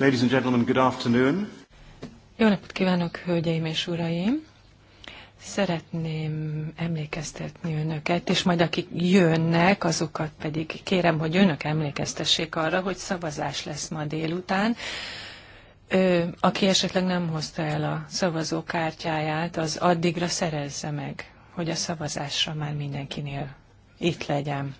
Ladies and gentlemen, good afternoon. Jó napot kívánok, hölgyeim és uraim! Szeretném emlékeztetni önöket, és majd akik jönnek, azokat pedig kérem, hogy önök emlékeztessék arra, hogy szavazás lesz ma délután. Ö, aki esetleg nem hozta el a szavazókártyáját, az addigra szerezze meg, hogy a szavazásra már mindenkinél itt legyen.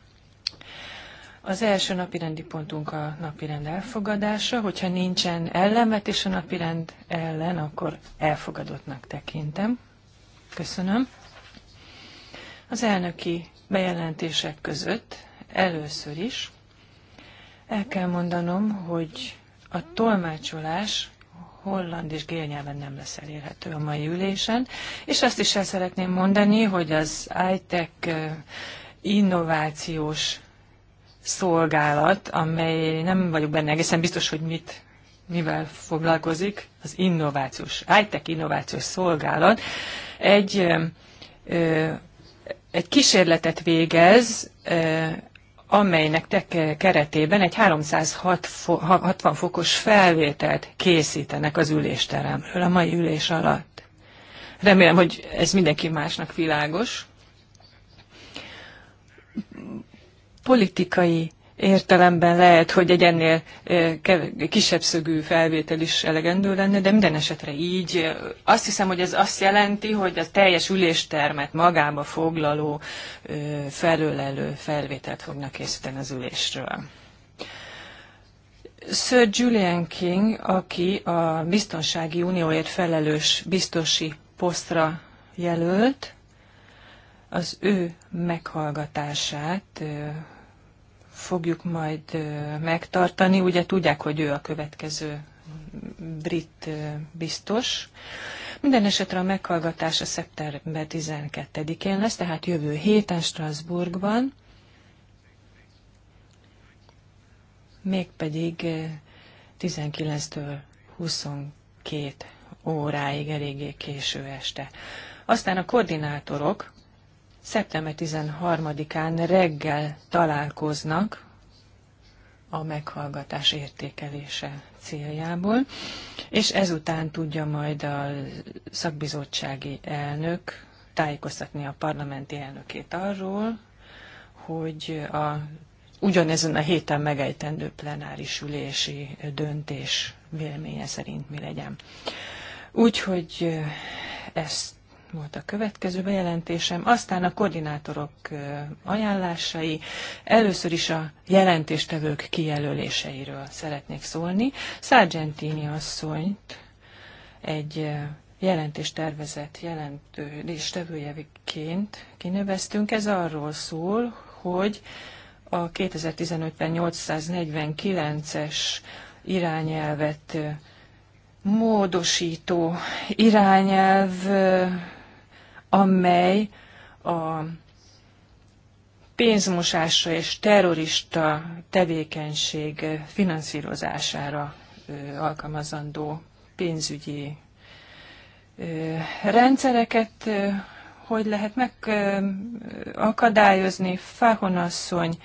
Az első napirendi pontunk a napirend elfogadása. Hogyha nincsen ellenvetés a napirend ellen, akkor elfogadottnak tekintem. Köszönöm. Az elnöki bejelentések között először is el kell mondanom, hogy a tolmácsolás holland és gélnyelven nem lesz elérhető a mai ülésen, és azt is el szeretném mondani, hogy az ITEC eh, innovációs szolgálat, amely nem vagyok benne egészen biztos, hogy mit, mivel foglalkozik, az innovációs, high-tech innovációs szolgálat egy, egy kísérletet végez, amelynek te keretében egy 360 fokos felvételt készítenek az ülésteremről a mai ülés alatt. Remélem, hogy ez mindenki másnak világos politikai értelemben lehet, hogy egy ennél kisebb szögű felvétel is elegendő lenne, de minden esetre így. Azt hiszem, hogy ez azt jelenti, hogy a teljes üléstermet magába foglaló felőlelő felvételt fognak készíteni az ülésről. Sir Julian King, aki a Biztonsági Unióért felelős biztosi posztra jelölt, az ő meghallgatását fogjuk majd megtartani. Ugye tudják, hogy ő a következő brit biztos. Minden esetre a meghallgatás a szeptember 12-én lesz, tehát jövő héten Strasbourgban. Mégpedig 19-től 22 óráig, eléggé késő este. Aztán a koordinátorok Szeptember 13-án reggel találkoznak a meghallgatás értékelése céljából, és ezután tudja majd a szakbizottsági elnök tájékoztatni a parlamenti elnökét arról, hogy a ugyanezen a héten megejtendő plenáris ülési döntés véleménye szerint mi legyen. Úgyhogy ezt volt a következő bejelentésem, aztán a koordinátorok ajánlásai, először is a jelentéstevők kijelöléseiről szeretnék szólni. Sargentini asszonyt egy jelentéstervezet jelentéstevőjeviként kineveztünk. Ez arról szól, hogy a 2015-ben 849-es irányelvet módosító irányelv amely a pénzmosásra és terrorista tevékenység finanszírozására alkalmazandó pénzügyi rendszereket hogy lehet megakadályozni. Fáhon asszony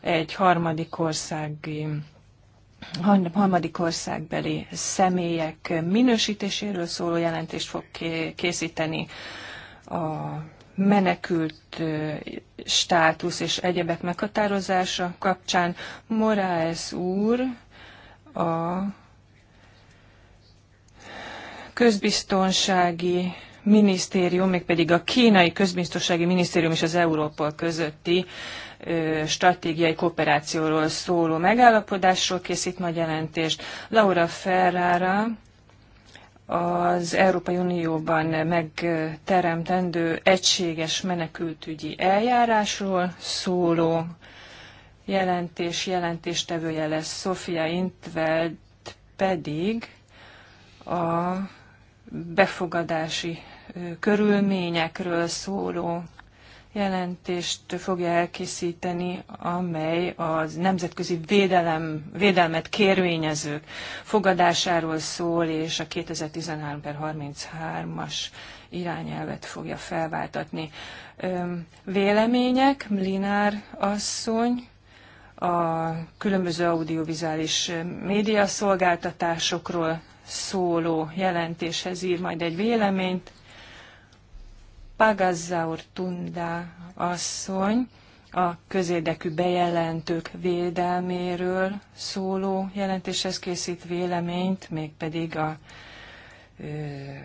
egy harmadik országi harmadik országbeli személyek minősítéséről szóló jelentést fog készíteni a menekült státusz és egyebek meghatározása kapcsán Moraes úr a közbiztonsági minisztérium, mégpedig a kínai közbiztonsági minisztérium és az Európol közötti stratégiai kooperációról szóló megállapodásról készít majd jelentést. Laura Ferrara, az Európai Unióban megteremtendő egységes menekültügyi eljárásról szóló jelentés jelentéstevője lesz Sofia Intveld pedig a befogadási körülményekről szóló jelentést fogja elkészíteni, amely a nemzetközi védelem, védelmet kérvényezők fogadásáról szól, és a 2013 per 33-as irányelvet fogja felváltatni. Vélemények, Mlinár asszony, a különböző audiovizuális médiaszolgáltatásokról szóló jelentéshez ír majd egy véleményt, Pagazzaur Tunda asszony a közérdekű bejelentők védelméről szóló jelentéshez készít véleményt, mégpedig a,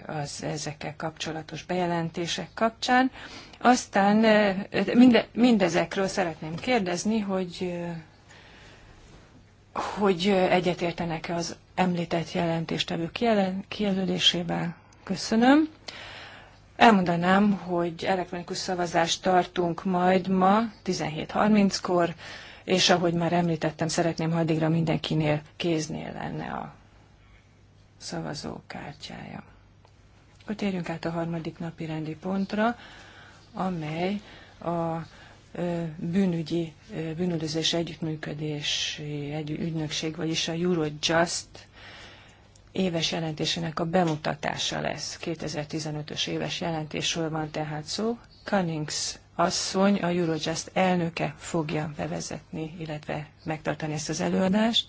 az ezekkel kapcsolatos bejelentések kapcsán. Aztán minde, mindezekről szeretném kérdezni, hogy hogy egyetértenek-e az említett jelentéstevő kijelölésével. Köszönöm. Elmondanám, hogy elektronikus szavazást tartunk majd ma 17.30-kor, és ahogy már említettem, szeretném, ha addigra mindenkinél kéznél lenne a szavazókártyája. Akkor térjünk át a harmadik napi rendi pontra, amely a bűnügyi, bűnüldözés együttműködési ügynökség, vagyis a Eurojust éves jelentésének a bemutatása lesz. 2015-ös éves jelentésről van tehát szó. Cunnings asszony, a Eurojust elnöke fogja bevezetni, illetve megtartani ezt az előadást,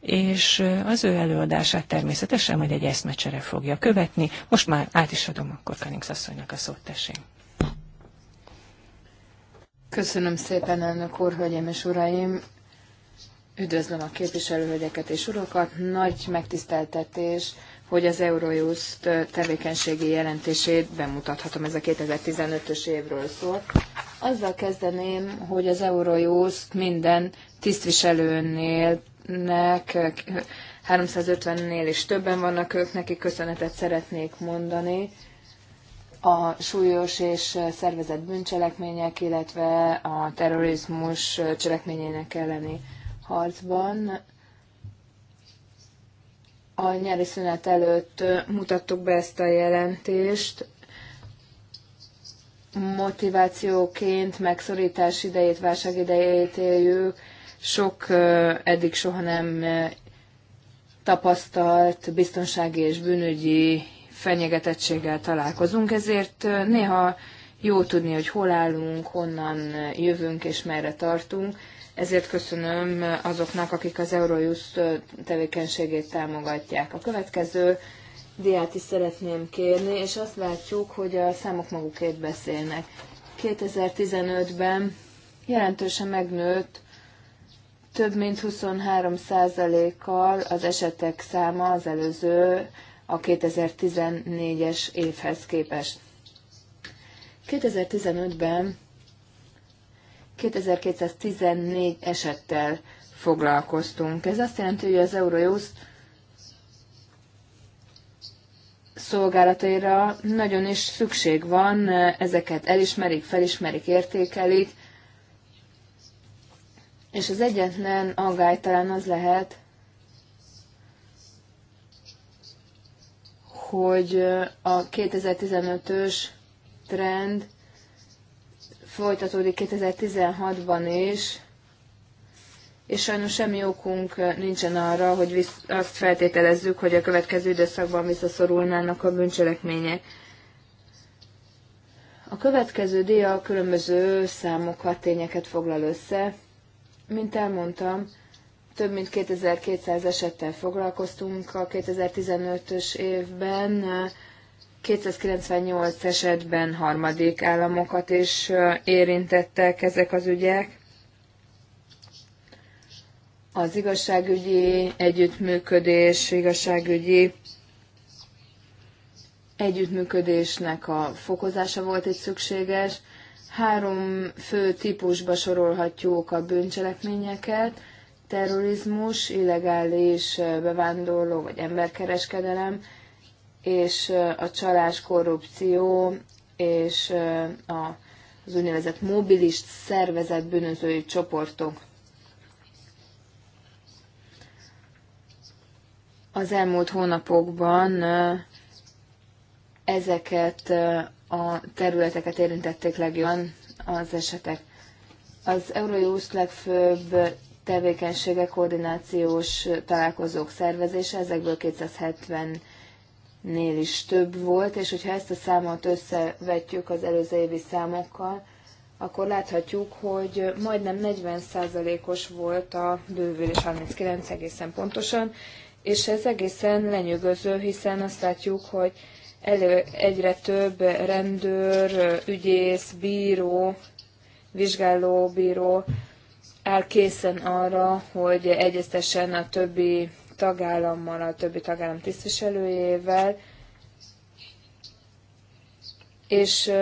és az ő előadását természetesen majd egy eszmecsere fogja követni. Most már át is adom akkor Cunnings asszonynak a szót, tessék. Köszönöm szépen, elnök úr, hölgyeim és uraim! Üdvözlöm a képviselőhölgyeket és urokat. Nagy megtiszteltetés, hogy az Eurojust tevékenységi jelentését bemutathatom, ez a 2015-ös évről szól. Azzal kezdeném, hogy az Eurojust minden tisztviselőnél 350-nél és többen vannak ők, neki köszönetet szeretnék mondani a súlyos és szervezett bűncselekmények, illetve a terrorizmus cselekményének elleni harcban. A nyári szünet előtt mutattuk be ezt a jelentést. Motivációként megszorítás idejét, válság idejét éljük. Sok eddig soha nem tapasztalt biztonsági és bűnügyi fenyegetettséggel találkozunk, ezért néha jó tudni, hogy hol állunk, honnan jövünk és merre tartunk ezért köszönöm azoknak, akik az Eurojust tevékenységét támogatják. A következő diát is szeretném kérni, és azt látjuk, hogy a számok magukért beszélnek. 2015-ben jelentősen megnőtt több mint 23%-kal az esetek száma az előző a 2014-es évhez képest. 2015-ben 2214 esettel foglalkoztunk. Ez azt jelenti, hogy az Eurojust szolgálataira nagyon is szükség van, ezeket elismerik, felismerik, értékelik, és az egyetlen aggály talán az lehet, hogy a 2015-ös trend folytatódik 2016-ban is, és sajnos semmi okunk nincsen arra, hogy visz, azt feltételezzük, hogy a következő időszakban visszaszorulnának a bűncselekmények. A következő dia különböző számokat, tényeket foglal össze. Mint elmondtam, több mint 2200 esettel foglalkoztunk a 2015-ös évben, 298 esetben harmadik államokat is érintettek ezek az ügyek. Az igazságügyi együttműködés, igazságügyi együttműködésnek a fokozása volt itt szükséges. Három fő típusba sorolhatjuk a bűncselekményeket, terrorizmus, illegális bevándorló vagy emberkereskedelem, és a csalás, korrupció és az úgynevezett mobilist szervezet bűnözői csoportok. Az elmúlt hónapokban ezeket a területeket érintették legjobban az esetek. Az Eurojust legfőbb tevékenysége koordinációs találkozók szervezése, ezekből 270 nél is több volt, és hogyha ezt a számot összevetjük az előző évi számokkal, akkor láthatjuk, hogy majdnem 40%-os volt a bővülés, 39 egészen pontosan, és ez egészen lenyűgöző, hiszen azt látjuk, hogy elő, egyre több rendőr, ügyész, bíró, bíró áll készen arra, hogy egyeztessen a többi tagállammal, a többi tagállam tisztviselőjével, és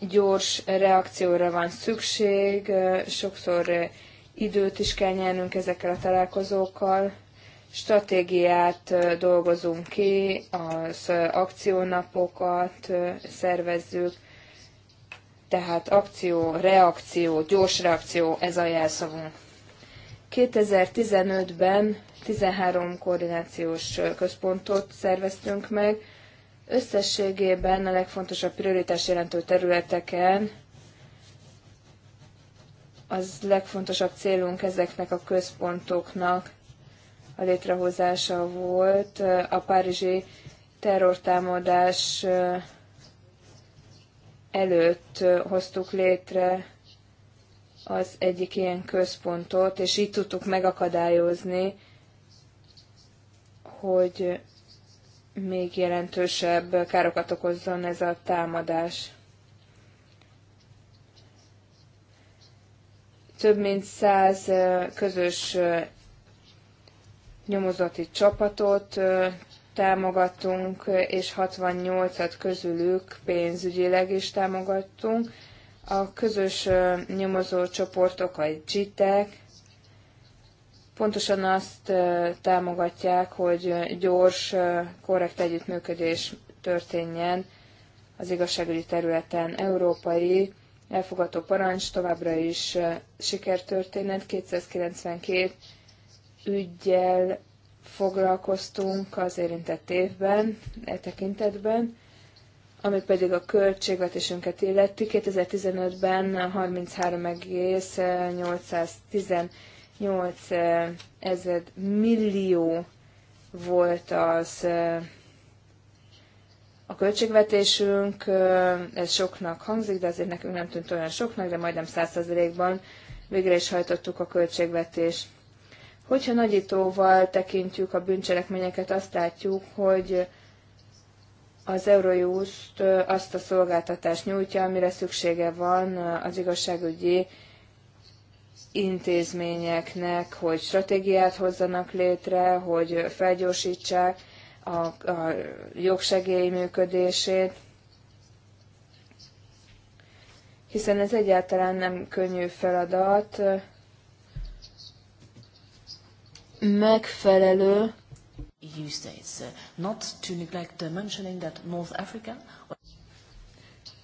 gyors reakcióra van szükség, sokszor időt is kell nyernünk ezekkel a találkozókkal, stratégiát dolgozunk ki, az akciónapokat szervezzük, tehát akció, reakció, gyors reakció, ez a jelszavunk. 2015-ben 13 koordinációs központot szerveztünk meg. Összességében a legfontosabb prioritás jelentő területeken az legfontosabb célunk ezeknek a központoknak a létrehozása volt. A párizsi terrortámadás előtt hoztuk létre az egyik ilyen központot, és így tudtuk megakadályozni, hogy még jelentősebb károkat okozzon ez a támadás. Több mint száz közös nyomozati csapatot támogattunk, és 68-at közülük pénzügyileg is támogattunk. A közös nyomozó csoportok, a GITEK, pontosan azt támogatják, hogy gyors, korrekt együttműködés történjen az igazságügyi területen. Európai elfogadó parancs továbbra is sikertörténet. 292 ügyjel foglalkoztunk az érintett évben, e tekintetben ami pedig a költségvetésünket illeti, 2015-ben 33,818 ezer millió volt az eh, a költségvetésünk, eh, ez soknak hangzik, de azért nekünk nem tűnt olyan soknak, de majdnem 100%-ban végre is hajtottuk a költségvetést. Hogyha nagyítóval tekintjük a bűncselekményeket, azt látjuk, hogy az Eurojust azt a szolgáltatást nyújtja, amire szüksége van az igazságügyi intézményeknek, hogy stratégiát hozzanak létre, hogy felgyorsítsák a, a jogsegély működését, hiszen ez egyáltalán nem könnyű feladat, megfelelő EU states, uh, not to neglect mentioning that North Africa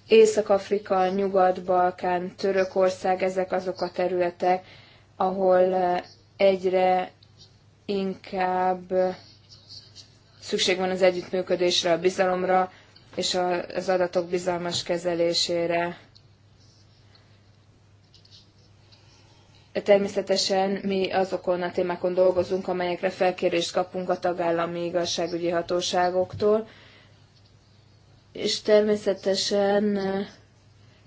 Észak-Afrika, Nyugat-Balkán, Törökország, ezek azok a területek, ahol uh, egyre inkább uh, szükség van az együttműködésre, a bizalomra és az adatok bizalmas kezelésére. Természetesen mi azokon a témákon dolgozunk, amelyekre felkérést kapunk a tagállami igazságügyi hatóságoktól, és természetesen eh,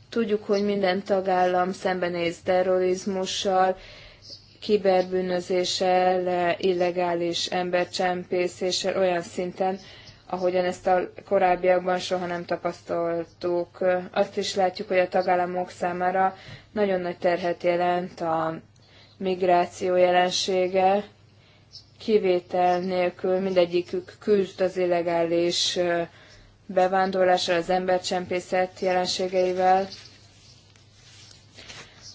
tudjuk, hogy minden tagállam szembenéz terrorizmussal, kiberbűnözéssel, eh, illegális embercsempészéssel olyan szinten, ahogyan ezt a korábbiakban soha nem tapasztaltuk. Azt is látjuk, hogy a tagállamok számára nagyon nagy terhet jelent a migráció jelensége, kivétel nélkül mindegyikük küzd az illegális bevándorlásra, az embercsempészet jelenségeivel.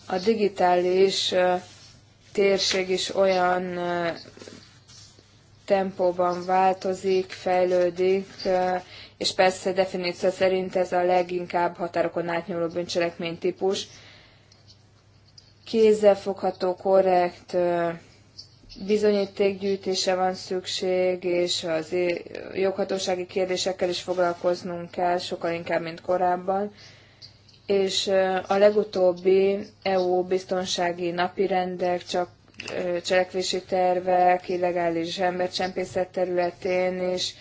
A digitális térség is olyan tempóban változik, fejlődik, és persze definíció szerint ez a leginkább határokon átnyúló bűncselekmény típus. Kézzelfogható, korrekt bizonyítékgyűjtése van szükség, és az joghatósági kérdésekkel is foglalkoznunk kell, sokkal inkább, mint korábban. És a legutóbbi EU biztonsági napirendek csak cselekvési tervek, illegális embercsempészet területén is.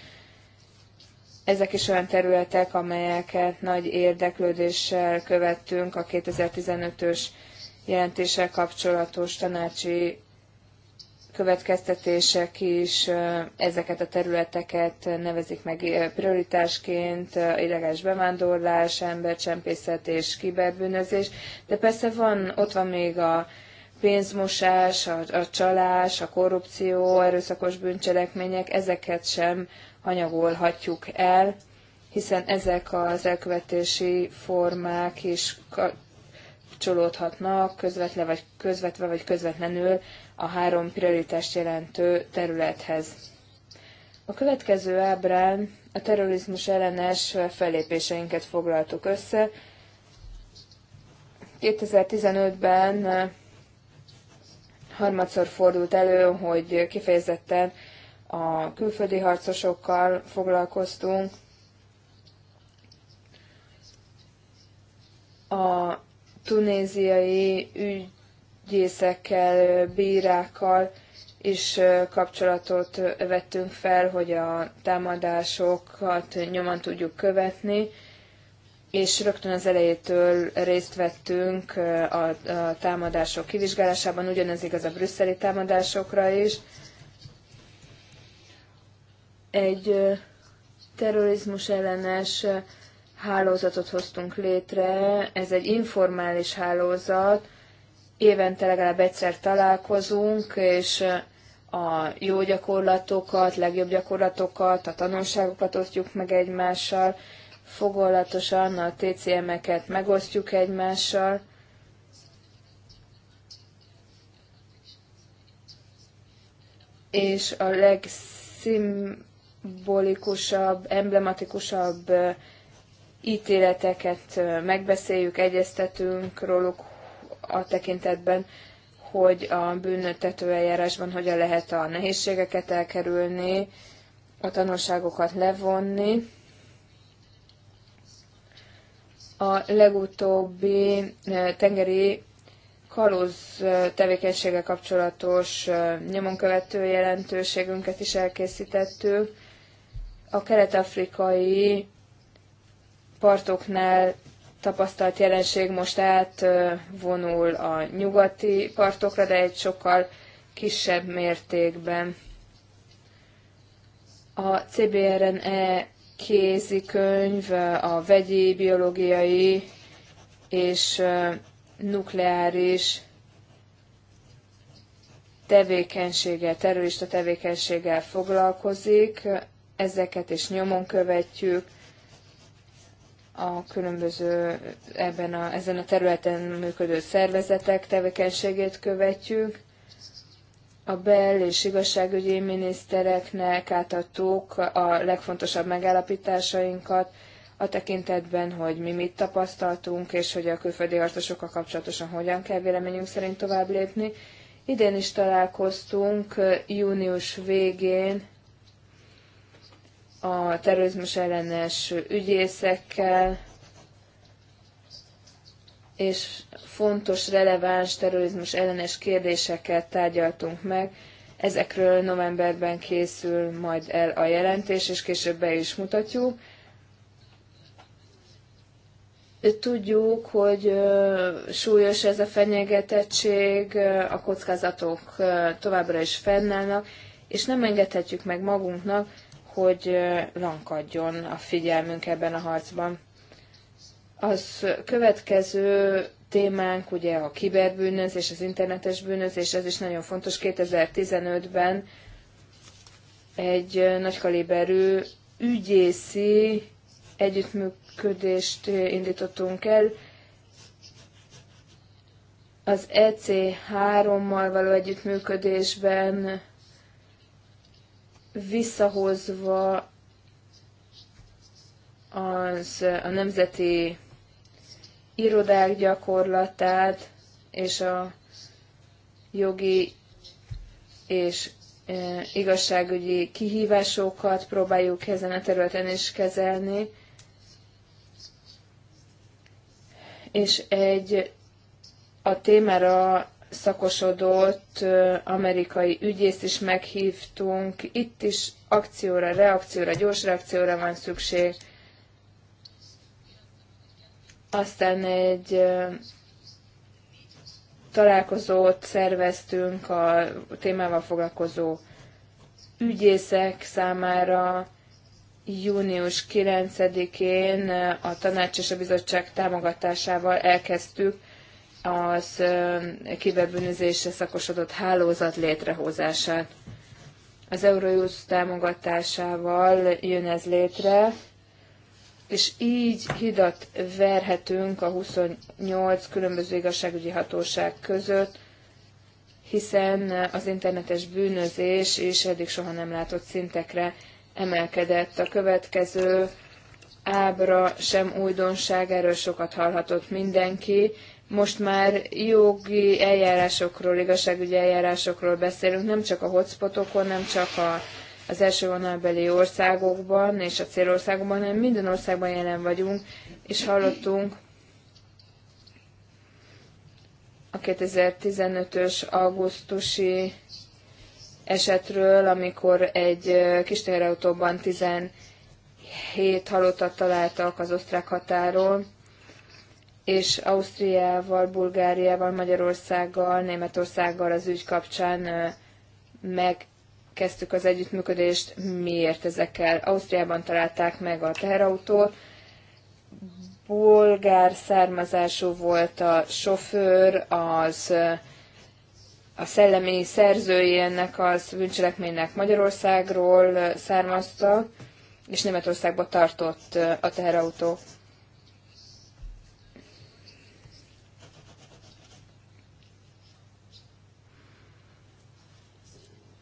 Ezek is olyan területek, amelyeket nagy érdeklődéssel követtünk a 2015-ös jelentéssel kapcsolatos tanácsi következtetések is ezeket a területeket nevezik meg prioritásként, illegális bevándorlás, embercsempészet és kiberbűnözés, de persze van, ott van még a pénzmosás, a, a csalás, a korrupció, erőszakos bűncselekmények, ezeket sem hanyagolhatjuk el, hiszen ezek az elkövetési formák is kapcsolódhatnak közvetve vagy közvetve vagy közvetlenül a három prioritást jelentő területhez. A következő ábrán a terrorizmus ellenes fellépéseinket foglaltuk össze. 2015-ben harmadszor fordult elő, hogy kifejezetten a külföldi harcosokkal foglalkoztunk. A tunéziai ügyészekkel, bírákkal is kapcsolatot vettünk fel, hogy a támadásokat nyomon tudjuk követni és rögtön az elejétől részt vettünk a, a támadások kivizsgálásában, ugyanez igaz a brüsszeli támadásokra is. Egy terrorizmus ellenes hálózatot hoztunk létre, ez egy informális hálózat, évente legalább egyszer találkozunk, és a jó gyakorlatokat, legjobb gyakorlatokat, a tanulságokat osztjuk meg egymással, fogolatosan a TCM-eket megosztjuk egymással, és a legszimbolikusabb, emblematikusabb ítéleteket megbeszéljük, egyeztetünk róluk a tekintetben, hogy a bűnöttető eljárásban hogyan lehet a nehézségeket elkerülni, a tanulságokat levonni, a legutóbbi eh, tengeri kalóz eh, tevékenysége kapcsolatos eh, nyomonkövető jelentőségünket is elkészítettük. A kelet-afrikai partoknál tapasztalt jelenség most átvonul a nyugati partokra, de egy sokkal kisebb mértékben. A CBRNE kézikönyv a vegyi, biológiai és nukleáris tevékenységgel, terrorista tevékenységgel foglalkozik, ezeket is nyomon követjük, a különböző ebben a, ezen a területen működő szervezetek tevékenységét követjük, a bel- és igazságügyi minisztereknek átadtuk a legfontosabb megállapításainkat a tekintetben, hogy mi mit tapasztaltunk, és hogy a külföldi harcosokkal kapcsolatosan hogyan kell véleményünk szerint tovább lépni. Idén is találkoztunk június végén a terrorizmus ellenes ügyészekkel, és fontos, releváns terrorizmus ellenes kérdéseket tárgyaltunk meg. Ezekről novemberben készül majd el a jelentés, és később be is mutatjuk. Tudjuk, hogy súlyos ez a fenyegetettség, a kockázatok továbbra is fennállnak, és nem engedhetjük meg magunknak, hogy lankadjon a figyelmünk ebben a harcban. Az következő témánk ugye a kiberbűnözés, az internetes bűnözés, ez is nagyon fontos. 2015-ben egy nagykaliberű ügyészi együttműködést indítottunk el. Az EC3-mal való együttműködésben visszahozva az, a nemzeti irodák gyakorlatát és a jogi és e, igazságügyi kihívásokat próbáljuk ezen a területen is kezelni, és egy a témára szakosodott e, amerikai ügyészt is meghívtunk. Itt is akcióra, reakcióra, gyors reakcióra van szükség. Aztán egy találkozót szerveztünk a témával foglalkozó ügyészek számára június 9-én a tanács és a bizottság támogatásával elkezdtük az kiberbűnözésre szakosodott hálózat létrehozását. Az Eurojust támogatásával jön ez létre, és így hidat verhetünk a 28 különböző igazságügyi hatóság között, hiszen az internetes bűnözés is eddig soha nem látott szintekre emelkedett. A következő ábra sem újdonság, erről sokat hallhatott mindenki. Most már jogi eljárásokról, igazságügyi eljárásokról beszélünk, nem csak a hotspotokon, nem csak a az első vonalbeli országokban és a célországokban, hanem minden országban jelen vagyunk, és hallottunk a 2015-ös augusztusi esetről, amikor egy kis teherautóban 17 halottat találtak az osztrák határól, és Ausztriával, Bulgáriával, Magyarországgal, Németországgal az ügy kapcsán meg kezdtük az együttműködést, miért ezekkel. Ausztriában találták meg a teherautót, bolgár származású volt a sofőr, az a szellemi szerzői ennek az bűncselekménynek Magyarországról származta, és Németországba tartott a teherautó.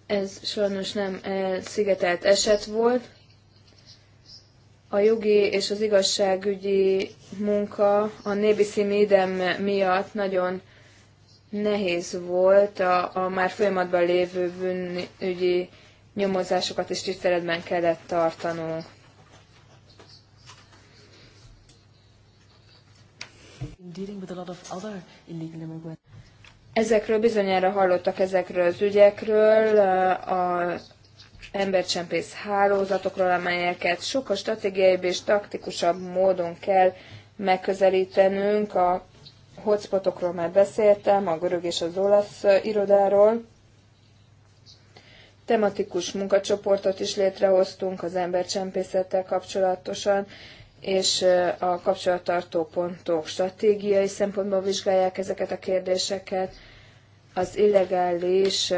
Ez sajnos nem eh, szigetelt eset volt. A jogi és az igazságügyi munka a Nébiszi médem miatt nagyon nehéz volt a, a már folyamatban lévő bűnügyi nyomozásokat is tiszteletben kellett tartanunk. dealing with a lot of other illegal immigrants. Ezekről bizonyára hallottak ezekről az ügyekről, eh, a embercsempész hálózatokról, amelyeket sokkal stratégiaibb és taktikusabb módon kell megközelítenünk. A hotspotokról már beszéltem, a görög és az olasz irodáról. Tematikus munkacsoportot is létrehoztunk az embercsempészettel kapcsolatosan, és eh, a kapcsolattartó pontok stratégiai szempontból vizsgálják ezeket a kérdéseket az illegális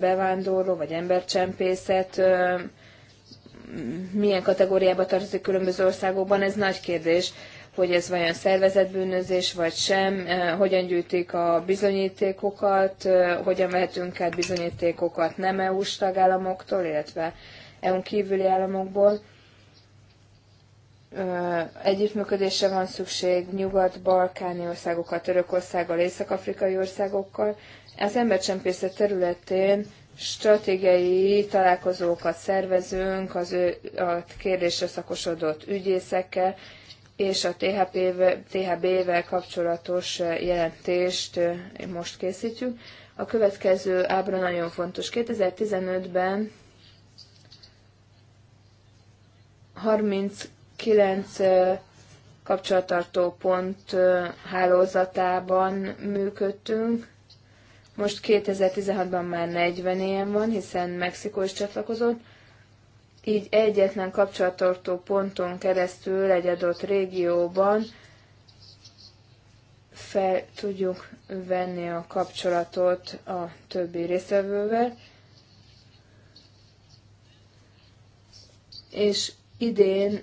bevándorló vagy embercsempészet milyen kategóriába tartozik különböző országokban, ez nagy kérdés, hogy ez vajon szervezetbűnözés vagy sem, hogyan gyűjtik a bizonyítékokat, hogyan vehetünk át bizonyítékokat nem EU-s tagállamoktól, illetve EU-n kívüli államokból együttműködésre van szükség nyugat-balkáni országokkal, Törökországgal, észak-afrikai országokkal. Az embercsempészet területén stratégiai találkozókat szervezünk az ő a kérdésre szakosodott ügyészekkel, és a thp THB-vel kapcsolatos jelentést most készítjük. A következő ábra nagyon fontos. 2015-ben 30 kilenc kapcsolattartó pont hálózatában működtünk. Most 2016-ban már 40 ilyen van, hiszen Mexikó is csatlakozott. Így egyetlen kapcsolattartó ponton keresztül egy adott régióban fel tudjuk venni a kapcsolatot a többi részvevővel. És idén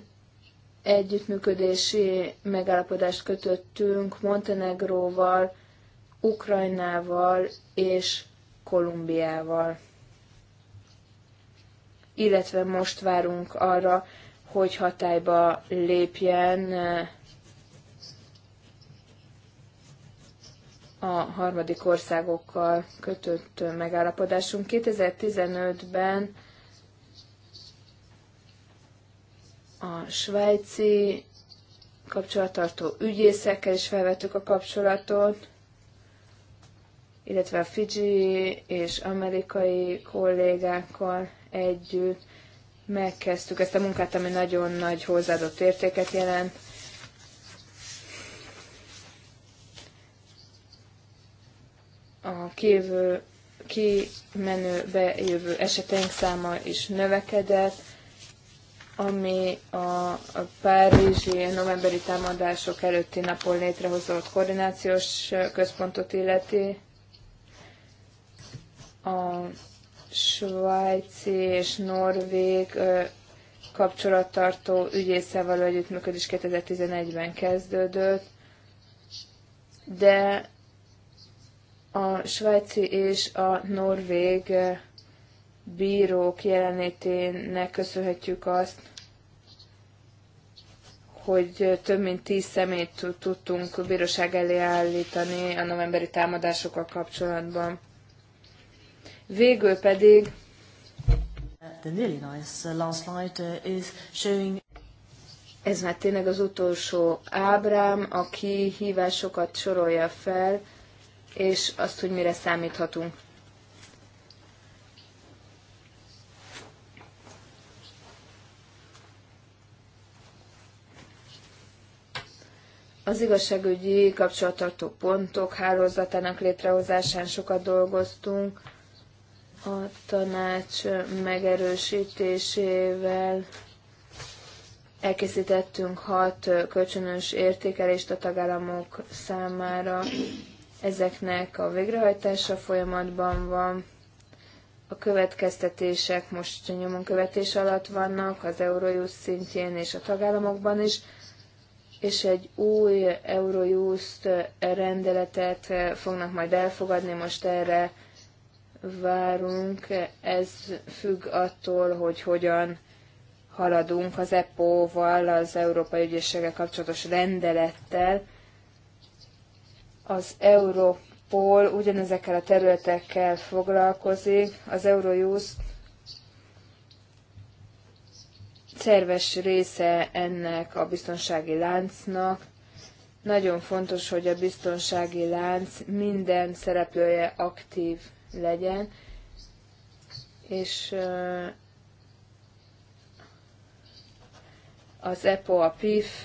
együttműködési megállapodást kötöttünk Montenegróval, Ukrajnával és Kolumbiával. Illetve most várunk arra, hogy hatályba lépjen a harmadik országokkal kötött megállapodásunk. 2015-ben a svájci kapcsolattartó ügyészekkel is felvettük a kapcsolatot, illetve a Fidzsi és amerikai kollégákkal együtt megkezdtük ezt a munkát, ami nagyon nagy hozzáadott értéket jelent. A kívül, kimenő, bejövő eseteink száma is növekedett, ami a párizsi novemberi támadások előtti napon létrehozott koordinációs központot illeti. A svájci és norvég kapcsolattartó ügyészel való együttműködés 2011-ben kezdődött, de a svájci és a norvég bírók jelenlétének köszönhetjük azt, hogy több mint tíz szemét tudtunk bíróság elé állítani a novemberi támadásokkal kapcsolatban. Végül pedig The really nice last slide is showing ez már tényleg az utolsó ábrám, aki hívásokat sorolja fel, és azt, hogy mire számíthatunk. Az igazságügyi kapcsolattartó pontok hálózatának létrehozásán sokat dolgoztunk, a tanács megerősítésével elkészítettünk hat kölcsönös értékelést a tagállamok számára. Ezeknek a végrehajtása folyamatban van. A következtetések most nyomon követés alatt vannak az Eurojust szintjén és a tagállamokban is és egy új Eurojust rendeletet fognak majd elfogadni, most erre várunk. Ez függ attól, hogy hogyan haladunk az EPO-val, az Európai Ügyészséggel kapcsolatos rendelettel. Az Europol ugyanezekkel a területekkel foglalkozik, az Eurojust szerves része ennek a biztonsági láncnak. Nagyon fontos, hogy a biztonsági lánc minden szereplője aktív legyen, és az EPO, a PIF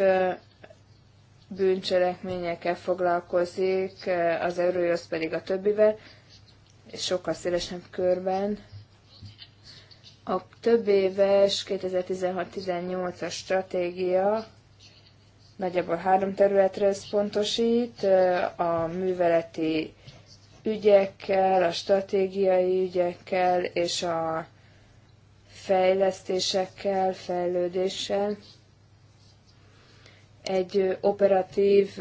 bűncselekményekkel foglalkozik, az Eurojust pedig a többivel, és sokkal szélesebb körben a több éves 2016-18-as stratégia nagyjából három területre összpontosít, a műveleti ügyekkel, a stratégiai ügyekkel és a fejlesztésekkel, fejlődéssel. Egy operatív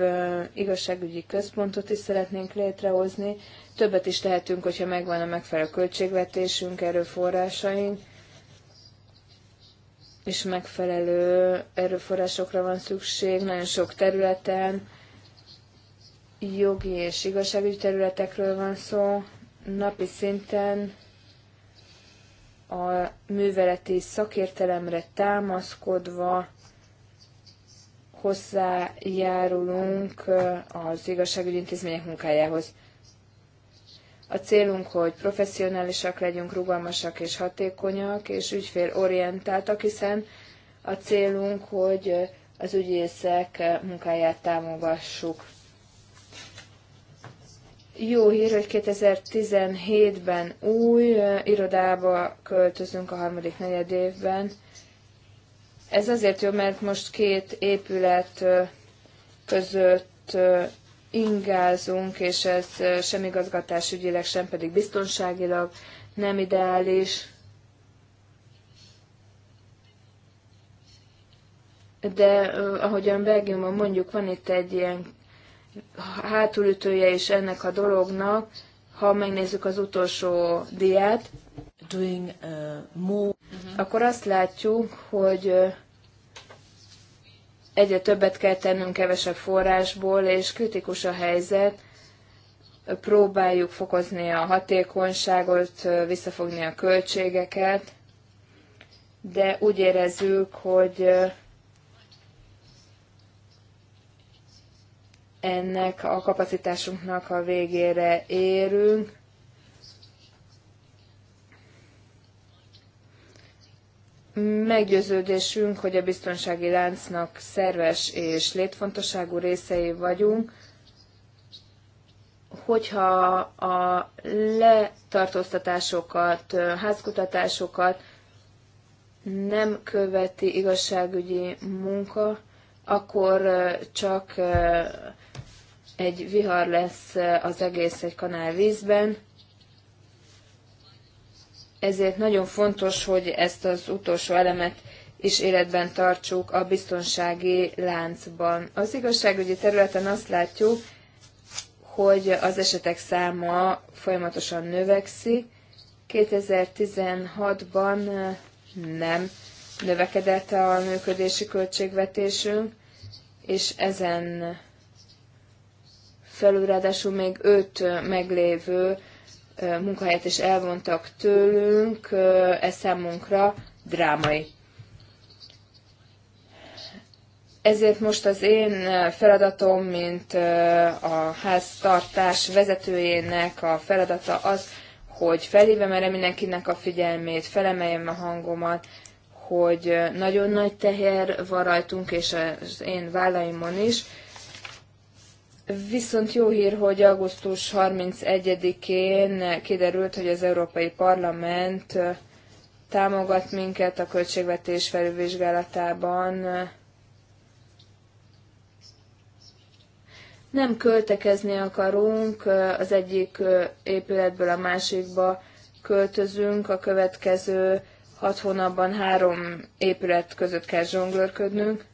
igazságügyi központot is szeretnénk létrehozni. Többet is tehetünk, hogyha megvan a megfelelő költségvetésünk, erőforrásaink, és megfelelő erőforrásokra van szükség nagyon sok területen, jogi és igazságügyi területekről van szó, napi szinten a műveleti szakértelemre támaszkodva hozzájárulunk az igazságügyi intézmények munkájához. A célunk, hogy professzionálisak legyünk, rugalmasak és hatékonyak, és ügyfélorientáltak, hiszen a célunk, hogy az ügyészek munkáját támogassuk. Jó hír, hogy 2017-ben új irodába költözünk a harmadik negyed évben. Ez azért jó, mert most két épület között ingázunk, és ez sem igazgatásügyileg, sem pedig biztonságilag nem ideális. De ahogyan Belgiumban mondjuk, van itt egy ilyen hátulütője is ennek a dolognak, ha megnézzük az utolsó diát, doing, uh, more. akkor azt látjuk, hogy egyre többet kell tennünk kevesebb forrásból, és kritikus a helyzet, próbáljuk fokozni a hatékonyságot, visszafogni a költségeket, de úgy érezzük, hogy ennek a kapacitásunknak a végére érünk, meggyőződésünk, hogy a biztonsági láncnak szerves és létfontosságú részei vagyunk, hogyha a letartóztatásokat, házkutatásokat nem követi igazságügyi munka, akkor csak egy vihar lesz az egész egy kanál vízben, ezért nagyon fontos, hogy ezt az utolsó elemet is életben tartsuk a biztonsági láncban. Az igazságügyi területen azt látjuk, hogy az esetek száma folyamatosan növekszik. 2016-ban nem növekedett a működési költségvetésünk, és ezen felül ráadásul még öt meglévő munkahelyet is elvontak tőlünk, ez számunkra drámai. Ezért most az én feladatom, mint a háztartás vezetőjének a feladata az, hogy felhívjam erre mindenkinek a figyelmét, felemeljem a hangomat, hogy nagyon nagy teher van rajtunk, és az én vállaimon is, Viszont jó hír, hogy augusztus 31-én kiderült, hogy az Európai Parlament támogat minket a költségvetés felülvizsgálatában. Nem költekezni akarunk, az egyik épületből a másikba költözünk, a következő hat hónapban három épület között kell zsonglörködnünk.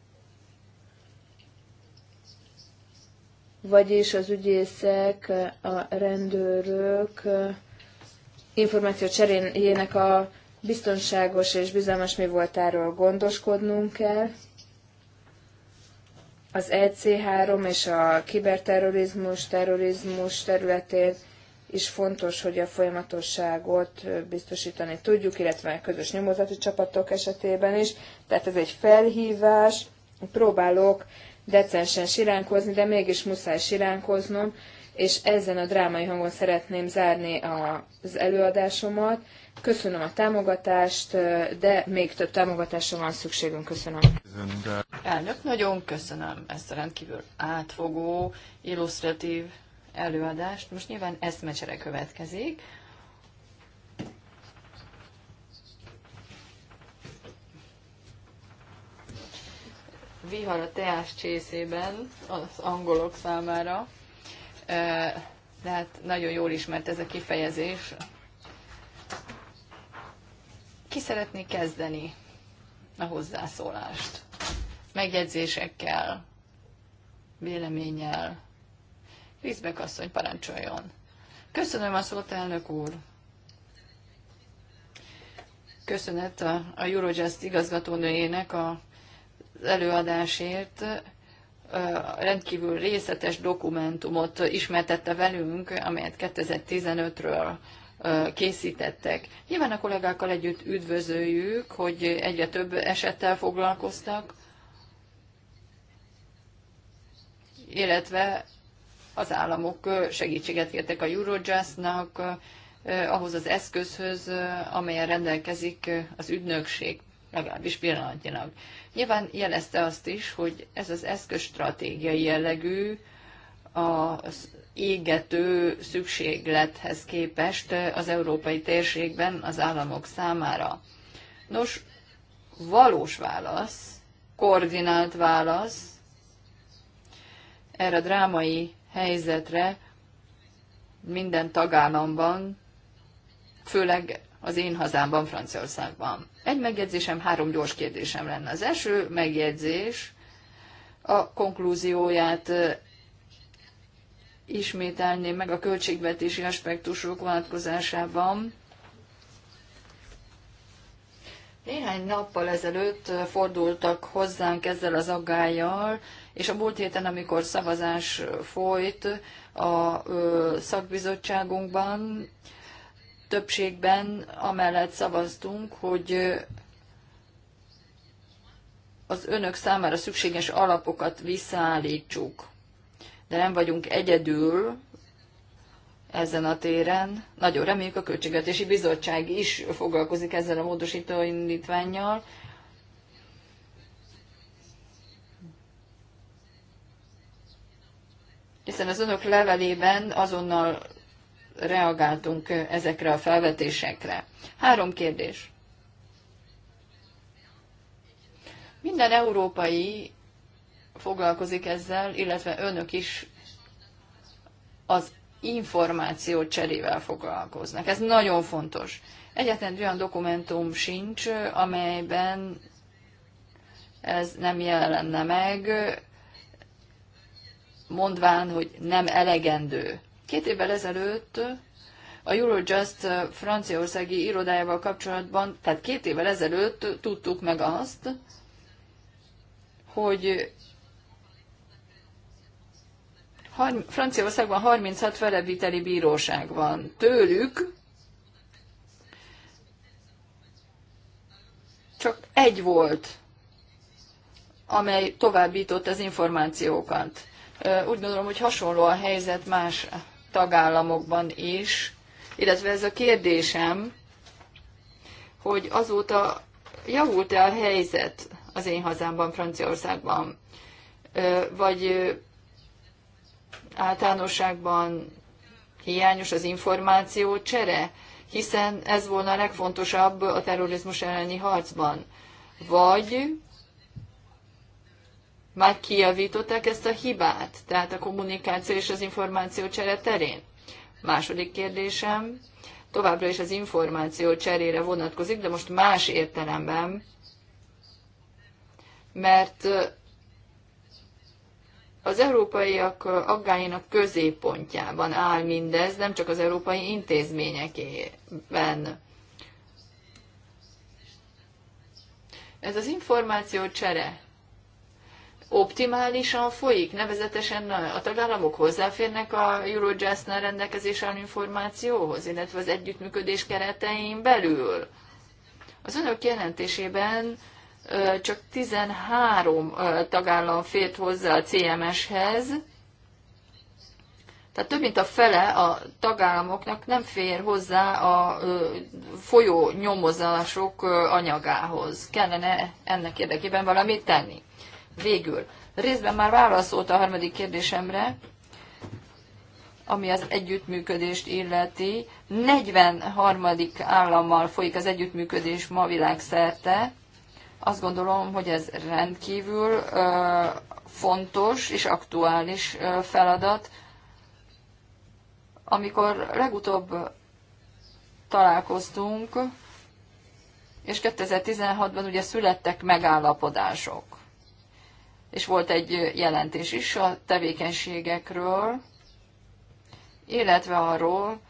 vagyis az ügyészek, a rendőrök információ cseréjének a biztonságos és bizalmas mi voltáról gondoskodnunk kell. Az EC3 és a kiberterrorizmus, terrorizmus területén is fontos, hogy a folyamatosságot biztosítani tudjuk, illetve a közös nyomozati csapatok esetében is. Tehát ez egy felhívás. Próbálok decensen siránkozni, de mégis muszáj siránkoznom, és ezen a drámai hangon szeretném zárni az előadásomat. Köszönöm a támogatást, de még több támogatásra van szükségünk. Köszönöm. Elnök, nagyon köszönöm ezt a rendkívül átfogó, illusztratív előadást. Most nyilván eszmecsere következik. vihar a teás csészében az angolok számára. De hát nagyon jól ismert ez a kifejezés. Ki szeretné kezdeni a hozzászólást? Megjegyzésekkel, véleménnyel. Rizbek asszony parancsoljon. Köszönöm a szót, elnök úr. Köszönet a, a Eurojust igazgatónőjének a előadásért, rendkívül részletes dokumentumot ismertette velünk, amelyet 2015-ről készítettek. Nyilván a kollégákkal együtt üdvözöljük, hogy egyre több esettel foglalkoztak, illetve az államok segítséget kértek a Eurojustnak, ahhoz az eszközhöz, amelyen rendelkezik az ügynökség legalábbis pillanatnyilag. Nyilván jelezte azt is, hogy ez az eszköz stratégiai jellegű, az égető szükséglethez képest az európai térségben az államok számára. Nos, valós válasz, koordinált válasz erre a drámai helyzetre minden tagállamban, főleg az én hazámban, Franciaországban. Egy megjegyzésem, három gyors kérdésem lenne. Az első megjegyzés a konklúzióját ismételném meg a költségvetési aspektusok vonatkozásában. Néhány nappal ezelőtt fordultak hozzánk ezzel az aggájjal, és a múlt héten, amikor szavazás folyt a szakbizottságunkban, többségben amellett szavaztunk, hogy az önök számára szükséges alapokat visszaállítsuk. De nem vagyunk egyedül ezen a téren. Nagyon reméljük a Költségvetési Bizottság is foglalkozik ezzel a módosító indítványjal. Hiszen az önök levelében azonnal reagáltunk ezekre a felvetésekre. Három kérdés. Minden európai foglalkozik ezzel, illetve önök is az információ cserével foglalkoznak. Ez nagyon fontos. Egyetlen olyan dokumentum sincs, amelyben ez nem jelenne meg, mondván, hogy nem elegendő Két évvel ezelőtt a Eurojust franciaországi irodájával kapcsolatban, tehát két évvel ezelőtt tudtuk meg azt, hogy Franciaországban 36 feleviteli bíróság van. Tőlük csak egy volt, amely továbbított az információkat. Úgy gondolom, hogy hasonló a helyzet más tagállamokban is, illetve ez a kérdésem, hogy azóta javult-e a helyzet az én hazámban, Franciaországban, vagy általánosságban hiányos az információ csere, hiszen ez volna a legfontosabb a terrorizmus elleni harcban. Vagy már kijavították ezt a hibát, tehát a kommunikáció és az információ csere terén? Második kérdésem továbbra is az információ cserére vonatkozik, de most más értelemben, mert az európaiak aggáinak középpontjában áll mindez, nem csak az európai intézményekében. Ez az információ csere optimálisan folyik, nevezetesen a tagállamok hozzáférnek a Eurojust-nál rendelkezés álló információhoz, illetve az együttműködés keretein belül. Az önök jelentésében csak 13 tagállam fért hozzá a CMS-hez, tehát több mint a fele a tagállamoknak nem fér hozzá a folyó nyomozások anyagához. Kellene ennek érdekében valamit tenni. Végül, részben már válaszolt a harmadik kérdésemre, ami az együttműködést illeti. 43. állammal folyik az együttműködés ma világszerte. Azt gondolom, hogy ez rendkívül ö, fontos és aktuális ö, feladat. Amikor legutóbb találkoztunk, és 2016-ban ugye születtek megállapodások és volt egy jelentés is a tevékenységekről, illetve arról,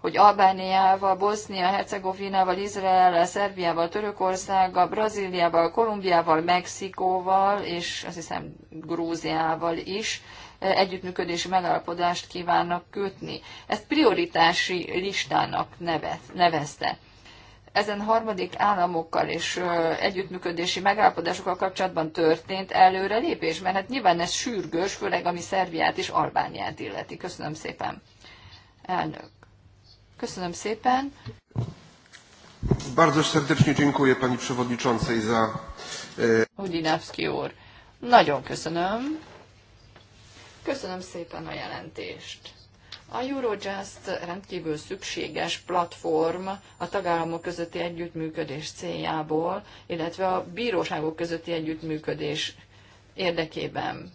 hogy Albániával, Bosznia-Hercegovinával, Izraellel, Szerbiával, Törökországgal, Brazíliával, Kolumbiával, Mexikóval és azt hiszem Grúziával is eh, együttműködési megállapodást kívánnak kötni. Ezt prioritási listának nevezte ezen harmadik államokkal és együttműködési megállapodásokkal kapcsolatban történt előrelépés? Mert hát nyilván ez sürgős, főleg ami Szerbiát és Albániát illeti. Köszönöm szépen. Elnök. Köszönöm szépen. Bardzo serdecznie dziękuję pani przewodniczącej za... E, Udinavski úr. Nagyon köszönöm. Köszönöm szépen a jelentést. A Eurojust rendkívül szükséges platform a tagállamok közötti együttműködés céljából, illetve a bíróságok közötti együttműködés érdekében.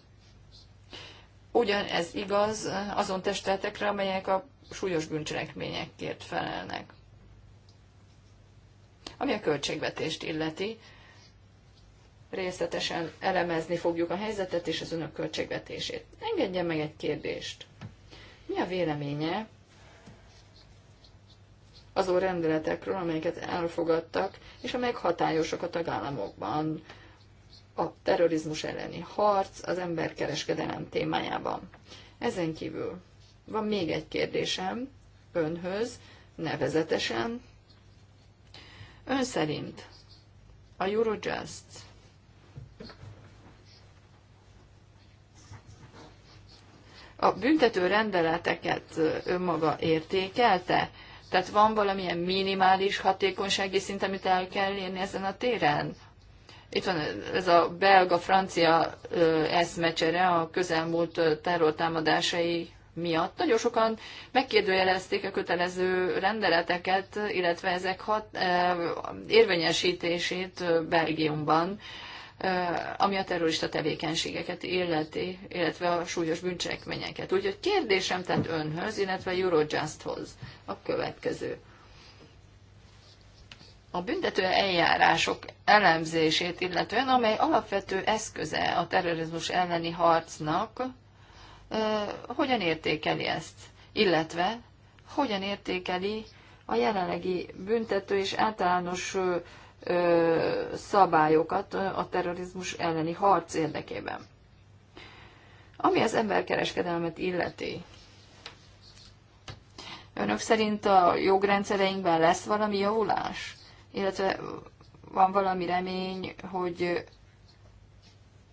Ugyanez igaz azon testületekre, amelyek a súlyos bűncselekményekért felelnek. Ami a költségvetést illeti, részletesen elemezni fogjuk a helyzetet és az önök költségvetését. Engedjen meg egy kérdést. Mi a véleménye azó rendeletekről, amelyeket elfogadtak, és amelyek hatályosak a tagállamokban a terrorizmus elleni harc az emberkereskedelem témájában. Ezen kívül van még egy kérdésem önhöz, nevezetesen. Ön szerint a Eurojust a büntető rendeleteket önmaga értékelte? Tehát van valamilyen minimális hatékonysági szint, amit el kell érni ezen a téren? Itt van ez a belga-francia eszmecsere a közelmúlt terrortámadásai miatt. Nagyon sokan megkérdőjelezték a kötelező rendeleteket, illetve ezek hat, érvényesítését Belgiumban ami a terrorista tevékenységeket illeti, illetve a súlyos bűncselekményeket. Úgyhogy kérdésem tehát önhöz, illetve Eurojusthoz a következő. A büntető eljárások elemzését illetően, amely alapvető eszköze a terrorizmus elleni harcnak, hogyan értékeli ezt, illetve hogyan értékeli a jelenlegi büntető és általános szabályokat a terrorizmus elleni harc érdekében. Ami az emberkereskedelmet illeti, önök szerint a jogrendszereinkben lesz valami javulás? Illetve van valami remény, hogy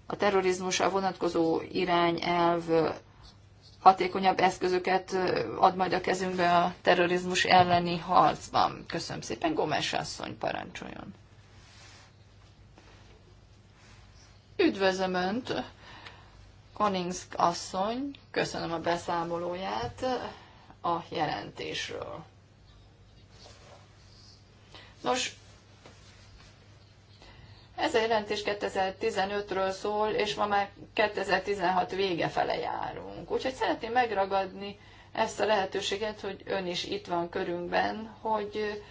a terrorizmusra vonatkozó irányelv hatékonyabb eszközöket ad majd a kezünkbe a terrorizmus elleni harcban. Köszönöm szépen, Gomes asszony parancsoljon. Üdvözlöm Önt, Koningsk asszony, köszönöm a beszámolóját a jelentésről. Nos, ez a jelentés 2015-ről szól, és ma már 2016 vége fele járunk. Úgyhogy szeretném megragadni ezt a lehetőséget, hogy ön is itt van körünkben, hogy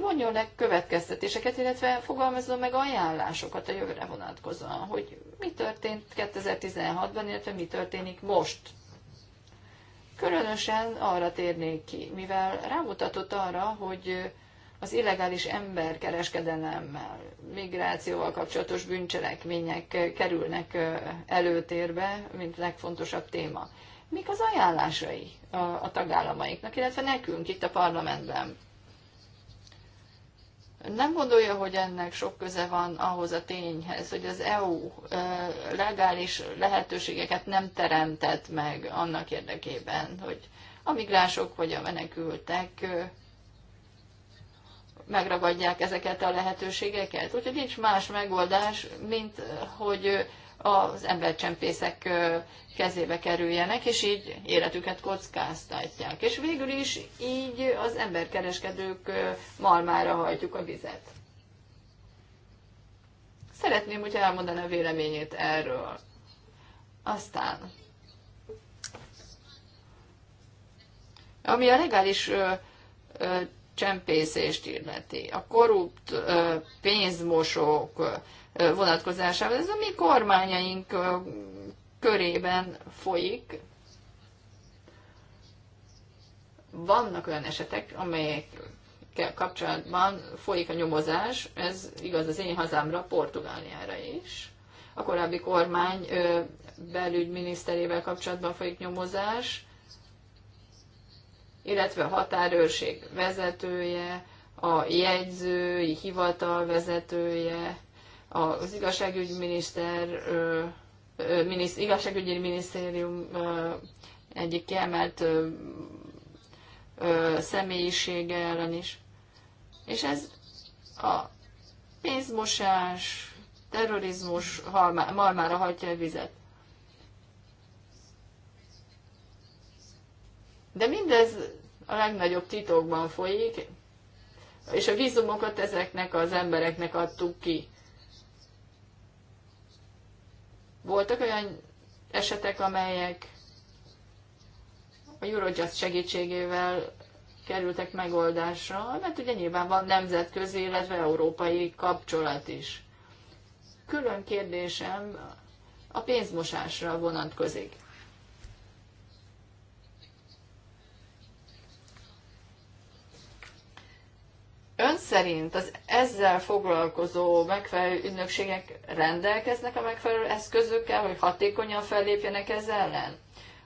vonjon le következtetéseket, illetve fogalmazom meg ajánlásokat a jövőre vonatkozóan, hogy mi történt 2016-ban, illetve mi történik most. Különösen arra térnék ki, mivel rámutatott arra, hogy az illegális emberkereskedelemmel, migrációval kapcsolatos bűncselekmények kerülnek előtérbe, mint legfontosabb téma. Mik az ajánlásai a tagállamaiknak, illetve nekünk itt a parlamentben? Nem gondolja, hogy ennek sok köze van ahhoz a tényhez, hogy az EU legális lehetőségeket nem teremtett meg annak érdekében, hogy a migránsok vagy a menekültek megragadják ezeket a lehetőségeket. Úgyhogy nincs más megoldás, mint hogy az embercsempészek kezébe kerüljenek, és így életüket kockáztatják. És végül is így az emberkereskedők malmára hajtjuk a vizet. Szeretném, hogyha elmondaná a véleményét erről. Aztán, ami a legális ö, ö, csempészést illeti, a korrupt ö, pénzmosók, vonatkozásában. Ez a mi kormányaink körében folyik. Vannak olyan esetek, amelyekkel kapcsolatban folyik a nyomozás, ez igaz az én hazámra, Portugáliára is. A korábbi kormány belügyminiszterével kapcsolatban folyik nyomozás, illetve a határőrség vezetője, a jegyzői hivatal vezetője, az igazságügyminiszter, miniszt, igazságügyi minisztérium egyik kiemelt személyisége ellen is. És ez a pénzmosás, terrorizmus malmára hagyja a vizet. De mindez a legnagyobb titokban folyik, és a vízumokat ezeknek az embereknek adtuk ki. Voltak olyan esetek, amelyek a Eurojust segítségével kerültek megoldásra, mert ugye nyilván van nemzetközi, illetve európai kapcsolat is. Külön kérdésem a pénzmosásra vonatkozik. szerint az ezzel foglalkozó megfelelő ügynökségek rendelkeznek a megfelelő eszközökkel, hogy hatékonyan fellépjenek ez ellen?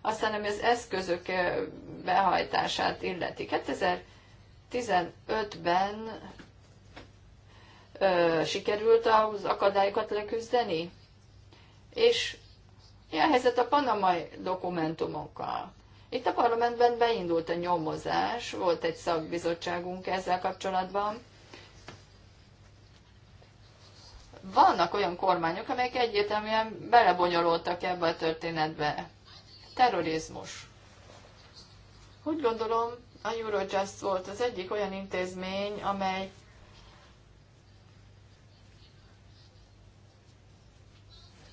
Aztán ami az eszközök eh, behajtását illeti. 2015-ben ö, eh, sikerült az akadályokat leküzdeni, és mi a helyzet a panamai dokumentumokkal? Itt a parlamentben beindult a nyomozás, volt egy szakbizottságunk ezzel kapcsolatban, vannak olyan kormányok, amelyek egyértelműen belebonyolódtak ebbe a történetbe. Terrorizmus. Úgy gondolom, a Eurojust volt az egyik olyan intézmény, amely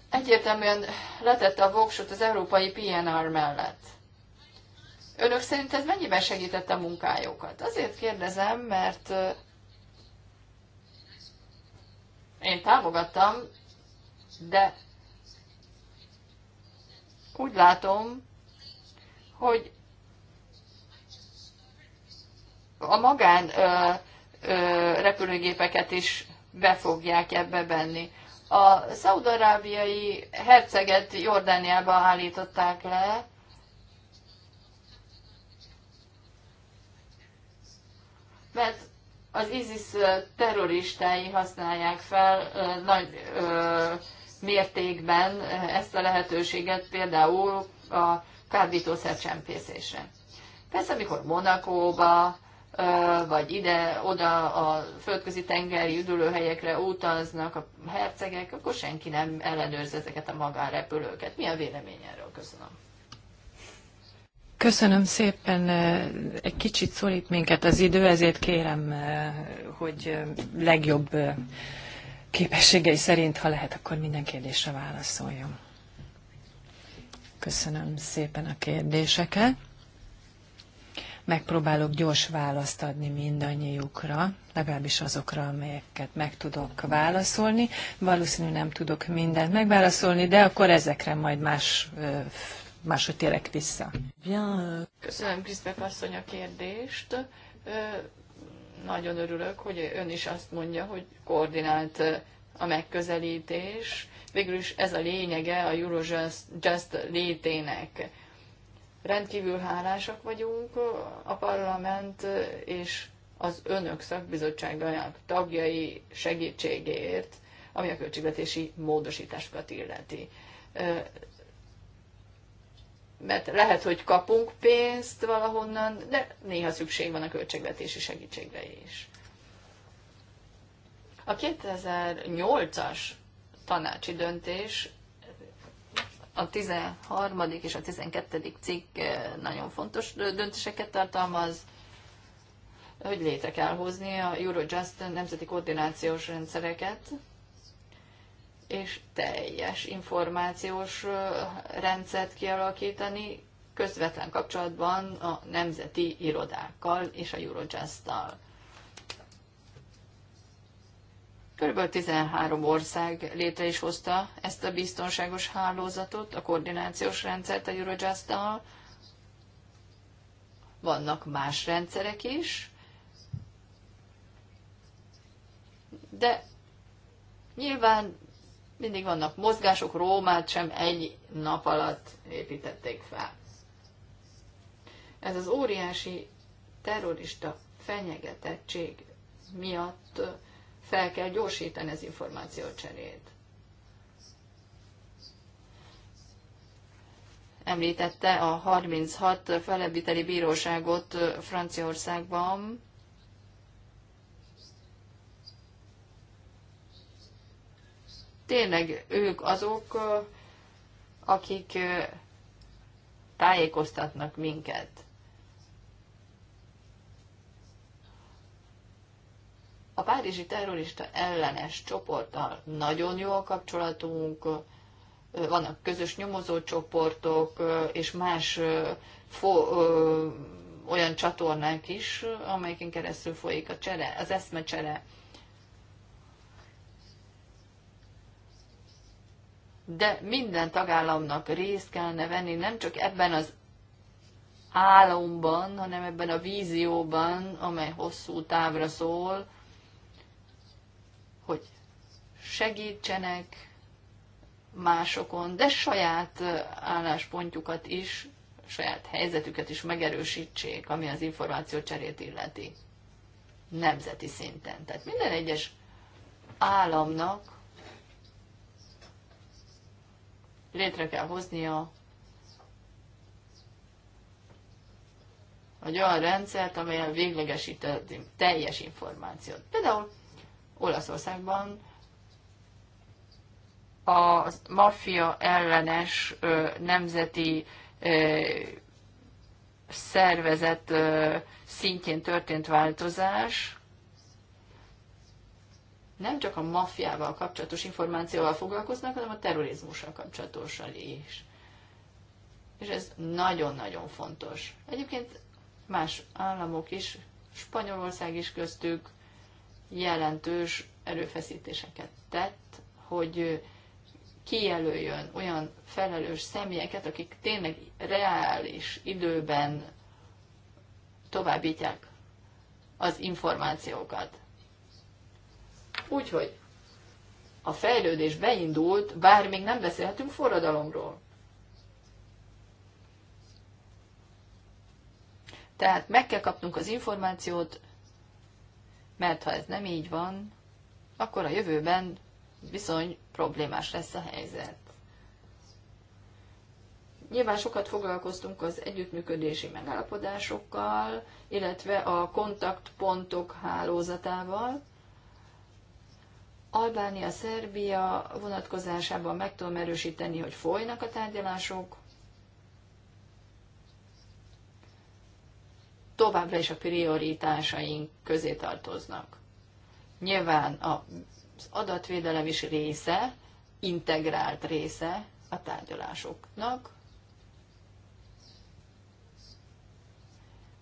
egyértelműen letette a voksot az európai PNR mellett. Önök szerint ez mennyiben segítette a munkájukat? Azért kérdezem, mert én támogattam, de úgy látom, hogy a magán ö, ö, repülőgépeket is be fogják ebbe benni. A szaudarábiai herceget Jordániába állították le, mert az ISIS terroristái használják fel nagy mértékben ezt a lehetőséget például a kábítószer csempészésre. Persze, amikor Monakóba, vagy ide-oda a földközi tengeri üdülőhelyekre utaznak a hercegek, akkor senki nem ellenőrzi ezeket a magánrepülőket. Mi a vélemény erről? Köszönöm. Köszönöm szépen, eh, egy kicsit szólít minket az idő, ezért kérem, eh, hogy eh, legjobb képességei szerint, ha lehet, akkor minden kérdésre válaszoljon. Köszönöm szépen a kérdéseket. Megpróbálok gyors választ adni mindannyiukra, legalábbis azokra, amelyeket meg tudok válaszolni. Valószínű nem tudok mindent megválaszolni, de akkor ezekre majd más máshogy térek vissza. Euh, Köszönöm Krisztek asszony a kérdést. Nagyon örülök, hogy ön is azt mondja, hogy koordinált a megközelítés. Végül is ez a lényege a Eurojust létének. Rendkívül hálásak vagyunk a parlament és az önök szakbizottságának tagjai segítségéért, ami a költségvetési módosításokat illeti mert lehet, hogy kapunk pénzt valahonnan, de néha szükség van a költségvetési segítségre is. A 2008-as tanácsi döntés a 13. és a 12. cikk eh, nagyon fontos döntéseket tartalmaz, hogy létre kell hozni a Eurojust nemzeti koordinációs rendszereket, és teljes információs rendszert kialakítani közvetlen kapcsolatban a nemzeti irodákkal és a Eurojust-tal. Körülbelül 13 ország létre is hozta ezt a biztonságos hálózatot, a koordinációs rendszert a eurojust -tal. Vannak más rendszerek is, de nyilván mindig vannak mozgások, Rómát sem egy nap alatt építették fel. Ez az óriási terrorista fenyegetettség miatt fel kell gyorsítani az cserét. Említette a 36 felebíteli bíróságot Franciaországban, tényleg ők azok, akik tájékoztatnak minket. A párizsi terrorista ellenes csoporttal nagyon jó a kapcsolatunk, vannak közös nyomozó csoportok, és más fo- olyan csatornák is, amelyeken keresztül folyik a csere, az eszmecsere. de minden tagállamnak részt kellene venni, nem csak ebben az álomban, hanem ebben a vízióban, amely hosszú távra szól, hogy segítsenek másokon, de saját álláspontjukat is, saját helyzetüket is megerősítsék, ami az cserét illeti nemzeti szinten. Tehát minden egyes államnak létre kell hoznia egy olyan rendszert, amelyen véglegesít a teljes információt. Például Olaszországban a maffia ellenes ö, nemzeti ö, szervezet ö, szintjén történt változás, nem csak a maffiával kapcsolatos információval foglalkoznak, hanem a terrorizmussal kapcsolatosan is. És ez nagyon-nagyon fontos. Egyébként más államok is, Spanyolország is köztük jelentős erőfeszítéseket tett, hogy kijelöljön olyan felelős személyeket, akik tényleg reális időben továbbítják az információkat. Úgyhogy a fejlődés beindult, bár még nem beszélhetünk forradalomról. Tehát meg kell kapnunk az információt, mert ha ez nem így van, akkor a jövőben bizony problémás lesz a helyzet. Nyilván sokat foglalkoztunk az együttműködési megállapodásokkal, illetve a kontaktpontok hálózatával, Albánia, Szerbia vonatkozásában meg tudom erősíteni, hogy folynak a tárgyalások. Továbbra is a prioritásaink közé tartoznak. Nyilván az adatvédelem is része, integrált része a tárgyalásoknak,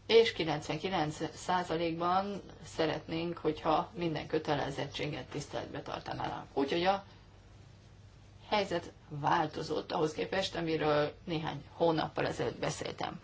és 99%-ban szeretnénk, hogyha minden kötelezettséget tiszteletbe tartanának. Úgyhogy a helyzet változott ahhoz képest, amiről néhány hónappal ezelőtt beszéltem.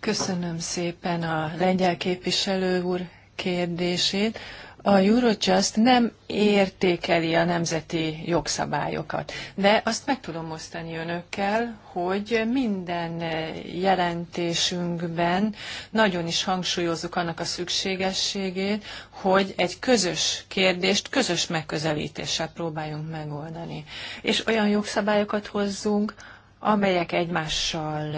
Köszönöm szépen a lengyel képviselő úr kérdését a Eurojust nem értékeli a nemzeti jogszabályokat, de azt meg tudom osztani önökkel, hogy minden jelentésünkben nagyon is hangsúlyozzuk annak a szükségességét, hogy egy közös kérdést közös megközelítéssel próbáljunk megoldani. És olyan jogszabályokat hozzunk, amelyek egymással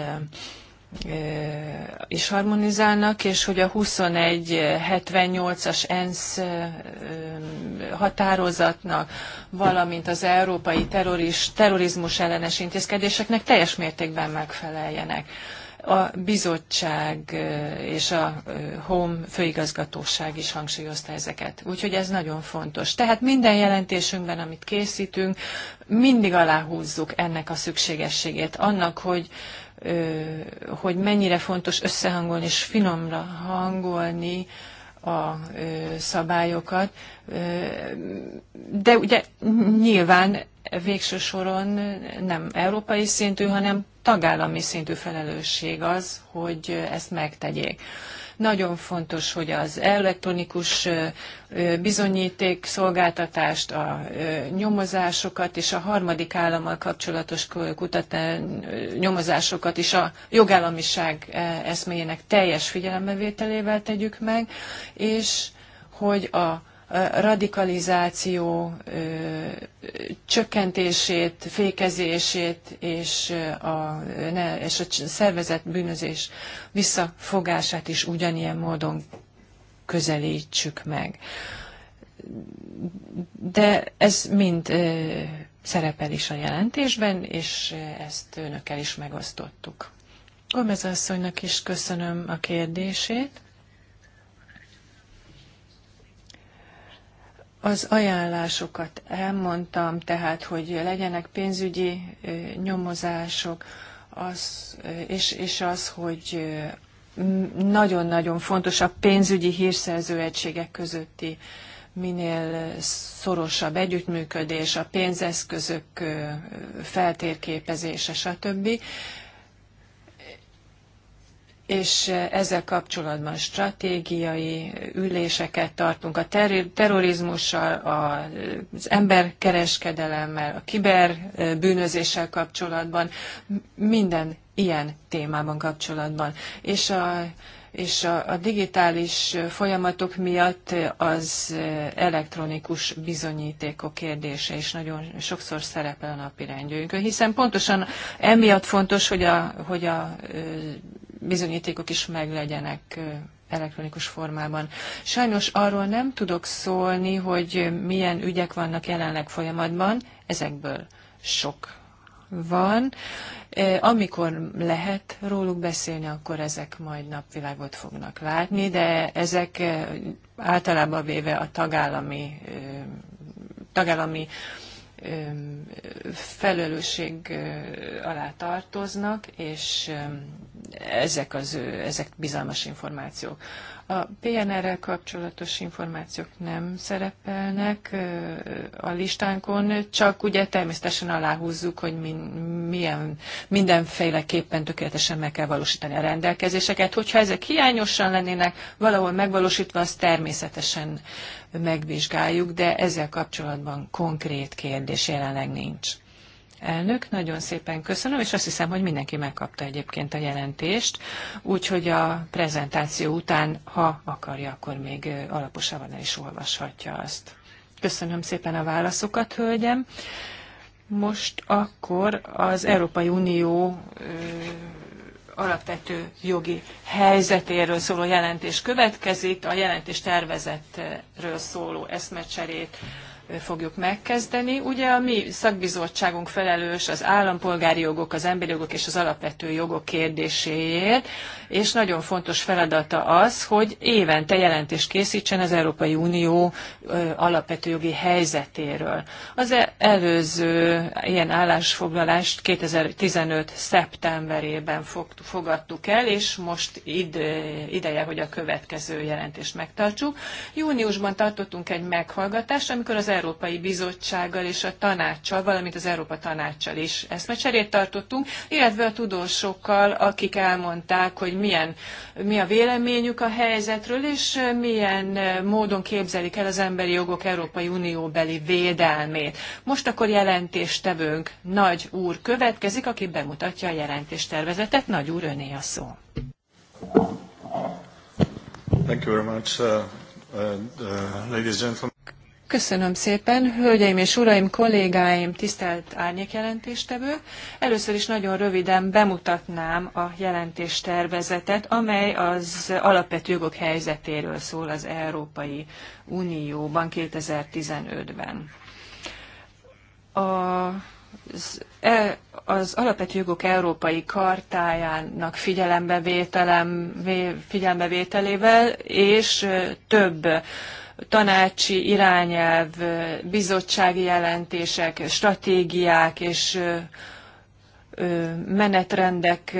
is harmonizálnak, és hogy a 2178-as ENSZ határozatnak, valamint az európai terroris, terrorizmus ellenes intézkedéseknek teljes mértékben megfeleljenek. A bizottság és a Home főigazgatóság is hangsúlyozta ezeket. Úgyhogy ez nagyon fontos. Tehát minden jelentésünkben, amit készítünk, mindig aláhúzzuk ennek a szükségességét, annak, hogy hogy mennyire fontos összehangolni és finomra hangolni a szabályokat, de ugye nyilván végső soron nem európai szintű, hanem tagállami szintű felelősség az, hogy ezt megtegyék. Nagyon fontos, hogy az elektronikus bizonyíték szolgáltatást, a nyomozásokat és a harmadik állammal kapcsolatos nyomozásokat is a jogállamiság eszméjének teljes figyelembevételével tegyük meg, és hogy a radikalizáció csökkentését, fékezését és a, ne, és a szervezett bűnözés visszafogását is ugyanilyen módon közelítsük meg. De ez mind szerepel is a jelentésben, és ezt önökkel is megosztottuk. Gomez asszonynak is köszönöm a kérdését. Az ajánlásokat elmondtam, tehát, hogy legyenek pénzügyi nyomozások, az, és, és az, hogy nagyon-nagyon fontos a pénzügyi hírszerző egységek közötti minél szorosabb együttműködés, a pénzeszközök feltérképezése, stb és ezzel kapcsolatban stratégiai üléseket tartunk a ter- terrorizmussal, az emberkereskedelemmel, a kiberbűnözéssel kapcsolatban, minden ilyen témában kapcsolatban. És a és a, a digitális folyamatok miatt az elektronikus bizonyítékok kérdése is nagyon sokszor szerepel a napi hiszen pontosan emiatt fontos, hogy a, hogy a bizonyítékok is meglegyenek elektronikus formában. Sajnos arról nem tudok szólni, hogy milyen ügyek vannak jelenleg folyamatban, ezekből sok van. Amikor lehet róluk beszélni, akkor ezek majd napvilágot fognak látni, de ezek általában véve a tagállami, tagállami felelősség alá tartoznak, és ezek, az, ezek bizalmas információk. A PNR-rel kapcsolatos információk nem szerepelnek a listánkon, csak ugye természetesen aláhúzzuk, hogy min, milyen, mindenféleképpen tökéletesen meg kell valósítani a rendelkezéseket. Hogyha ezek hiányosan lennének, valahol megvalósítva, az természetesen megvizsgáljuk, de ezzel kapcsolatban konkrét kérdés jelenleg nincs. Elnök, nagyon szépen köszönöm, és azt hiszem, hogy mindenki megkapta egyébként a jelentést, úgyhogy a prezentáció után, ha akarja, akkor még alaposabban el is olvashatja azt. Köszönöm szépen a válaszokat, hölgyem. Most akkor az Európai Unió alapvető jogi helyzetéről szóló jelentés következik. A jelentés tervezetről szóló eszmecserét fogjuk megkezdeni. Ugye a mi szakbizottságunk felelős az állampolgári jogok, az emberi jogok és az alapvető jogok kérdéséért, és nagyon fontos feladata az, hogy évente jelentést készítsen az Európai Unió alapvető jogi helyzetéről. Az e- előző ilyen állásfoglalást 2015. szeptemberében fogadtuk el, és most ideje, hogy a következő jelentést megtartsuk. Júniusban tartottunk egy meghallgatást, amikor az Európai Bizottsággal és a tanácssal, valamint az Európa tanácssal is eszmecserét tartottunk, illetve a tudósokkal, akik elmondták, hogy milyen, mi a véleményük a helyzetről, és milyen módon képzelik el az emberi jogok Európai Unió beli védelmét. Most akkor jelentéstevőnk Nagy úr következik, aki bemutatja a jelentéstervezetet. Nagy úr, öné a szó. Thank you very much, uh, uh, uh ladies and gentlemen. Köszönöm szépen, hölgyeim és uraim, kollégáim, tisztelt árnyékjelentéstevő. Először is nagyon röviden bemutatnám a jelentéstervezetet, amely az alapvető jogok helyzetéről szól az Európai Unióban 2015-ben. Az, e- az alapvető jogok európai kartájának figyelembevételével és több tanácsi irányelv, bizottsági jelentések, stratégiák és menetrendek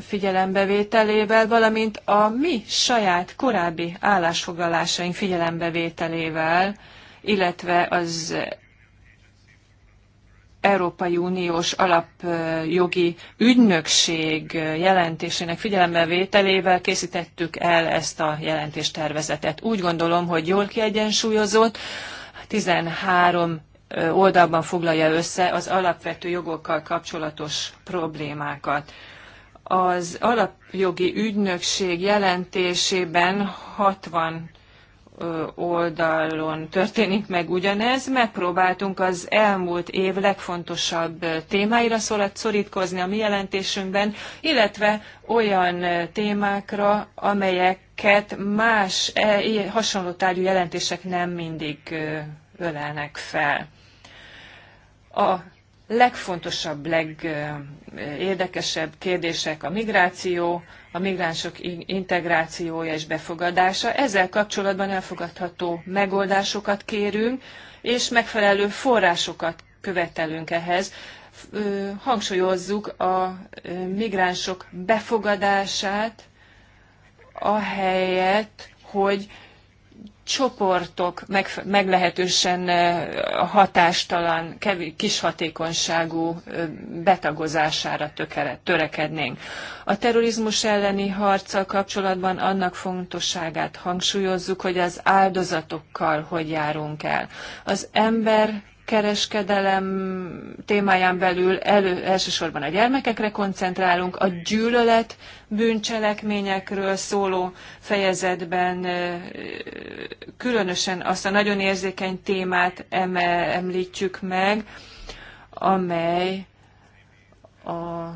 figyelembevételével, valamint a mi saját korábbi állásfoglalásaink figyelembevételével, illetve az Európai Uniós alapjogi ügynökség jelentésének vételével készítettük el ezt a jelentéstervezetet. Úgy gondolom, hogy jól kiegyensúlyozott, 13 oldalban foglalja össze az alapvető jogokkal kapcsolatos problémákat. Az alapjogi ügynökség jelentésében 60 oldalon történik meg ugyanez. Megpróbáltunk az elmúlt év legfontosabb témáira szólat szorítkozni a mi jelentésünkben, illetve olyan témákra, amelyeket más e, hasonló tárgyú jelentések nem mindig ölelnek fel. A legfontosabb, legérdekesebb kérdések a migráció, a migránsok integrációja és befogadása. Ezzel kapcsolatban elfogadható megoldásokat kérünk, és megfelelő forrásokat követelünk ehhez. Hangsúlyozzuk a migránsok befogadását, ahelyett, hogy csoportok meg, meglehetősen hatástalan, kevés, kis hatékonyságú betagozására tökere, törekednénk. A terrorizmus elleni harccal kapcsolatban annak fontosságát hangsúlyozzuk, hogy az áldozatokkal hogy járunk el. Az ember kereskedelem témáján belül elő, elsősorban a gyermekekre koncentrálunk, a gyűlölet bűncselekményekről szóló fejezetben különösen azt a nagyon érzékeny témát említjük meg, amely a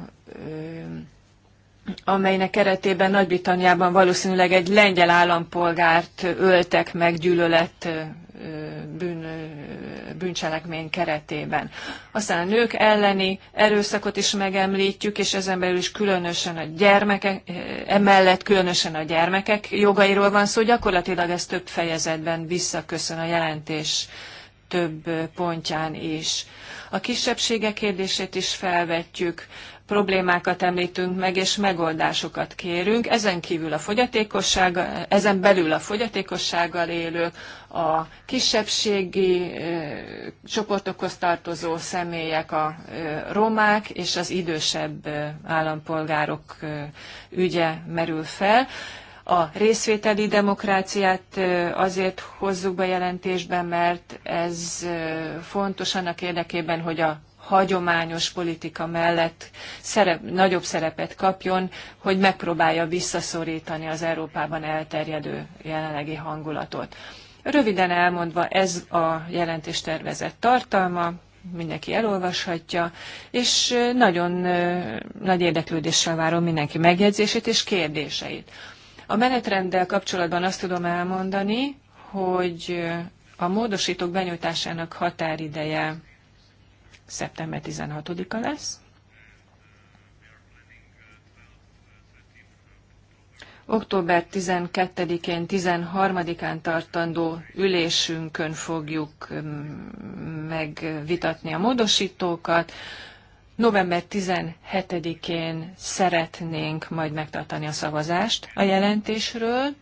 amelynek keretében Nagy-Britanniában valószínűleg egy lengyel állampolgárt öltek meg gyűlölet bűn, bűncselekmény keretében. Aztán a nők elleni erőszakot is megemlítjük, és ezen belül is különösen a gyermekek, emellett különösen a gyermekek jogairól van szó, gyakorlatilag ez több fejezetben visszaköszön a jelentés több pontján is. A kisebbségek kérdését is felvetjük, problémákat említünk meg, és megoldásokat kérünk. Ezen kívül a fogyatékosság, ezen belül a fogyatékossággal élők, a kisebbségi csoportokhoz tartozó személyek, a romák és az idősebb állampolgárok ügye merül fel. A részvételi demokráciát azért hozzuk be jelentésben, mert ez fontos annak érdekében, hogy a hagyományos politika mellett szerep, nagyobb szerepet kapjon, hogy megpróbálja visszaszorítani az Európában elterjedő jelenlegi hangulatot. Röviden elmondva ez a jelentéstervezet tartalma, mindenki elolvashatja, és nagyon nagy érdeklődéssel várom mindenki megjegyzését és kérdéseit. A menetrenddel kapcsolatban azt tudom elmondani, hogy a módosítók benyújtásának határideje szeptember 16-a lesz. Október 12-én, 13-án tartandó ülésünkön fogjuk mm, megvitatni a módosítókat. November 17-én szeretnénk majd megtartani a szavazást a jelentésről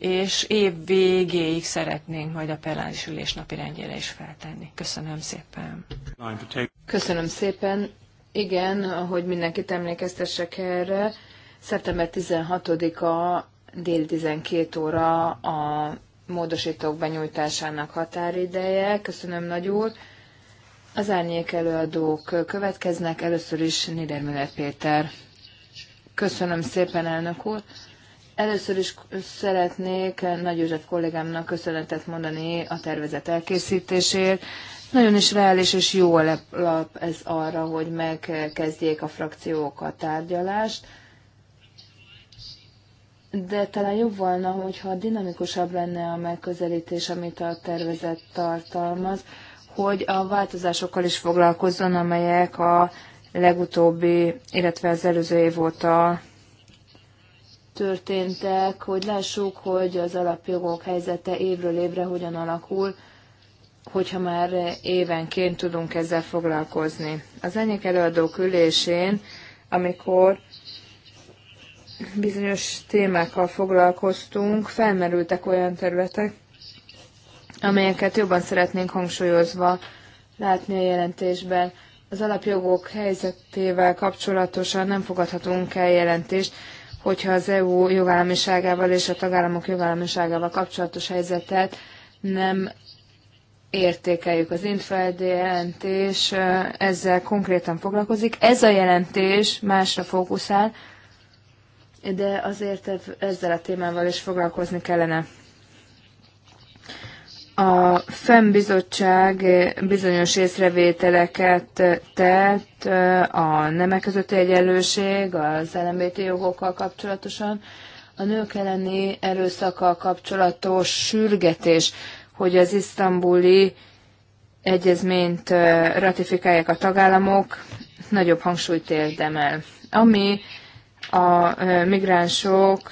és év végéig szeretnénk majd a plenáris ülés napirendjére is feltenni. Köszönöm szépen. Köszönöm szépen. Igen, ahogy mindenkit emlékeztessek erre, szeptember 16-a dél 12 óra a módosítók benyújtásának határideje. Köszönöm nagy úr. Az árnyék előadók következnek. Először is Niedermüller Péter. Köszönöm szépen, elnök úr. Először is szeretnék Nagy József kollégámnak köszönetet mondani a tervezet elkészítésért. Nagyon is reális és jó lap ez arra, hogy megkezdjék a frakciók a tárgyalást. De talán jobb volna, hogyha dinamikusabb lenne a megközelítés, amit a tervezet tartalmaz, hogy a változásokkal is foglalkozzon, amelyek a legutóbbi, illetve az előző év óta történtek, hogy lássuk, hogy az alapjogok helyzete évről évre hogyan alakul, hogyha már évenként tudunk ezzel foglalkozni. Az enyék előadók ülésén, amikor bizonyos témákkal foglalkoztunk, felmerültek olyan területek, amelyeket jobban szeretnénk hangsúlyozva látni a jelentésben. Az alapjogok helyzetével kapcsolatosan nem fogadhatunk el jelentést, hogyha az EU jogállamiságával és a tagállamok jogállamiságával kapcsolatos helyzetet nem értékeljük. Az Intfeld jelentés ezzel konkrétan foglalkozik. Ez a jelentés másra fókuszál, de azért ezzel a témával is foglalkozni kellene. A FEM bizottság bizonyos észrevételeket tett a nemek közötti egyenlőség, az LMBT jogokkal kapcsolatosan, a nők elleni erőszakkal kapcsolatos sürgetés, hogy az isztambuli egyezményt ratifikálják a tagállamok, nagyobb hangsúlyt érdemel. Ami a migránsok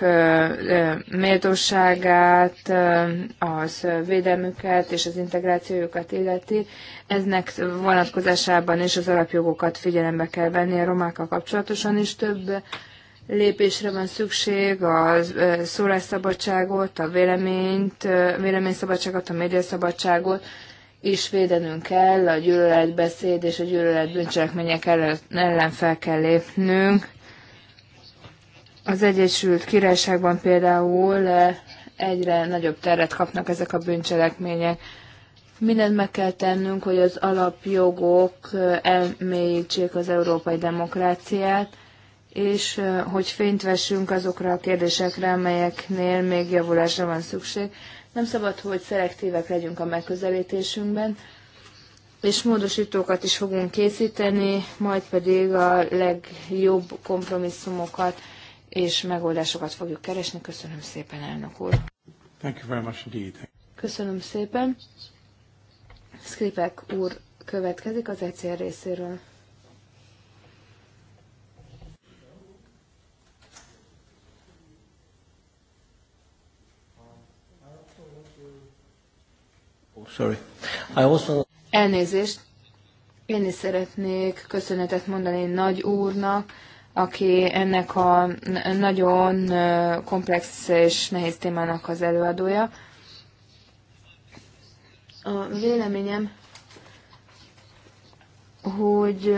méltóságát, az védelmüket és az integrációjukat illeti. Eznek vonatkozásában is az alapjogokat figyelembe kell venni a romákkal kapcsolatosan is több lépésre van szükség, a szólásszabadságot, a véleményt, véleményszabadságot, a médiaszabadságot, is védenünk kell, a gyűlöletbeszéd és a gyűlöletbűncselekmények ellen fel kell lépnünk. Az Egyesült Királyságban például eh, egyre nagyobb teret kapnak ezek a bűncselekmények. Mindent meg kell tennünk, hogy az alapjogok eh, elmélyítsék az európai demokráciát, és eh, hogy fényt vessünk azokra a kérdésekre, amelyeknél még javulásra van szükség. Nem szabad, hogy szelektívek legyünk a megközelítésünkben, és módosítókat is fogunk készíteni, majd pedig a legjobb kompromisszumokat és megoldásokat fogjuk keresni. Köszönöm szépen, elnök úr. Thank you very much indeed. Köszönöm szépen. Skripek úr következik az ECR részéről. Oh, sorry. I also... Elnézést. Én is szeretnék köszönetet mondani nagy úrnak aki ennek a nagyon komplex és nehéz témának az előadója. A véleményem, hogy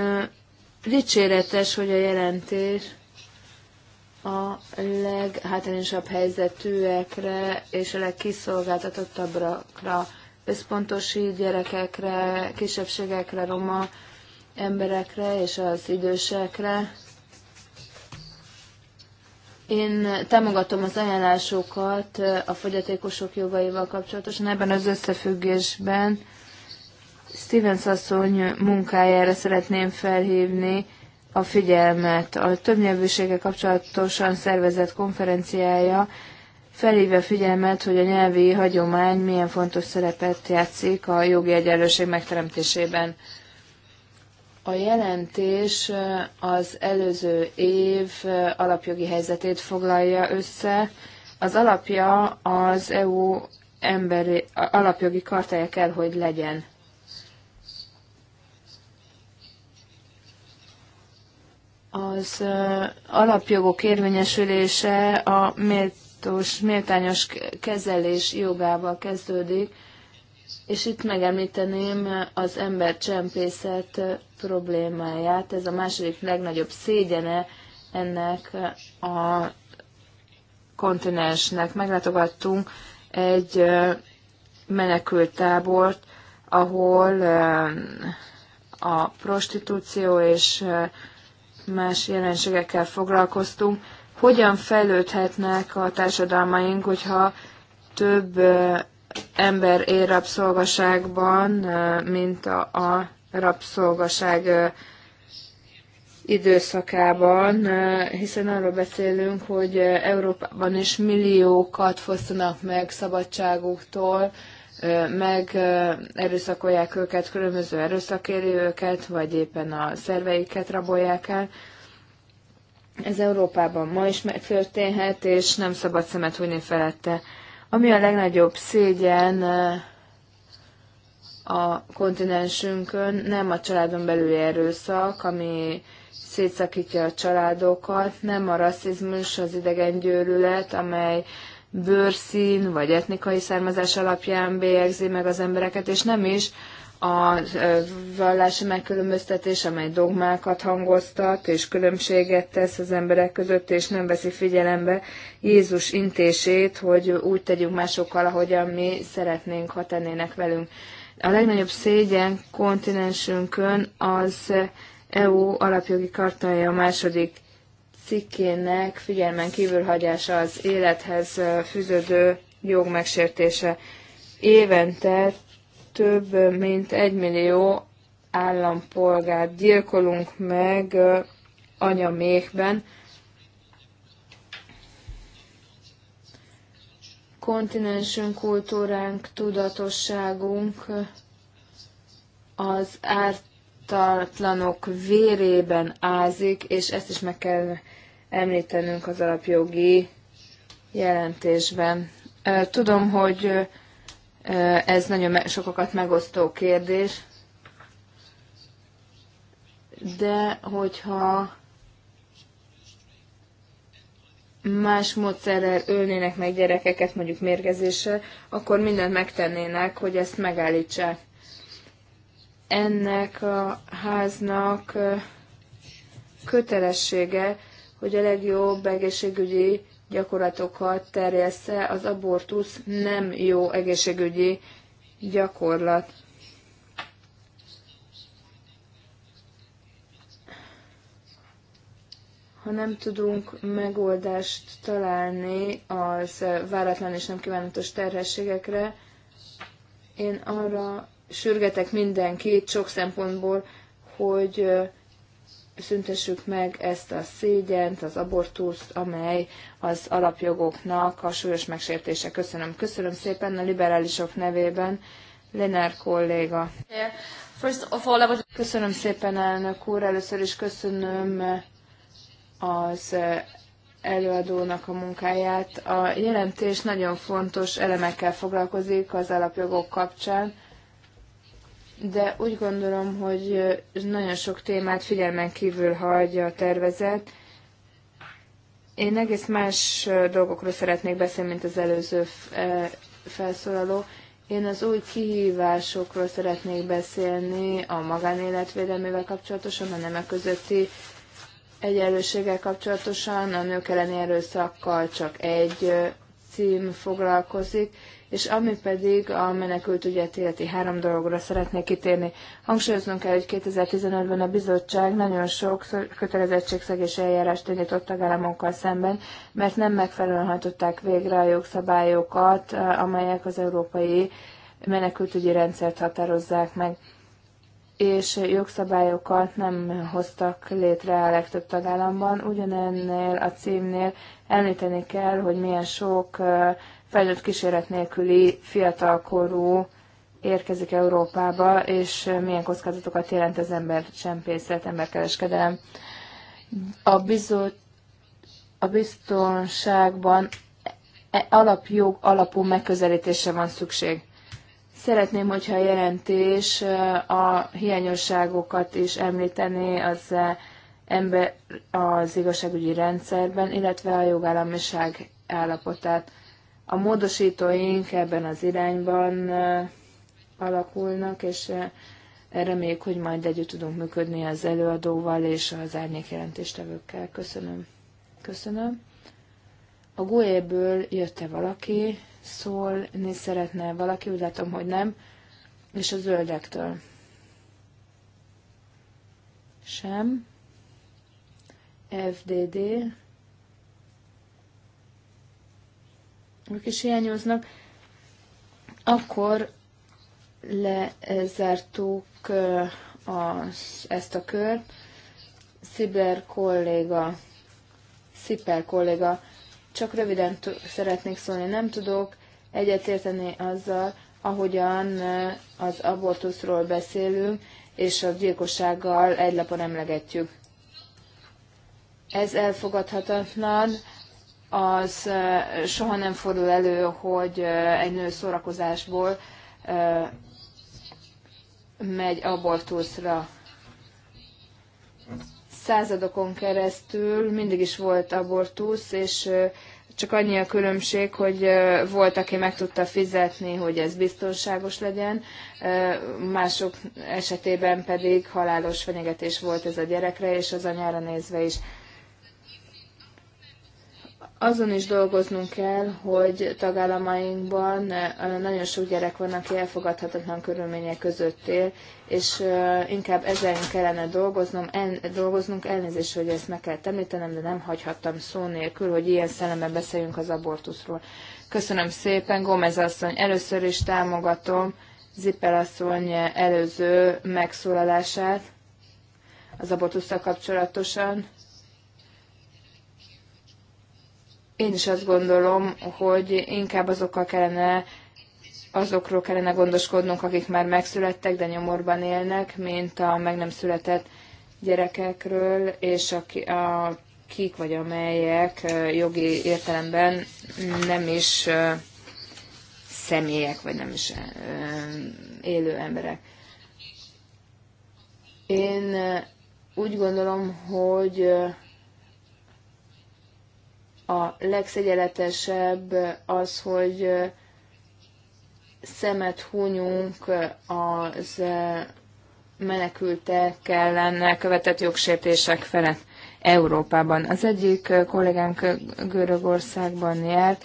dicséretes, hogy a jelentés a leghátrányosabb helyzetűekre és a legkiszolgáltatottabbra összpontosít gyerekekre, kisebbségekre, roma emberekre és az idősekre én támogatom az ajánlásokat a fogyatékosok jogaival kapcsolatosan ebben az összefüggésben. Stevens asszony munkájára szeretném felhívni a figyelmet. A többnyelvűsége kapcsolatosan szervezett konferenciája felhívja figyelmet, hogy a nyelvi hagyomány milyen fontos szerepet játszik a jogi egyenlőség megteremtésében. A jelentés az előző év alapjogi helyzetét foglalja össze. Az alapja az EU emberi alapjogi kartája kell, hogy legyen. Az alapjogok érvényesülése a méltós, méltányos kezelés jogával kezdődik, és itt megemlíteném az csempészet problémáját. Ez a második legnagyobb szégyene ennek a kontinensnek. Meglátogattunk egy menekült tábort, ahol a prostitúció és más jelenségekkel foglalkoztunk. Hogyan fejlődhetnek a társadalmaink, hogyha több ember él rabszolgaságban, mint a, a rabszolgaság időszakában, hiszen arról beszélünk, hogy Európában is milliókat fosztanak meg szabadságuktól, meg erőszakolják őket, különböző erőszakéri őket, vagy éppen a szerveiket rabolják el. Ez Európában ma is megtörténhet, és nem szabad szemet hújni felette. Ami a legnagyobb szégyen a kontinensünkön, nem a családon belüli erőszak, ami szétszakítja a családokat, nem a rasszizmus, az idegen gyűlölet, amely bőrszín vagy etnikai származás alapján bélyegzi meg az embereket, és nem is a vallási megkülönböztetés, amely dogmákat hangoztat és különbséget tesz az emberek között, és nem veszi figyelembe Jézus intését, hogy úgy tegyünk másokkal, ahogyan mi szeretnénk, ha tennének velünk. A legnagyobb szégyen kontinensünkön az EU alapjogi kartája a második cikkének figyelmen kívülhagyása az élethez fűződő jog megsértése évente több mint egy millió állampolgárt gyilkolunk meg anyamékben. Kontinensünk, kultúránk, tudatosságunk az ártatlanok vérében ázik, és ezt is meg kell említenünk az alapjogi jelentésben. Tudom, hogy ez nagyon sokakat megosztó kérdés. De hogyha más módszerrel ölnének meg gyerekeket, mondjuk mérgezéssel, akkor mindent megtennének, hogy ezt megállítsák. Ennek a háznak kötelessége, hogy a legjobb egészségügyi gyakorlatokat terjessze, az abortusz nem jó egészségügyi gyakorlat. Ha nem tudunk megoldást találni az váratlan és nem kívánatos terhességekre, én arra sürgetek mindenkit sok szempontból, hogy szüntessük meg ezt a szégyent, az abortuszt, amely az alapjogoknak a súlyos megsértése. Köszönöm. Köszönöm szépen a liberálisok nevében, Lenár kolléga. Köszönöm szépen, elnök úr. Először is köszönöm az előadónak a munkáját. A jelentés nagyon fontos elemekkel foglalkozik az alapjogok kapcsán de úgy gondolom, hogy nagyon sok témát figyelmen kívül hagyja a tervezet. Én egész más dolgokról szeretnék beszélni, mint az előző felszólaló. Én az új kihívásokról szeretnék beszélni a magánéletvédelmével kapcsolatosan, a nemek közötti egyenlőséggel kapcsolatosan, a nők elleni erőszakkal csak egy cím foglalkozik, és ami pedig a menekült ügyet illeti három dologra szeretnék kitérni. Hangsúlyoznunk kell, hogy 2015-ben a bizottság nagyon sok kötelezettségszegés eljárást indított tagállamokkal szemben, mert nem megfelelően hajtották végre a jogszabályokat, amelyek az európai menekültügyi rendszert határozzák meg és jogszabályokat nem hoztak létre a legtöbb tagállamban. Ugyanennél a címnél említeni kell, hogy milyen sok felnőtt kíséret nélküli fiatalkorú érkezik Európába, és milyen kockázatokat jelent az ember csempészet, emberkereskedelem. A, bizot, a biztonságban e- e- alapjog alapú megközelítése van szükség. Szeretném, hogyha a jelentés a hiányosságokat is említené az e- ember az igazságügyi rendszerben, illetve a jogállamiság állapotát. A módosítóink ebben az irányban eh, alakulnak, és eh, reméljük, hogy majd együtt tudunk működni az előadóval és az árnyékjelentéstevőkkel. Köszönöm. Köszönöm. A GUE-ből jött-e valaki, szólni szeretne valaki, úgy látom, hogy nem, és a zöldektől. Sem. FDD. ők is hiányoznak, akkor lezártuk az, ezt a kört. Sziber kolléga, Sziper kolléga, csak röviden szeretnék szólni, nem tudok egyetérteni azzal, ahogyan az abortuszról beszélünk, és a gyilkossággal egy lapon emlegetjük. Ez elfogadhatatlan, az soha nem fordul elő, hogy egy nő szórakozásból megy abortuszra. Századokon keresztül mindig is volt abortusz, és csak annyi a különbség, hogy volt, aki meg tudta fizetni, hogy ez biztonságos legyen, mások esetében pedig halálos fenyegetés volt ez a gyerekre, és az anyára nézve is. Azon is dolgoznunk kell, hogy tagállamainkban eh, nagyon sok gyerek van, aki elfogadhatatlan körülmények között él, és eh, inkább ezen kellene dolgoznom, el, dolgoznunk, elnézést, hogy ezt meg kell említenem, de nem hagyhattam szó nélkül, hogy ilyen szellemben beszéljünk az abortuszról. Köszönöm szépen, Gomez asszony, először is támogatom Zippel asszony előző megszólalását az abortusszal kapcsolatosan Én is azt gondolom, hogy inkább azokkal kellene, azokról kellene gondoskodnunk, akik már megszülettek, de nyomorban élnek, mint a meg nem született gyerekekről, és a, a kik vagy amelyek jogi értelemben nem is személyek, vagy nem is élő emberek. Én úgy gondolom, hogy a legszegyeletesebb az, hogy szemet hunyunk az menekültek ellen követett jogsértések felett Európában. Az egyik kollégánk Görögországban járt,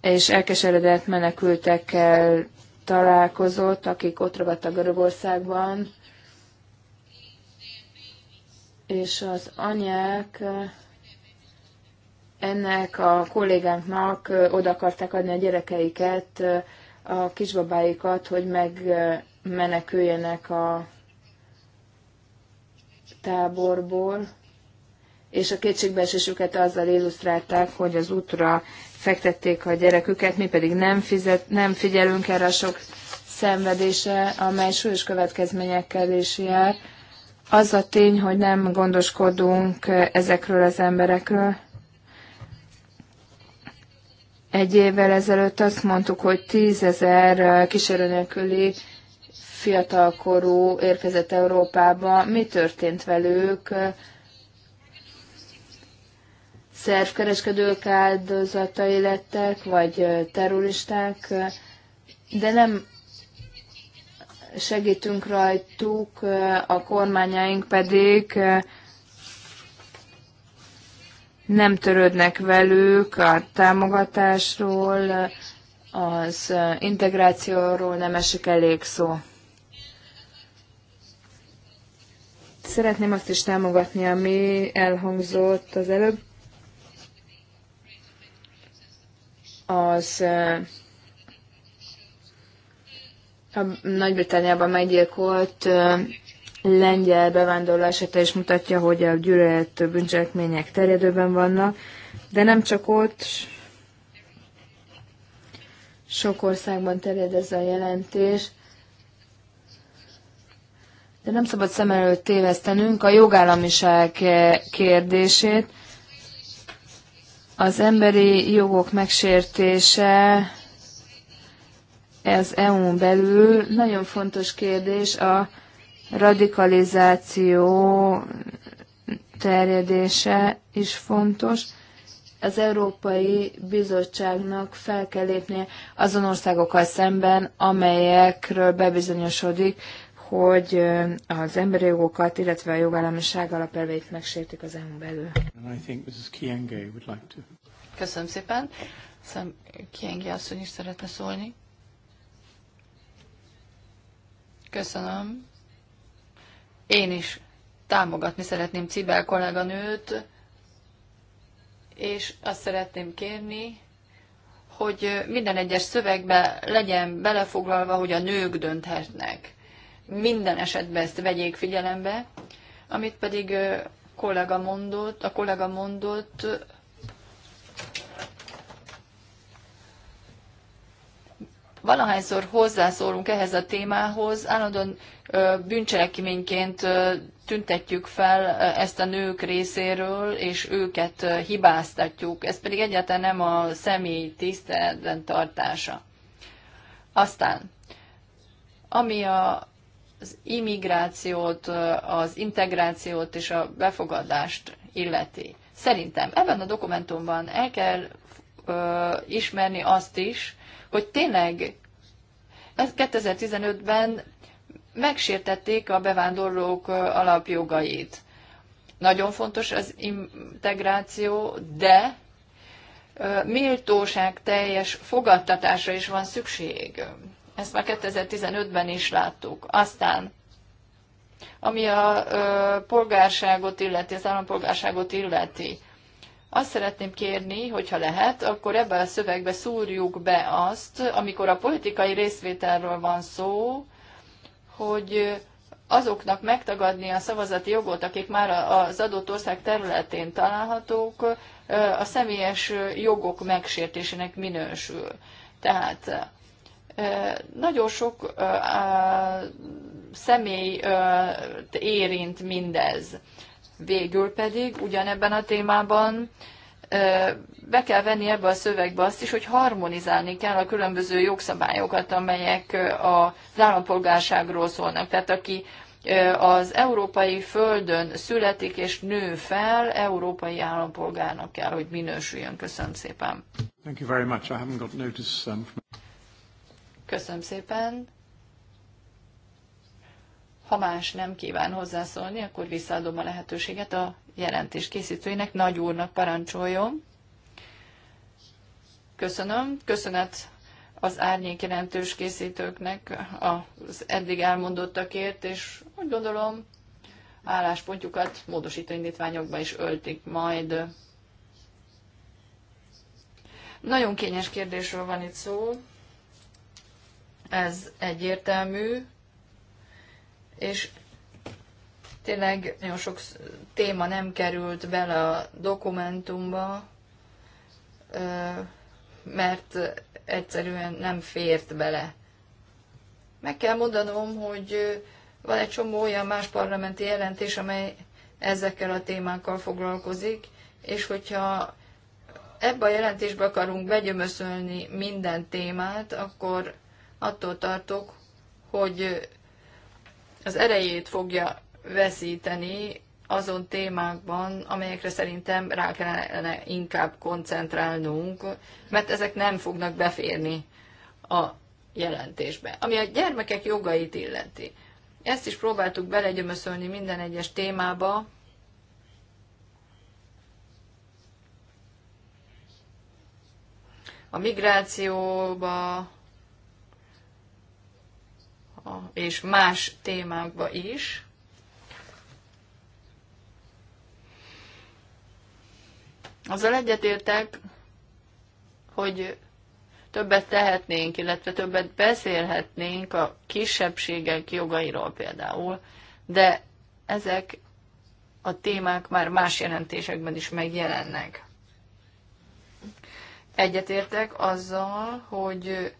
és elkeseredett menekültekkel találkozott, akik ott ragadtak Görögországban, és az anyák ennek a kollégánknak oda akarták adni a gyerekeiket, a kisbabáikat, hogy megmeneküljenek a táborból, és a kétségbeesésüket azzal illusztrálták, hogy az útra fektették a gyereküket, mi pedig nem, fizet, nem figyelünk erre a sok szenvedése, amely súlyos következményekkel is jár. Az a tény, hogy nem gondoskodunk ezekről az emberekről, egy évvel ezelőtt azt mondtuk, hogy tízezer kísérőnélküli fiatalkorú érkezett Európába. Mi történt velük? Szervkereskedők áldozatai lettek, vagy terroristák, de nem segítünk rajtuk, a kormányaink pedig nem törődnek velük a támogatásról, az integrációról nem esik elég szó. Szeretném azt is támogatni, ami elhangzott az előbb. Az eh, a Nagy-Britanniában meggyilkolt eh, lengyel bevándorló esete is mutatja, hogy a gyűlölet bűncselekmények terjedőben vannak, de nem csak ott, sok országban terjed ez a jelentés, de nem szabad szem előtt tévesztenünk a jogállamiság kérdését. Az emberi jogok megsértése az EU-n belül nagyon fontos kérdés a radikalizáció terjedése is fontos. Az Európai Bizottságnak fel kell lépnie azon országokkal szemben, amelyekről bebizonyosodik, hogy az emberi jogokat, illetve a jogállamiság alapelveit megsértik az EU-n belül. Köszönöm szépen. Szem Kienge asszony is szeretne szólni. Köszönöm. Én is támogatni szeretném Cibel kolléganőt, és azt szeretném kérni, hogy minden egyes szövegbe legyen belefoglalva, hogy a nők dönthetnek. Minden esetben ezt vegyék figyelembe, amit pedig kollega mondott, a kollega mondott, valahányszor hozzászólunk ehhez a témához, állandóan bűncselekményként tüntetjük fel ezt a nők részéről, és őket hibáztatjuk. Ez pedig egyáltalán nem a személy tiszteletben tartása. Aztán, ami a, az immigrációt, az integrációt és a befogadást illeti. Szerintem ebben a dokumentumban el kell ö, ismerni azt is, hogy tényleg 2015-ben megsértették a bevándorlók alapjogait. Nagyon fontos az integráció, de méltóság teljes fogadtatásra is van szükség. Ezt már 2015-ben is láttuk. Aztán, ami a polgárságot illeti, az állampolgárságot illeti, azt szeretném kérni, hogyha lehet, akkor ebbe a szövegbe szúrjuk be azt, amikor a politikai részvételről van szó, hogy azoknak megtagadni a szavazati jogot, akik már az adott ország területén találhatók, a személyes jogok megsértésének minősül. Tehát nagyon sok személy érint mindez. Végül pedig ugyanebben a témában be kell venni ebbe a szövegbe azt is, hogy harmonizálni kell a különböző jogszabályokat, amelyek az állampolgárságról szólnak. Tehát aki az európai földön születik és nő fel, európai állampolgárnak kell, hogy minősüljön. Köszönöm szépen. Thank you very much. I haven't got notice, um... Köszönöm szépen. Ha más nem kíván hozzászólni, akkor visszaadom a lehetőséget a jelentés készítőinek. Nagy úrnak parancsoljon. Köszönöm. Köszönet az árnyék jelentős készítőknek az eddig elmondottakért, és úgy gondolom, álláspontjukat módosító indítványokba is öltik majd. Nagyon kényes kérdésről van itt szó, ez egyértelmű, és tényleg nagyon sok téma nem került bele a dokumentumba, mert egyszerűen nem fért bele. Meg kell mondanom, hogy van egy csomó olyan más parlamenti jelentés, amely ezekkel a témákkal foglalkozik, és hogyha ebbe a jelentésbe akarunk begyömöszölni minden témát, akkor attól tartok, hogy az erejét fogja veszíteni azon témákban, amelyekre szerintem rá kellene inkább koncentrálnunk, mert ezek nem fognak beférni a jelentésbe. Ami a gyermekek jogait illeti. Ezt is próbáltuk belegyömöszölni minden egyes témába, a migrációba, és más témákba is. Azzal egyetértek, hogy többet tehetnénk, illetve többet beszélhetnénk a kisebbségek jogairól például, de ezek a témák már más jelentésekben is megjelennek. Egyetértek azzal, hogy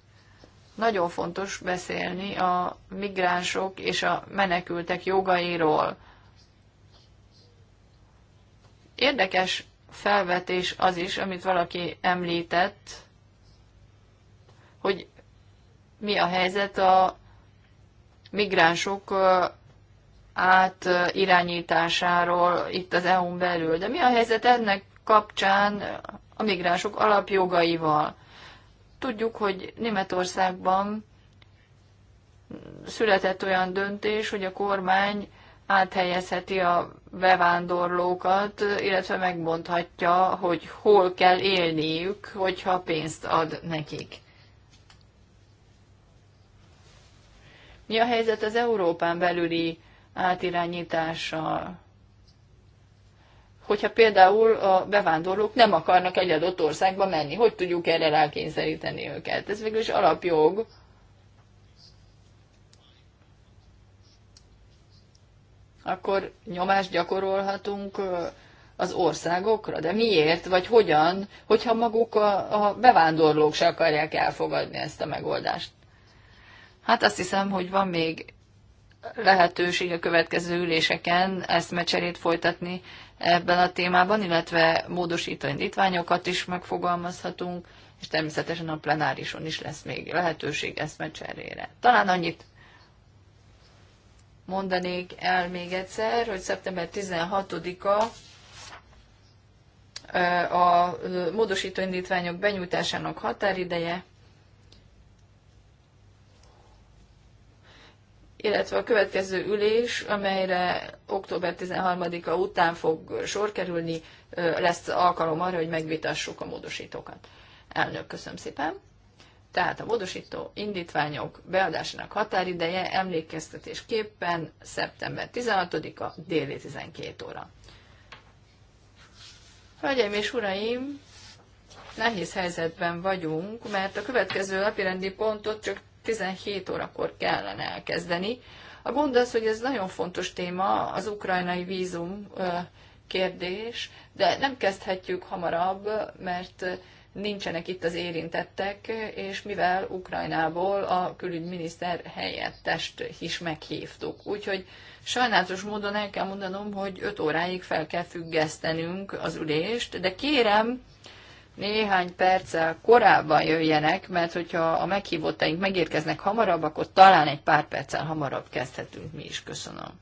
nagyon fontos beszélni a migránsok és a menekültek jogairól. Érdekes felvetés az is, amit valaki említett, hogy mi a helyzet a migránsok átirányításáról itt az EU-n belül. De mi a helyzet ennek kapcsán a migránsok alapjogaival? Tudjuk, hogy Németországban született olyan döntés, hogy a kormány áthelyezheti a bevándorlókat, illetve megmondhatja, hogy hol kell élniük, hogyha pénzt ad nekik. Mi a helyzet az Európán belüli átirányítással? hogyha például a bevándorlók nem akarnak egy adott országba menni. Hogy tudjuk erre rákényszeríteni őket? Ez végül is alapjog. Akkor nyomást gyakorolhatunk az országokra? De miért, vagy hogyan, hogyha maguk a, a bevándorlók se akarják elfogadni ezt a megoldást? Hát azt hiszem, hogy van még lehetőség a következő üléseken ezt mecserét folytatni ebben a témában, illetve módosító indítványokat is megfogalmazhatunk, és természetesen a plenárison is lesz még lehetőség eszmecserére. Talán annyit mondanék el még egyszer, hogy szeptember 16-a a módosító indítványok benyújtásának határideje, illetve a következő ülés, amelyre október 13-a után fog sor kerülni, lesz alkalom arra, hogy megvitassuk a módosítókat. Elnök, köszönöm szépen! Tehát a módosító indítványok beadásának határideje emlékeztetésképpen szeptember 16-a déli 12 óra. Hölgyeim és uraim, nehéz helyzetben vagyunk, mert a következő napirendi pontot csak 17 órakor kellene elkezdeni. A gond az, hogy ez nagyon fontos téma, az ukrajnai vízum kérdés, de nem kezdhetjük hamarabb, mert nincsenek itt az érintettek, és mivel Ukrajnából a külügyminiszter helyettest is meghívtuk. Úgyhogy sajnálatos módon el kell mondanom, hogy 5 óráig fel kell függesztenünk az ülést, de kérem, néhány perccel korábban jöjjenek, mert hogyha a meghívottaink megérkeznek hamarabb, akkor talán egy pár perccel hamarabb kezdhetünk mi is. Köszönöm.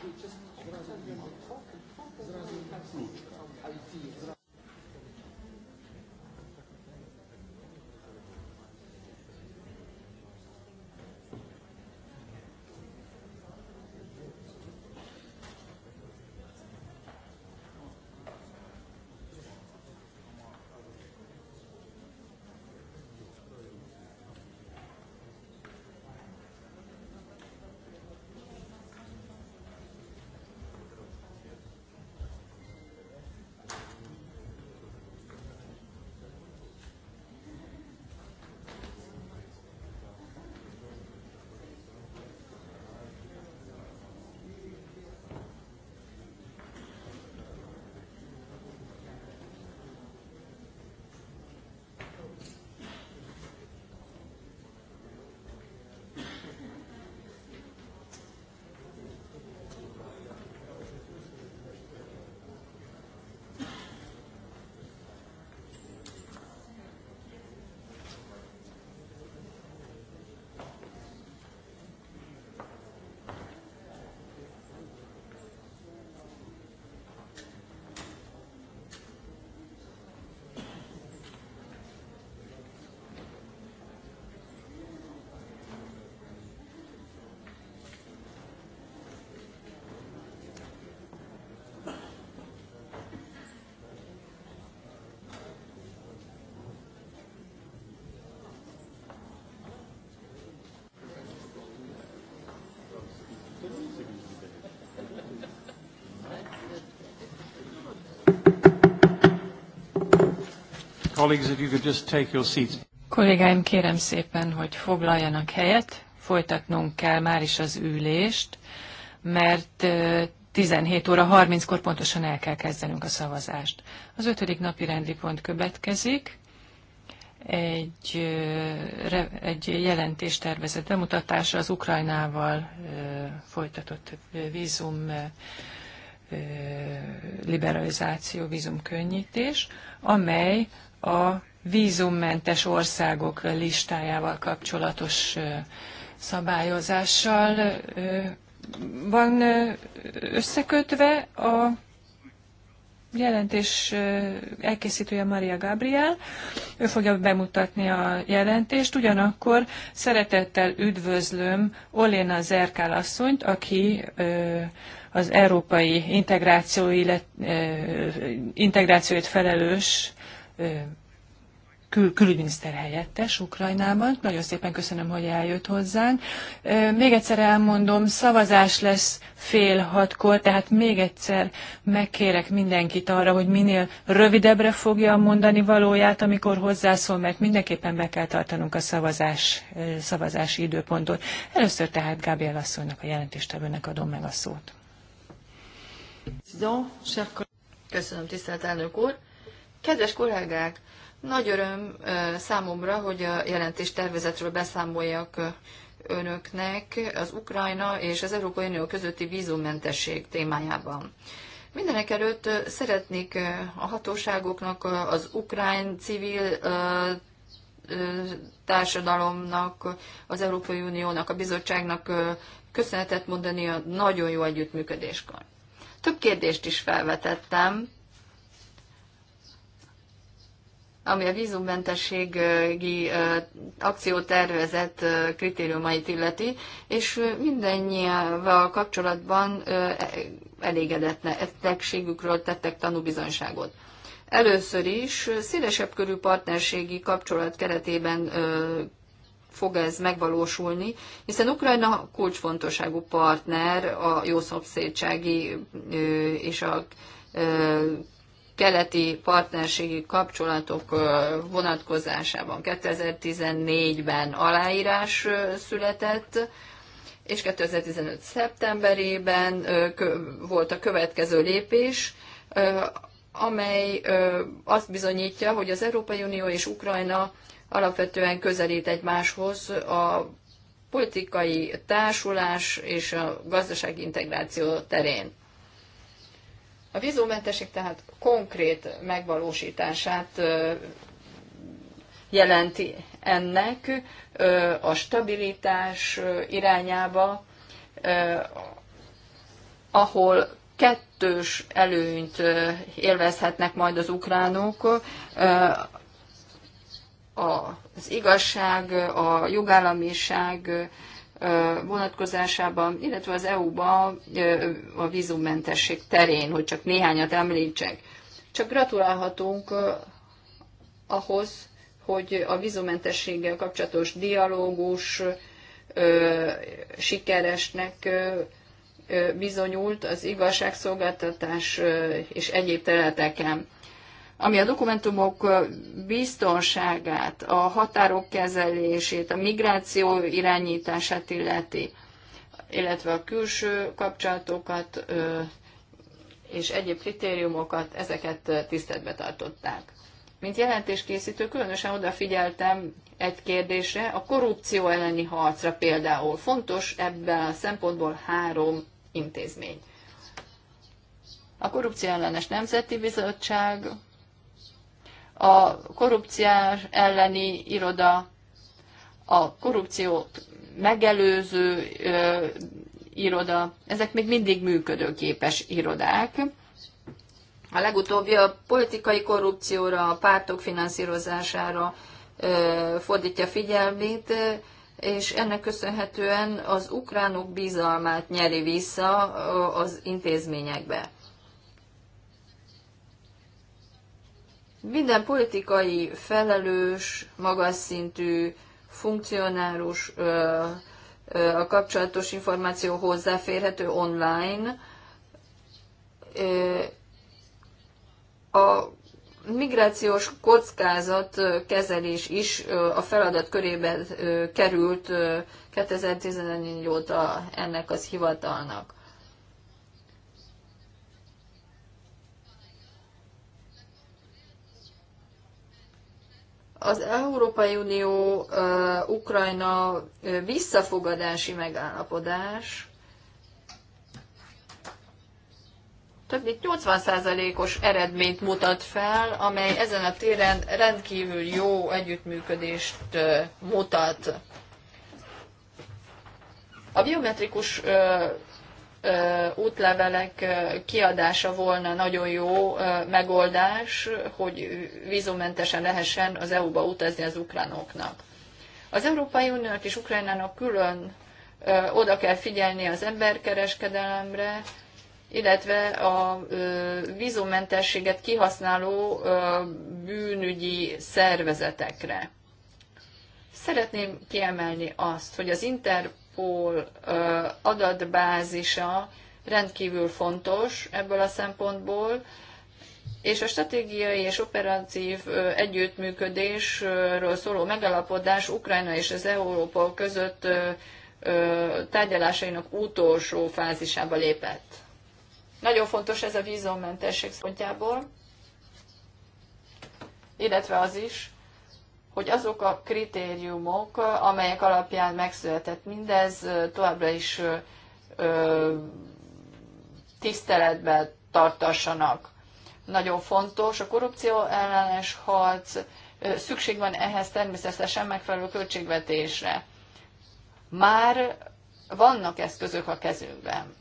Klucz. Kollégáim, kérem szépen, hogy foglaljanak helyet. Folytatnunk kell már is az ülést, mert 17 óra 30-kor pontosan el kell kezdenünk a szavazást. Az ötödik napi rendi pont következik. Egy, egy jelentéstervezet bemutatása az Ukrajnával folytatott vízum liberalizáció, vízumkönnyítés, amely a vízummentes országok listájával kapcsolatos szabályozással van összekötve a jelentés elkészítője Maria Gabriel, ő fogja bemutatni a jelentést, ugyanakkor szeretettel üdvözlöm Oléna Zerkál asszonyt, aki az európai integráció, illet, integrációért felelős kül- külügyminiszter helyettes Ukrajnában. Nagyon szépen köszönöm, hogy eljött hozzánk. Még egyszer elmondom, szavazás lesz fél hatkor, tehát még egyszer megkérek mindenkit arra, hogy minél rövidebbre fogja mondani valóját, amikor hozzászól, mert mindenképpen be kell tartanunk a szavazás, szavazási időpontot. Először tehát Gábriel asszonynak, a jelentéstevőnek adom meg a szót. Köszönöm, tisztelt elnök úr! Kedves kollégák! Nagy öröm számomra, hogy a jelentés tervezetről beszámoljak önöknek az Ukrajna és az Európai Unió közötti vízummentesség témájában. Mindenek előtt szeretnék a hatóságoknak, az ukrán civil társadalomnak, az Európai Uniónak, a bizottságnak köszönetet mondani a nagyon jó együttműködéskor. Több kérdést is felvetettem, ami a vízummentességi akciótervezet kritériumait illeti, és mindennyivel kapcsolatban elégedetlenségükről tettek tanúbizonyságot. Először is szélesebb körű partnerségi kapcsolat keretében fog ez megvalósulni, hiszen Ukrajna kulcsfontosságú partner a jószomszédsági és a keleti partnerségi kapcsolatok vonatkozásában 2014-ben aláírás született, és 2015. szeptemberében volt a következő lépés, amely azt bizonyítja, hogy az Európai Unió és Ukrajna alapvetően közelít egymáshoz a politikai társulás és a gazdasági integráció terén. A vízummentesség tehát konkrét megvalósítását jelenti ennek a stabilitás irányába, ahol kettős előnyt élvezhetnek majd az ukránok, az igazság, a jogállamiság vonatkozásában, illetve az EU-ba a vízummentesség terén, hogy csak néhányat említsek. Csak gratulálhatunk ahhoz, hogy a vízumentességgel kapcsolatos dialógus sikeresnek bizonyult az igazságszolgáltatás és egyéb területeken ami a dokumentumok biztonságát, a határok kezelését, a migráció irányítását illeti, illetve a külső kapcsolatokat és egyéb kritériumokat, ezeket tiszteletbe tartották. Mint jelentéskészítő különösen odafigyeltem egy kérdésre, a korrupció elleni harcra például. Fontos ebben a szempontból három intézmény. A Korrupció ellenes Nemzeti Bizottság, a korrupciás elleni iroda, a korrupciót megelőző ö, iroda, ezek még mindig működőképes irodák. A legutóbbi a politikai korrupcióra, a pártok finanszírozására ö, fordítja figyelmét, és ennek köszönhetően az ukránok bizalmát nyeri vissza az intézményekbe. Minden politikai felelős, magas szintű funkcionárus ö, ö, a kapcsolatos információ hozzáférhető online. Ö, a migrációs kockázat kezelés is a feladat körébe került 2014 óta ennek az hivatalnak. az Európai Unió Ukrajna visszafogadási megállapodás több mint 80%-os eredményt mutat fel, amely ezen a téren rendkívül jó együttműködést mutat. A biometrikus útlevelek kiadása volna nagyon jó megoldás, hogy vízumentesen lehessen az EU-ba utazni az ukránoknak. Az Európai Uniónak és Ukrajnának külön oda kell figyelni az emberkereskedelemre, illetve a vízumentességet kihasználó bűnügyi szervezetekre. Szeretném kiemelni azt, hogy az Inter Europol adatbázisa rendkívül fontos ebből a szempontból, és a stratégiai és operatív együttműködésről szóló megalapodás Ukrajna és az Európa között tárgyalásainak utolsó fázisába lépett. Nagyon fontos ez a vízommentesség pontjából, illetve az is, hogy azok a kritériumok, amelyek alapján megszületett mindez, továbbra is ö, tiszteletben tartassanak. Nagyon fontos a korrupció ellenes harc, szükség van ehhez természetesen megfelelő költségvetésre. Már vannak eszközök a kezünkben.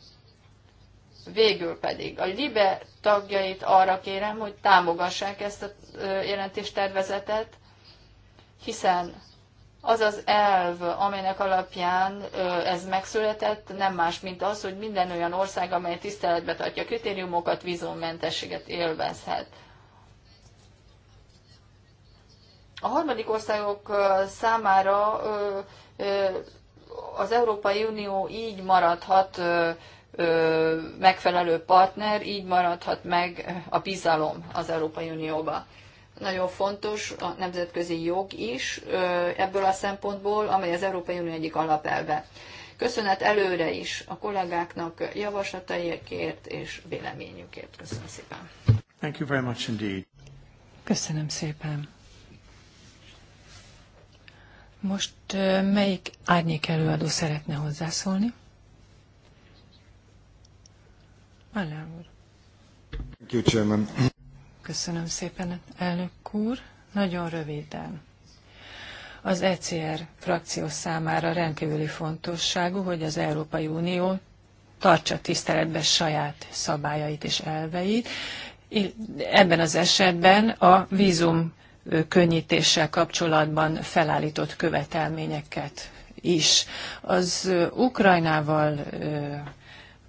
Végül pedig a LIBE tagjait arra kérem, hogy támogassák ezt a jelentéstervezetet, hiszen az az elv, amelynek alapján ez megszületett, nem más, mint az, hogy minden olyan ország, amely tiszteletbe tartja kritériumokat, vízummentességet élvezhet. A harmadik országok számára az Európai Unió így maradhat megfelelő partner, így maradhat meg a bizalom az Európai Unióba nagyon fontos a nemzetközi jog is ebből a szempontból, amely az Európai Unió egyik alapelve. Köszönet előre is a kollégáknak javaslataiért és véleményükért. Köszönöm szépen. Thank you very much indeed. Köszönöm szépen. Most melyik árnyék előadó szeretne hozzászólni? Allán úr. Thank you, Chairman. Köszönöm szépen, elnök úr. Nagyon röviden. Az ECR frakció számára rendkívüli fontosságú, hogy az Európai Unió tartsa tiszteletben saját szabályait és elveit. Ebben az esetben a vízum könnyítéssel kapcsolatban felállított követelményeket is. Az Ukrajnával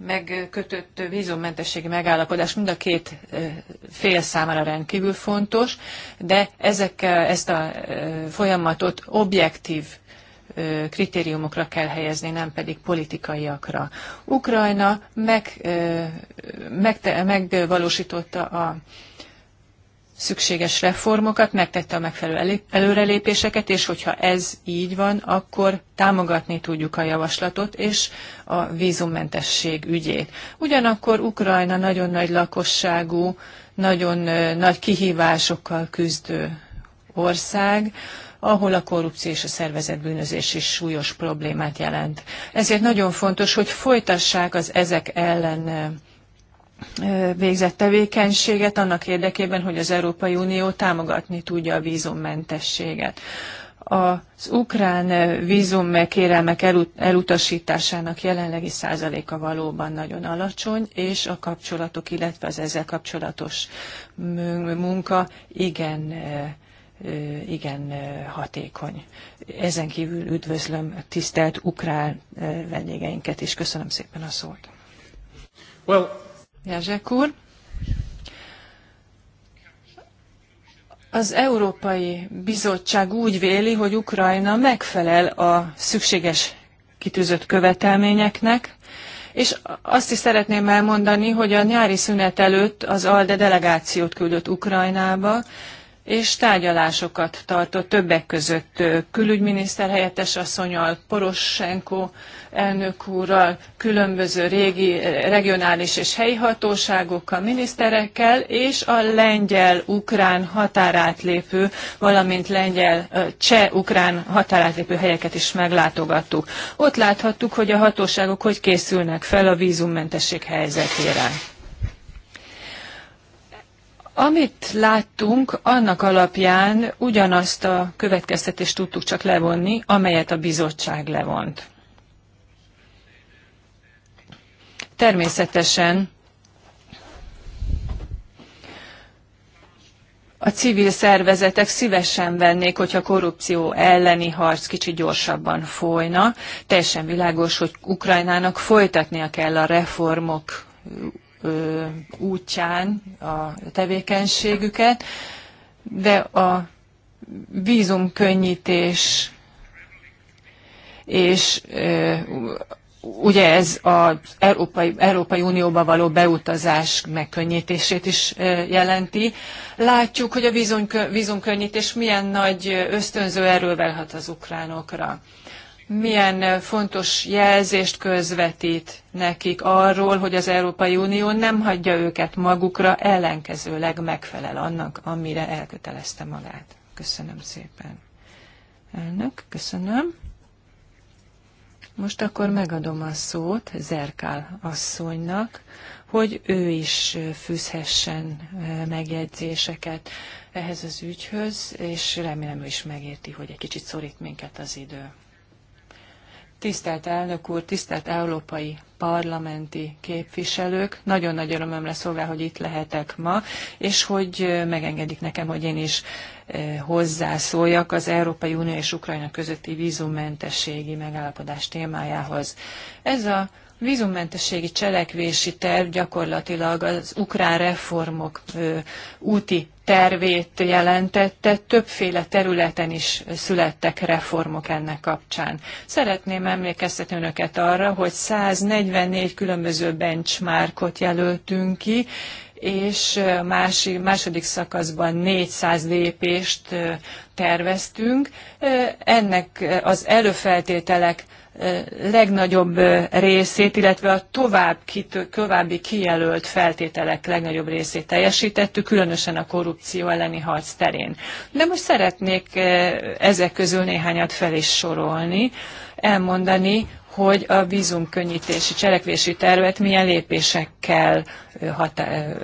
megkötött vízummentességi megállapodás mind a két fél számára rendkívül fontos, de ezek, ezt a folyamatot objektív kritériumokra kell helyezni, nem pedig politikaiakra. Ukrajna meg, meg, megvalósította a szükséges reformokat, megtette a megfelelő előrelépéseket, és hogyha ez így van, akkor támogatni tudjuk a javaslatot és a vízummentesség ügyét. Ugyanakkor Ukrajna nagyon nagy lakosságú, nagyon nagy kihívásokkal küzdő ország, ahol a korrupció és a szervezett bűnözés is súlyos problémát jelent. Ezért nagyon fontos, hogy folytassák az ezek ellen végzett tevékenységet annak érdekében, hogy az Európai Unió támogatni tudja a vízummentességet. Az ukrán kérelmek elutasításának jelenlegi százaléka valóban nagyon alacsony, és a kapcsolatok, illetve az ezzel kapcsolatos munka igen igen hatékony. Ezen kívül üdvözlöm a tisztelt ukrán vendégeinket, és köszönöm szépen a szót. Well, Jezsek úr. Az Európai Bizottság úgy véli, hogy Ukrajna megfelel a szükséges kitűzött követelményeknek, és azt is szeretném elmondani, hogy a nyári szünet előtt az ALDE delegációt küldött Ukrajnába, és tárgyalásokat tartott többek között külügyminiszter helyettes asszonyal, Poroshenko elnök úrral, különböző régi, regionális és helyi hatóságokkal, miniszterekkel, és a lengyel-ukrán határátlépő, valamint lengyel-cseh-ukrán határátlépő helyeket is meglátogattuk. Ott láthattuk, hogy a hatóságok hogy készülnek fel a vízummentesség helyzetére. Amit láttunk, annak alapján ugyanazt a következtetést tudtuk csak levonni, amelyet a bizottság levont. Természetesen a civil szervezetek szívesen vennék, hogyha korrupció elleni harc kicsit gyorsabban folyna. Teljesen világos, hogy Ukrajnának folytatnia kell a reformok útján a tevékenységüket, de a vízumkönnyítés és ugye ez az Európai, Európai Unióba való beutazás megkönnyítését is jelenti. Látjuk, hogy a vízumkönnyítés milyen nagy ösztönző erővel hat az ukránokra milyen fontos jelzést közvetít nekik arról, hogy az Európai Unió nem hagyja őket magukra, ellenkezőleg megfelel annak, amire elkötelezte magát. Köszönöm szépen. Elnök, köszönöm. Most akkor megadom a szót Zerkál asszonynak, hogy ő is fűzhessen megjegyzéseket ehhez az ügyhöz, és remélem ő is megérti, hogy egy kicsit szorít minket az idő. Tisztelt elnök úr, tisztelt európai parlamenti képviselők, nagyon nagy örömömre szolgál, hogy itt lehetek ma, és hogy megengedik nekem, hogy én is hozzászóljak az Európai Unió és Ukrajna közötti vízummentességi megállapodás témájához. Ez a vízummentességi cselekvési terv gyakorlatilag az ukrán reformok úti tervét jelentette, többféle területen is születtek reformok ennek kapcsán. Szeretném emlékeztetni önöket arra, hogy 144 különböző benchmarkot jelöltünk ki, és másik, második szakaszban 400 lépést terveztünk. Ennek az előfeltételek legnagyobb részét, illetve a tovább, további kijelölt feltételek legnagyobb részét teljesítettük, különösen a korrupció elleni harc terén. De most szeretnék ezek közül néhányat fel is sorolni, elmondani, hogy a vízumkönnyítési cselekvési tervet milyen lépésekkel hatá-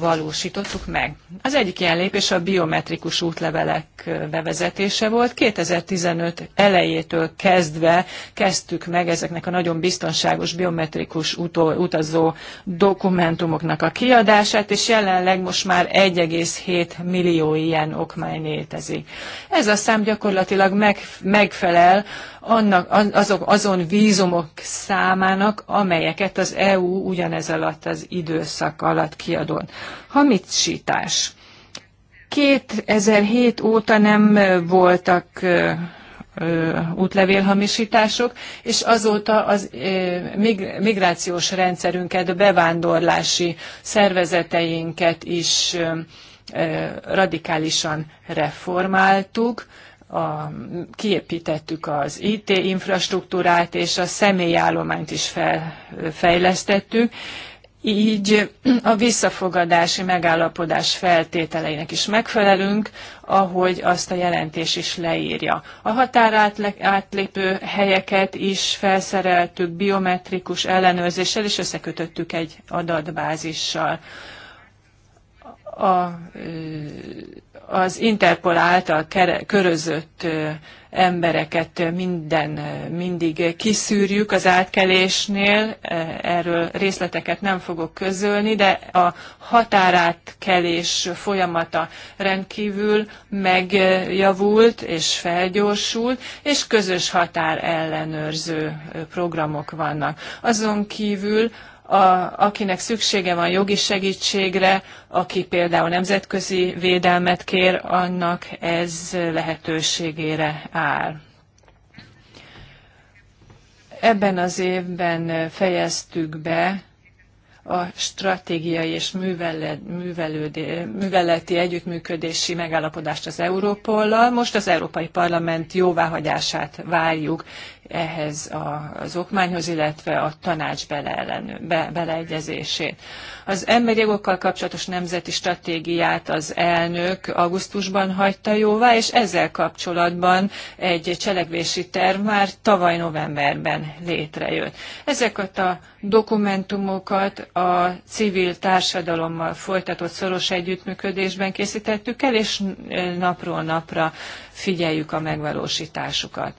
valósítottuk meg. Az egyik ilyen lépés a biometrikus útlevelek bevezetése volt. 2015 elejétől kezdve kezdtük meg ezeknek a nagyon biztonságos biometrikus utó, utazó dokumentumoknak a kiadását, és jelenleg most már 1,7 millió ilyen okmány létezik. Ez a szám gyakorlatilag meg, megfelel annak, azok, azon vízumok számának, amelyeket az EU ugyanez alatt az időszak időszak alatt kiadón. Hamisítás. 2007 óta nem voltak útlevélhamisítások, és azóta az migrációs rendszerünket, bevándorlási szervezeteinket is radikálisan reformáltuk, a, kiépítettük az IT infrastruktúrát, és a személyállományt is fel, fejlesztettük, így a visszafogadási megállapodás feltételeinek is megfelelünk, ahogy azt a jelentés is leírja. A határátlépő helyeket is felszereltük biometrikus ellenőrzéssel, és összekötöttük egy adatbázissal a, az Interpol által kere, körözött embereket minden, mindig kiszűrjük az átkelésnél, erről részleteket nem fogok közölni, de a határátkelés folyamata rendkívül megjavult és felgyorsult, és közös határellenőrző programok vannak. Azon kívül a, akinek szüksége van jogi segítségre, aki például nemzetközi védelmet kér, annak ez lehetőségére áll. Ebben az évben fejeztük be a stratégiai és műveleti együttműködési megállapodást az Európollal. Most az Európai Parlament jóváhagyását várjuk ehhez az okmányhoz, illetve a tanács beleegyezését. Az emberi jogokkal kapcsolatos nemzeti stratégiát az elnök augusztusban hagyta jóvá, és ezzel kapcsolatban egy cselekvési terv már tavaly novemberben létrejött. Ezeket a dokumentumokat a civil társadalommal folytatott szoros együttműködésben készítettük el, és napról napra figyeljük a megvalósításukat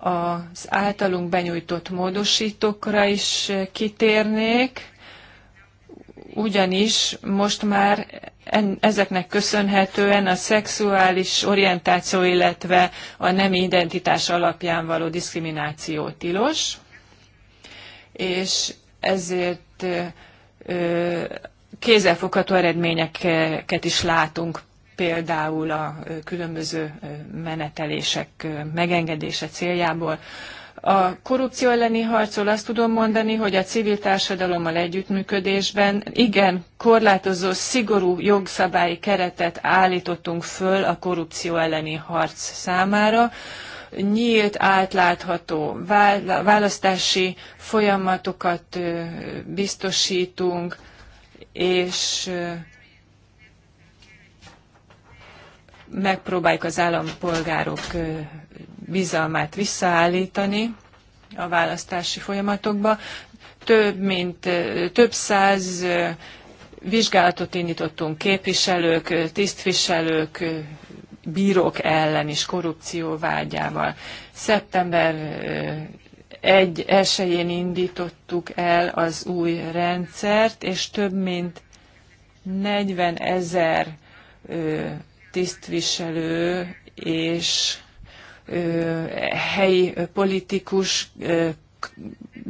az általunk benyújtott módosítókra is kitérnék, ugyanis most már en, ezeknek köszönhetően a szexuális orientáció, illetve a nemi identitás alapján való diszkrimináció tilos, és ezért ö, kézzelfogható eredményeket is látunk például a különböző menetelések megengedése céljából. A korrupció elleni harcol azt tudom mondani, hogy a civil társadalommal együttműködésben igen korlátozó, szigorú jogszabályi keretet állítottunk föl a korrupció elleni harc számára. Nyílt, átlátható választási folyamatokat biztosítunk, és megpróbáljuk az állampolgárok bizalmát visszaállítani a választási folyamatokba. Több mint több száz vizsgálatot indítottunk képviselők, tisztviselők, bírók ellen is korrupció vágyával. Szeptember egy esélyén indítottuk el az új rendszert, és több mint 40 ezer tisztviselő és helyi politikus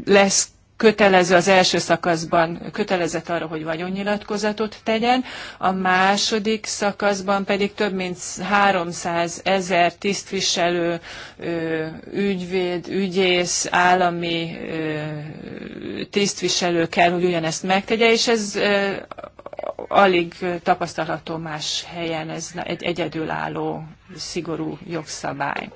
lesz kötelező az első szakaszban, kötelezett arra, hogy vagyonnyilatkozatot tegyen, a második szakaszban pedig több mint 300 ezer tisztviselő, ügyvéd, ügyész, állami tisztviselő kell, hogy ugyanezt megtegye, és ez alig tapasztalható más helyen, ez egy egyedülálló, szigorú jogszabály.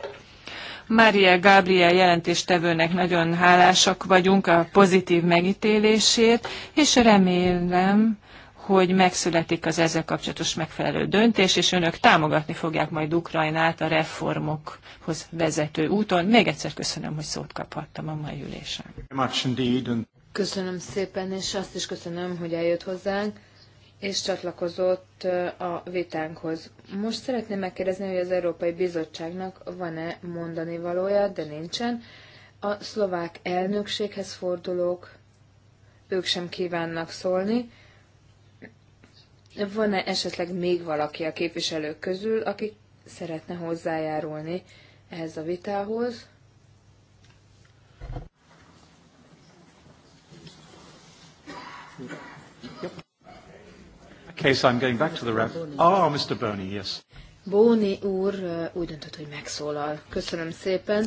Mária Gabriel jelentéstevőnek nagyon hálásak vagyunk a pozitív megítélésért, és remélem, hogy megszületik az ezzel kapcsolatos megfelelő döntés, és önök támogatni fogják majd Ukrajnát a reformokhoz vezető úton. Még egyszer köszönöm, hogy szót kaphattam a mai ülésen. Köszönöm szépen, és azt is köszönöm, hogy eljött hozzánk és csatlakozott a vitánkhoz. Most szeretném megkérdezni, hogy az Európai Bizottságnak van-e mondani valója, de nincsen. A szlovák elnökséghez fordulók, ők sem kívánnak szólni. Van-e esetleg még valaki a képviselők közül, aki szeretne hozzájárulni ehhez a vitához? Yep case I'm going back to the rep. Ah, oh, Mr. Boney, yes. Boney úr úgy döntött, hogy megszólal. Köszönöm szépen.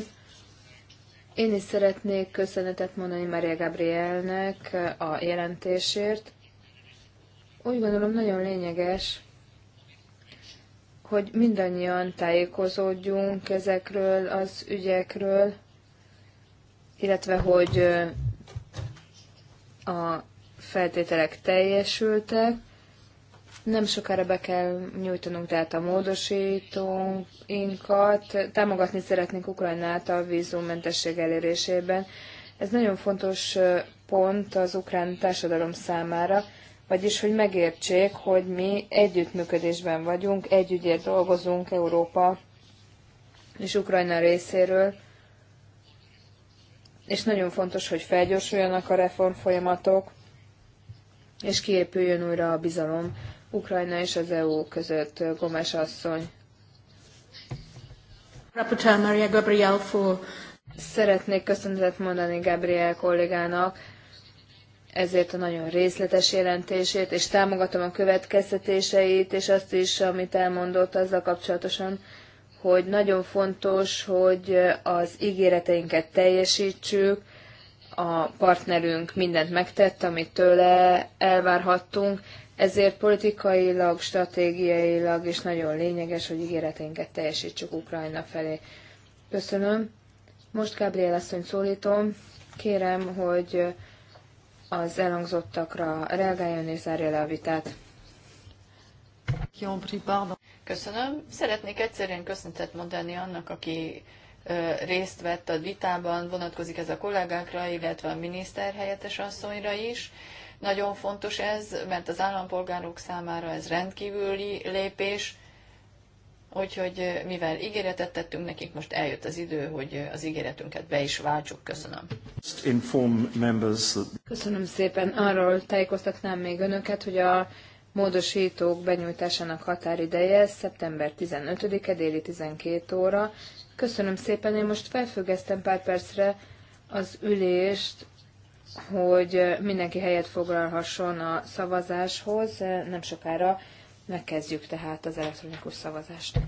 Én is szeretnék köszönetet mondani Maria Gabrielnek a jelentésért. Úgy gondolom nagyon lényeges, hogy mindannyian tájékozódjunk ezekről az ügyekről, illetve hogy a feltételek teljesültek, nem sokára be kell nyújtanunk tehát a módosítóinkat. Támogatni szeretnénk Ukrajnát a vízummentesség elérésében. Ez nagyon fontos pont az ukrán társadalom számára, vagyis hogy megértsék, hogy mi együttműködésben vagyunk, együttért dolgozunk Európa és Ukrajna részéről, és nagyon fontos, hogy felgyorsuljanak a reform folyamatok, és kiépüljön újra a bizalom Ukrajna és az EU között, Gomes asszony. Rapporteur Maria Gabriel for... Szeretnék köszönetet mondani Gabriel kollégának ezért a nagyon részletes jelentését, és támogatom a következtetéseit, és azt is, amit elmondott azzal kapcsolatosan, hogy nagyon fontos, hogy az ígéreteinket teljesítsük, a partnerünk mindent megtett, amit tőle elvárhattunk, ezért politikailag, stratégiailag is nagyon lényeges, hogy ígéreteinket teljesítsük Ukrajna felé. Köszönöm. Most Gabriel asszony szólítom. Kérem, hogy az elhangzottakra reagáljon és zárja le a vitát. Köszönöm. Szeretnék egyszerűen köszöntet mondani annak, aki részt vett a vitában, vonatkozik ez a kollégákra, illetve a miniszter helyettes asszonyra is nagyon fontos ez, mert az állampolgárok számára ez rendkívüli lépés, úgyhogy eh, mivel ígéretet tettünk nekik, most eljött az idő, hogy eh, az ígéretünket be is váltsuk. Köszönöm. Köszönöm szépen. Arról tájékoztatnám még önöket, hogy a módosítók benyújtásának határideje szeptember 15-e déli 12 óra. Köszönöm szépen, én most felfüggesztem pár percre az ülést, hogy mindenki helyet foglalhasson a szavazáshoz. Nem sokára megkezdjük tehát az elektronikus szavazást.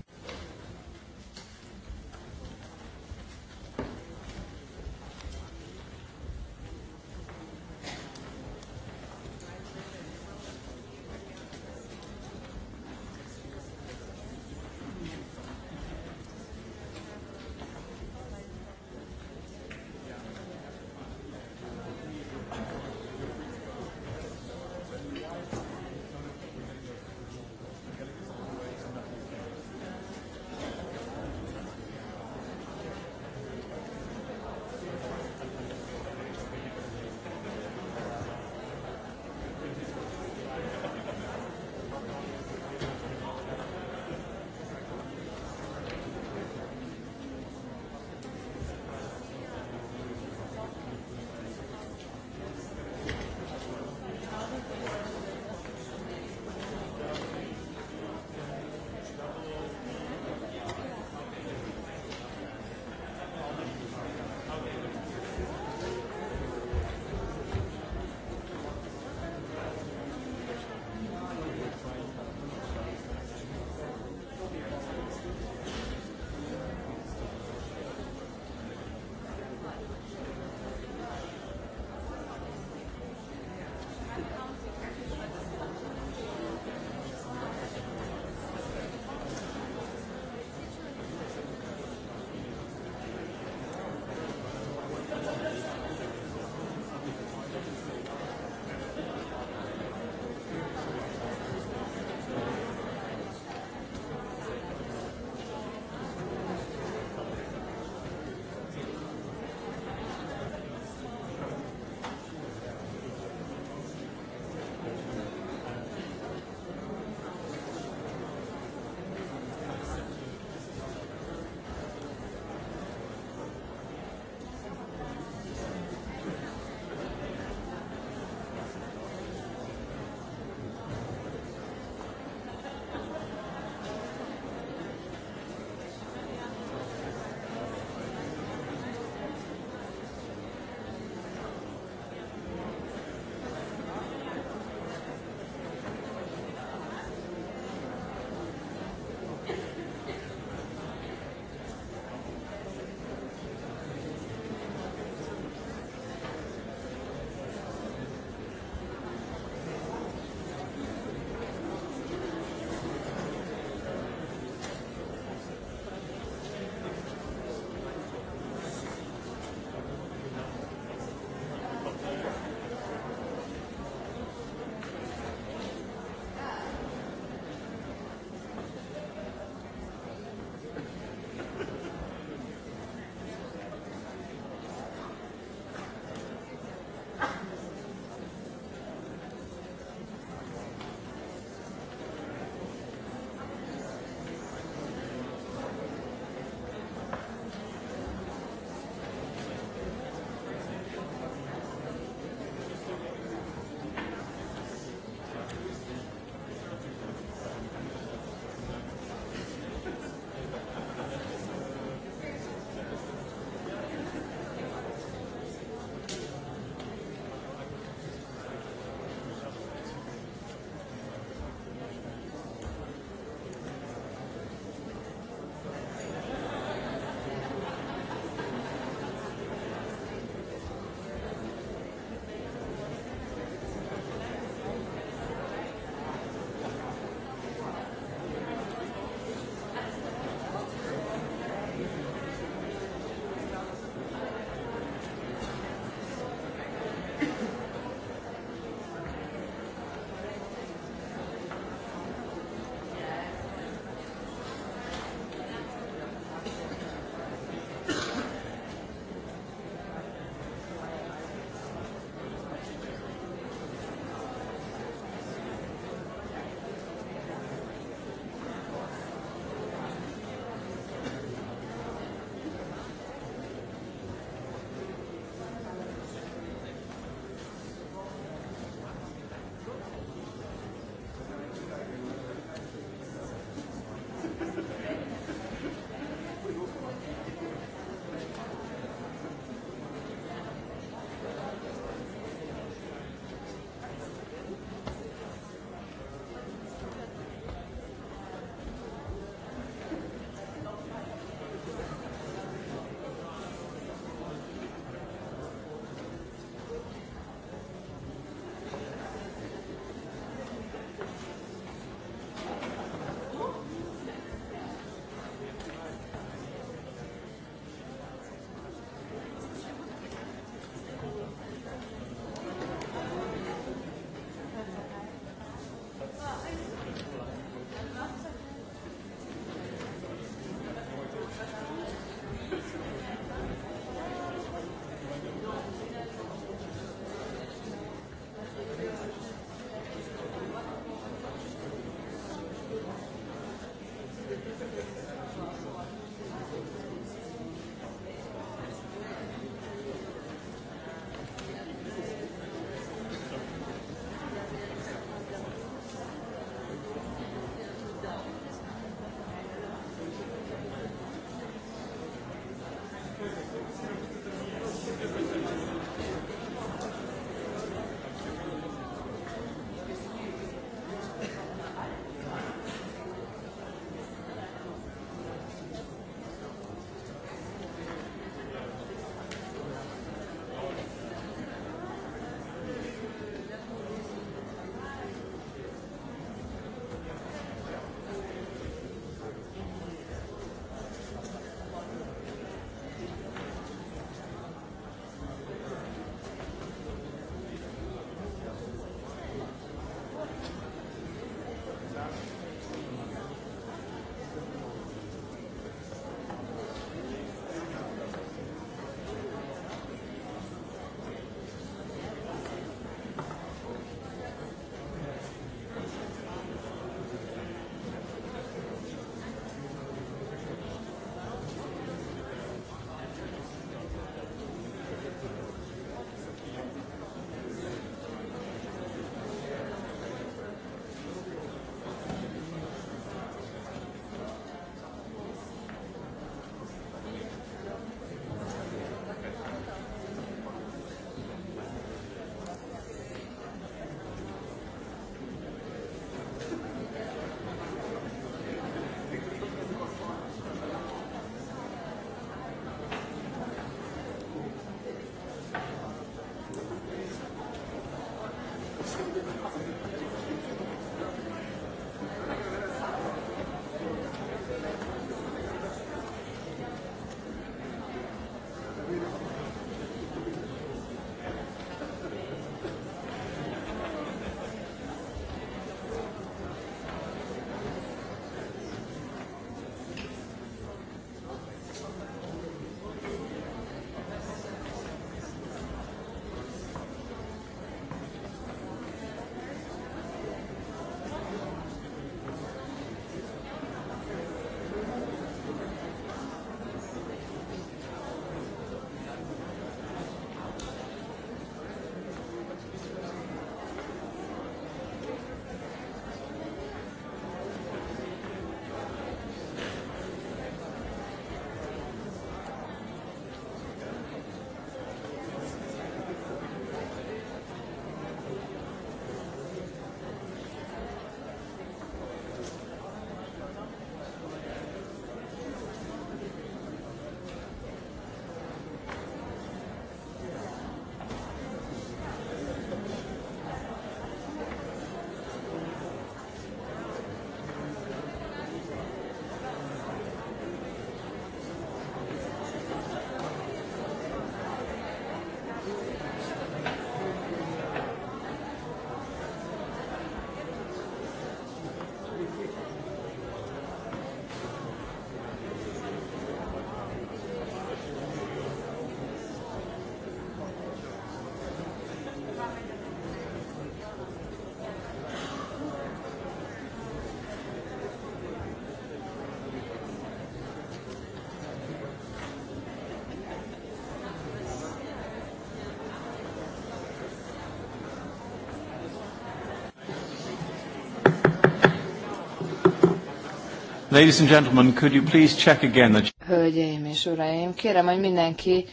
Ladies and gentlemen, could you please check again that... Hölgyeim és uraim, kérem, hogy mindenki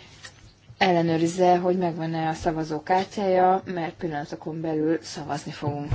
ellenőrizze, hogy megvan-e a szavazókártyája, mert pillanatokon belül szavazni fogunk.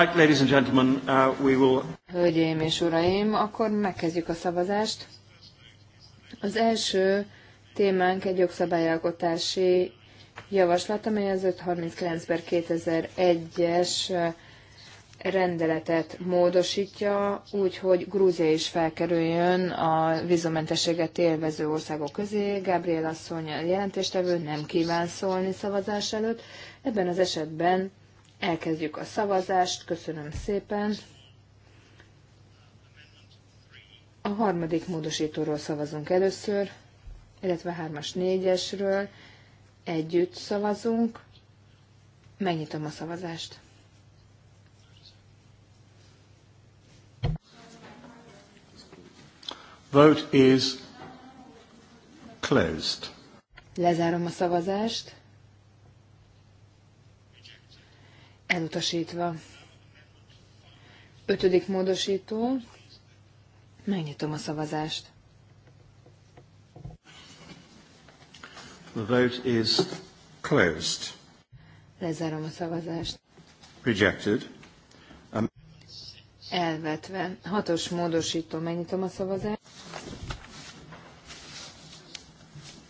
Right, ladies and gentlemen, uh, we will... Hölgyeim és uraim, akkor megkezdjük a szavazást. Az első témánk egy jogszabályalkotási javaslat, amely az 539 per 2001-es rendeletet módosítja, úgy, hogy Grúzia is felkerüljön a vízumentességet élvező országok közé. Gabriel asszony jelentéstevő nem kíván szólni szavazás előtt. Ebben az esetben Elkezdjük a szavazást. Köszönöm szépen. A harmadik módosítóról szavazunk először, illetve hármas négyesről. Együtt szavazunk. Megnyitom a szavazást. Vote is closed. Lezárom a szavazást. Elutasítva. Ötödik módosító. Megnyitom a szavazást. The vote is closed. Lezárom a szavazást. Rejected. Um... Elvetve. Hatos módosító. Megnyitom a szavazást.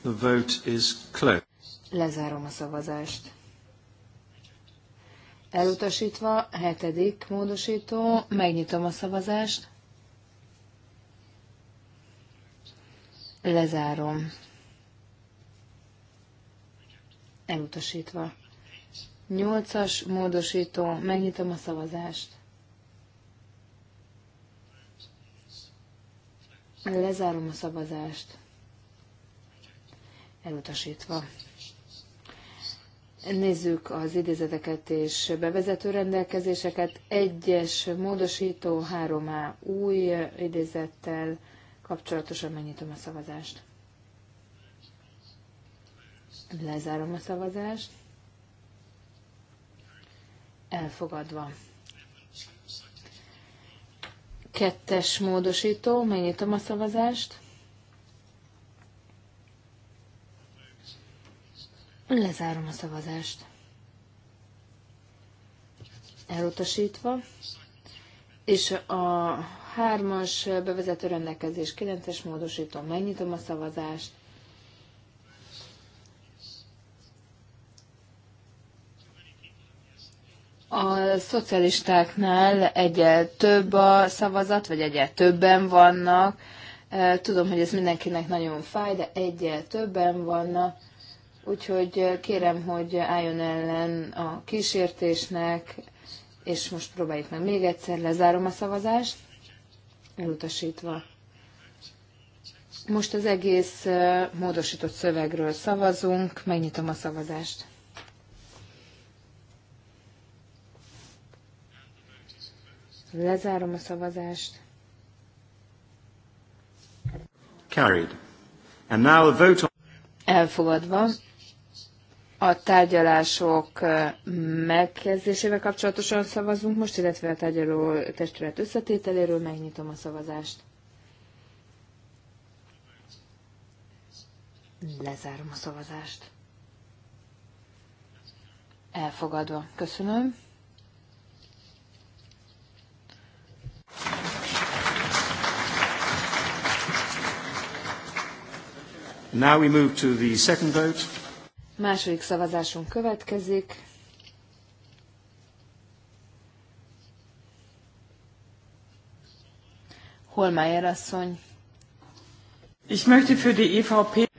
The vote is closed. Lezárom a szavazást. Elutasítva, hetedik módosító, megnyitom a szavazást. Lezárom. Elutasítva. Nyolcas módosító, megnyitom a szavazást. Lezárom a szavazást. Elutasítva. Nézzük az idézeteket és bevezető rendelkezéseket. Egyes módosító 3A új idézettel kapcsolatosan megnyitom a szavazást. Lezárom a szavazást. Elfogadva. Kettes módosító, megnyitom a szavazást. Lezárom a szavazást. Elutasítva. És a hármas bevezető rendelkezés 9-es módosító. Megnyitom a szavazást. A szocialistáknál egyel több a szavazat, vagy egyel többen vannak. Tudom, hogy ez mindenkinek nagyon fáj, de egyel többen vannak. Úgyhogy eh, kérem, hogy álljon ellen a kísértésnek, és most próbáljuk meg még egyszer, lezárom a szavazást, elutasítva. Most az egész eh, módosított szövegről szavazunk, megnyitom a szavazást. Lezárom a szavazást. Carried. And now a vote on... Elfogadva a tárgyalások megkezdésével kapcsolatosan szavazunk most, illetve a tárgyaló testület összetételéről megnyitom a szavazást. Lezárom a szavazást. Elfogadva. Köszönöm. Now we move to the second vote. Második szavazásunk következik. Holmájer asszony. Ich möchte für die EVP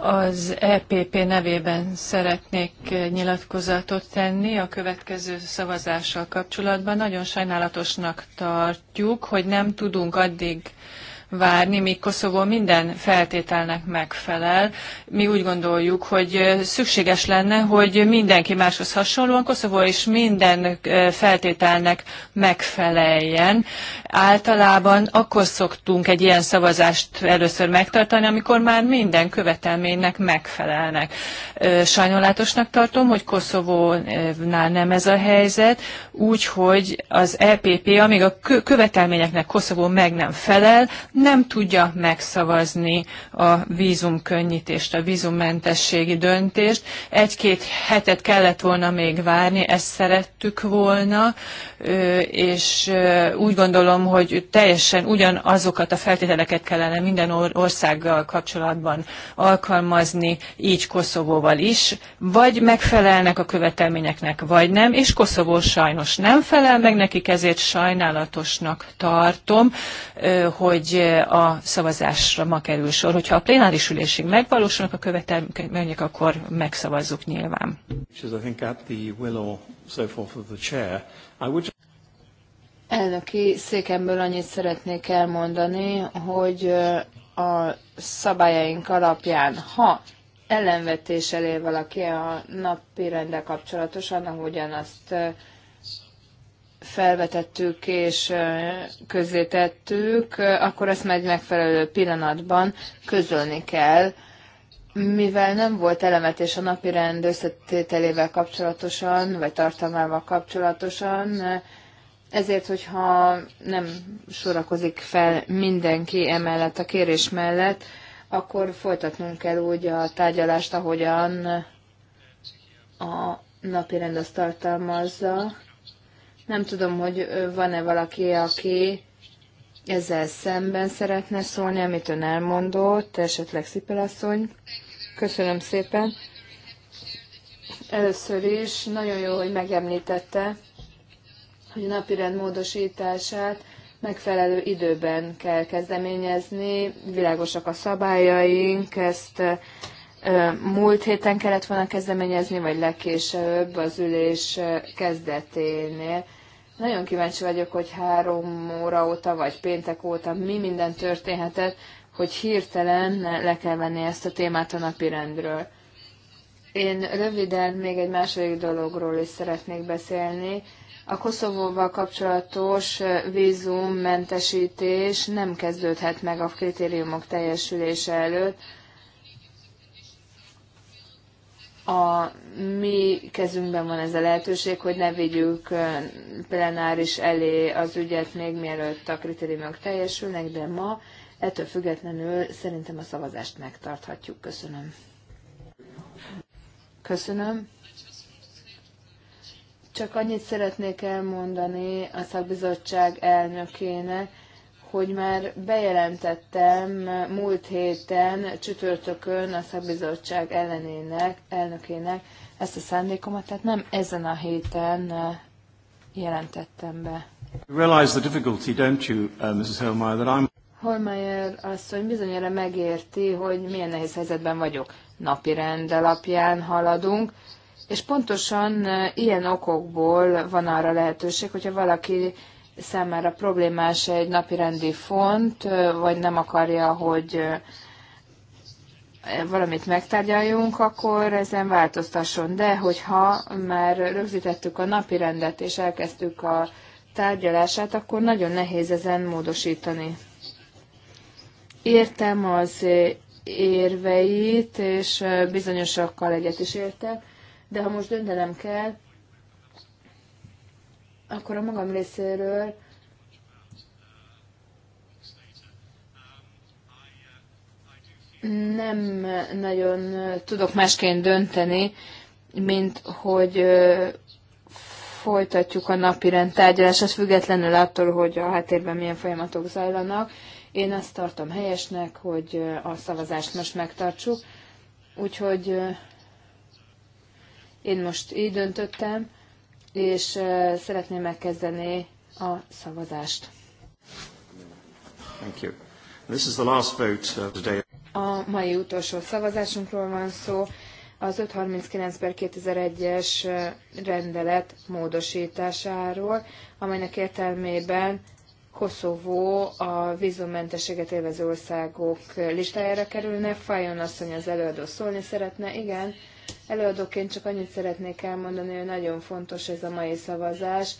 az EPP nevében szeretnék nyilatkozatot tenni a következő szavazással kapcsolatban. Nagyon sajnálatosnak tartjuk, hogy nem tudunk addig várni, míg Koszovó minden feltételnek megfelel. Mi úgy gondoljuk, hogy szükséges lenne, hogy mindenki máshoz hasonlóan Koszovó is minden feltételnek megfeleljen. Általában akkor szoktunk egy ilyen szavazást először megtartani, amikor már minden követelménynek megfelelnek. Sajnálatosnak tartom, hogy Koszovónál nem ez a helyzet, úgyhogy az EPP, amíg a követelményeknek Koszovó meg nem felel, nem tudja megszavazni a vízumkönnyítést, a vízummentességi döntést. Egy-két hetet kellett volna még várni, ezt szerettük volna, és úgy gondolom, hogy teljesen ugyanazokat a feltételeket kellene minden országgal kapcsolatban alkalmazni, így Koszovóval is, vagy megfelelnek a követelményeknek, vagy nem, és Koszovó sajnos nem felel meg nekik, ezért sajnálatosnak tartom, hogy a szavazásra ma kerül sor. Hogyha a plenáris ülésig megvalósulnak a követelmények, akkor megszavazzuk nyilván. Elnöki székemből annyit szeretnék elmondani, hogy a szabályaink alapján, ha ellenvetés elé valaki a napi rende kapcsolatosan, ahogyan azt felvetettük és közzétettük, akkor ezt meg megfelelő pillanatban közölni kell, mivel nem volt elemetés a napi rend összetételével kapcsolatosan, vagy tartalmával kapcsolatosan, ezért, hogyha nem sorakozik fel mindenki emellett a kérés mellett, akkor folytatnunk kell úgy a tárgyalást, ahogyan a napi rend azt tartalmazza. Nem tudom, hogy van-e valaki, aki ezzel szemben szeretne szólni, amit ön elmondott, esetleg Szipelasszony. Köszönöm szépen. Először is nagyon jó, hogy megemlítette, hogy a napirend módosítását megfelelő időben kell kezdeményezni, világosak a szabályaink, ezt múlt héten kellett volna kezdeményezni, vagy legkésőbb az ülés kezdeténél. Nagyon kíváncsi vagyok, hogy három óra óta, vagy péntek óta mi minden történhetett, hogy hirtelen le kell venni ezt a témát a napi rendről. Én röviden még egy második dologról is szeretnék beszélni. A Koszovóval kapcsolatos vízummentesítés nem kezdődhet meg a kritériumok teljesülése előtt, a mi kezünkben van ez a lehetőség, hogy ne vigyük plenáris elé az ügyet még mielőtt a kritériumok teljesülnek, de ma ettől függetlenül szerintem a szavazást megtarthatjuk. Köszönöm. Köszönöm. Csak annyit szeretnék elmondani a szakbizottság elnökének, hogy már bejelentettem múlt héten csütörtökön a szakbizottság ellenének, elnökének ezt a szándékomat, tehát nem ezen a héten jelentettem be. You realize the difficulty, don't you, uh, Mrs. Holmeyer, that I'm... Holmeyer asszony bizonyára megérti, hogy milyen nehéz helyzetben vagyok. Napi rend alapján haladunk, és pontosan ilyen okokból van arra lehetőség, hogyha valaki számára problémás egy napirendi font, vagy nem akarja, hogy valamit megtárgyaljunk, akkor ezen változtasson. De hogyha már rögzítettük a napi rendet és elkezdtük a tárgyalását, akkor nagyon nehéz ezen módosítani. Értem az érveit, és bizonyosakkal egyet is értek, de ha most döntenem kell, akkor a magam részéről nem nagyon tudok másként dönteni, mint hogy folytatjuk a napi rendtárgyalását, függetlenül attól, hogy a háttérben milyen folyamatok zajlanak. Én azt tartom helyesnek, hogy a szavazást most megtartsuk. Úgyhogy én most így döntöttem, és szeretném megkezdeni a szavazást. Thank you. This is the last vote uh, today. A mai utolsó szavazásunkról van szó. Az 539 per 2001-es rendelet módosításáról, amelynek értelmében Koszovó a vízummentességet élvező országok listájára kerülne. Fajon asszony az előadó szólni szeretne. Igen, Előadóként csak annyit szeretnék elmondani, hogy nagyon fontos ez a mai szavazás.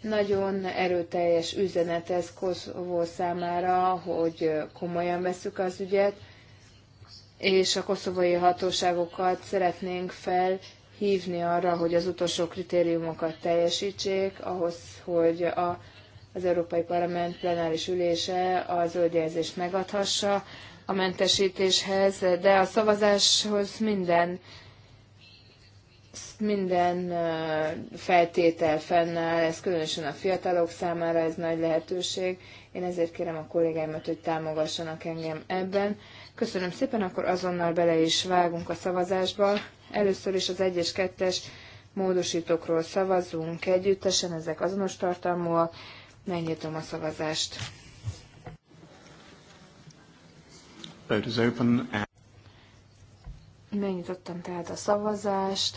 Nagyon erőteljes üzenet ez Koszovó számára, hogy komolyan veszük az ügyet, és a koszovói hatóságokat szeretnénk fel hívni arra, hogy az utolsó kritériumokat teljesítsék, ahhoz, hogy a, az Európai Parlament plenáris ülése a zöldjelzést megadhassa a mentesítéshez, de a szavazáshoz minden minden feltétel fennáll, ez különösen a fiatalok számára ez nagy lehetőség. Én ezért kérem a kollégáimat, hogy támogassanak engem ebben. Köszönöm szépen, akkor azonnal bele is vágunk a szavazásba. Először is az 1-es, és 2-es módosítókról szavazunk együttesen, ezek azonos tartalmúak. Megnyitom a szavazást. Vote is open. Megnyitottam tehát a szavazást.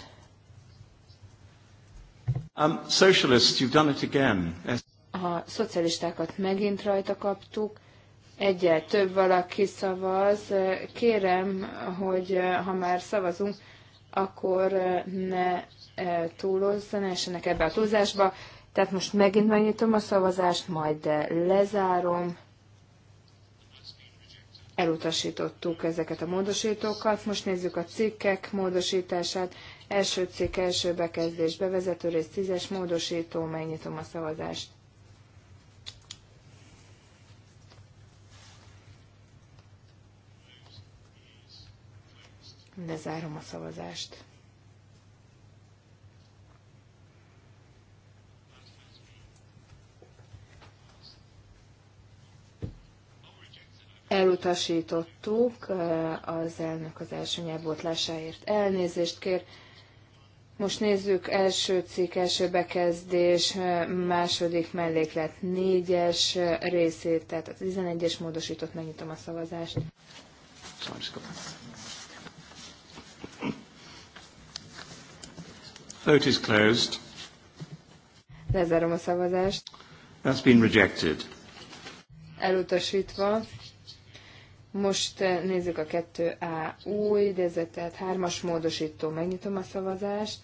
Um, a szocialistákat megint rajta kaptuk, egyel több valaki szavaz. Kérem, hogy eh, ha már szavazunk, akkor eh, ne eh, ne esenek ebbe a túlzásba. Tehát most megint megnyitom a szavazást, majd lezárom. Elutasítottuk ezeket a módosítókat. Most nézzük a cikkek módosítását. Első cikk, első bekezdés, bevezető rész, tízes módosító, megnyitom a szavazást. Lezárom a szavazást. Elutasítottuk, eh, az elnök az első nyelvbotlásáért elnézést kér. Most nézzük első cikk, első bekezdés, eh, második melléklet, négyes eh, részét, tehát a 11-es módosított, megnyitom a szavazást. Vote is closed. Lezárom a szavazást. That's been rejected. Elutasítva. Most eh, nézzük a 2A új idézetet, hármas módosító, megnyitom a szavazást.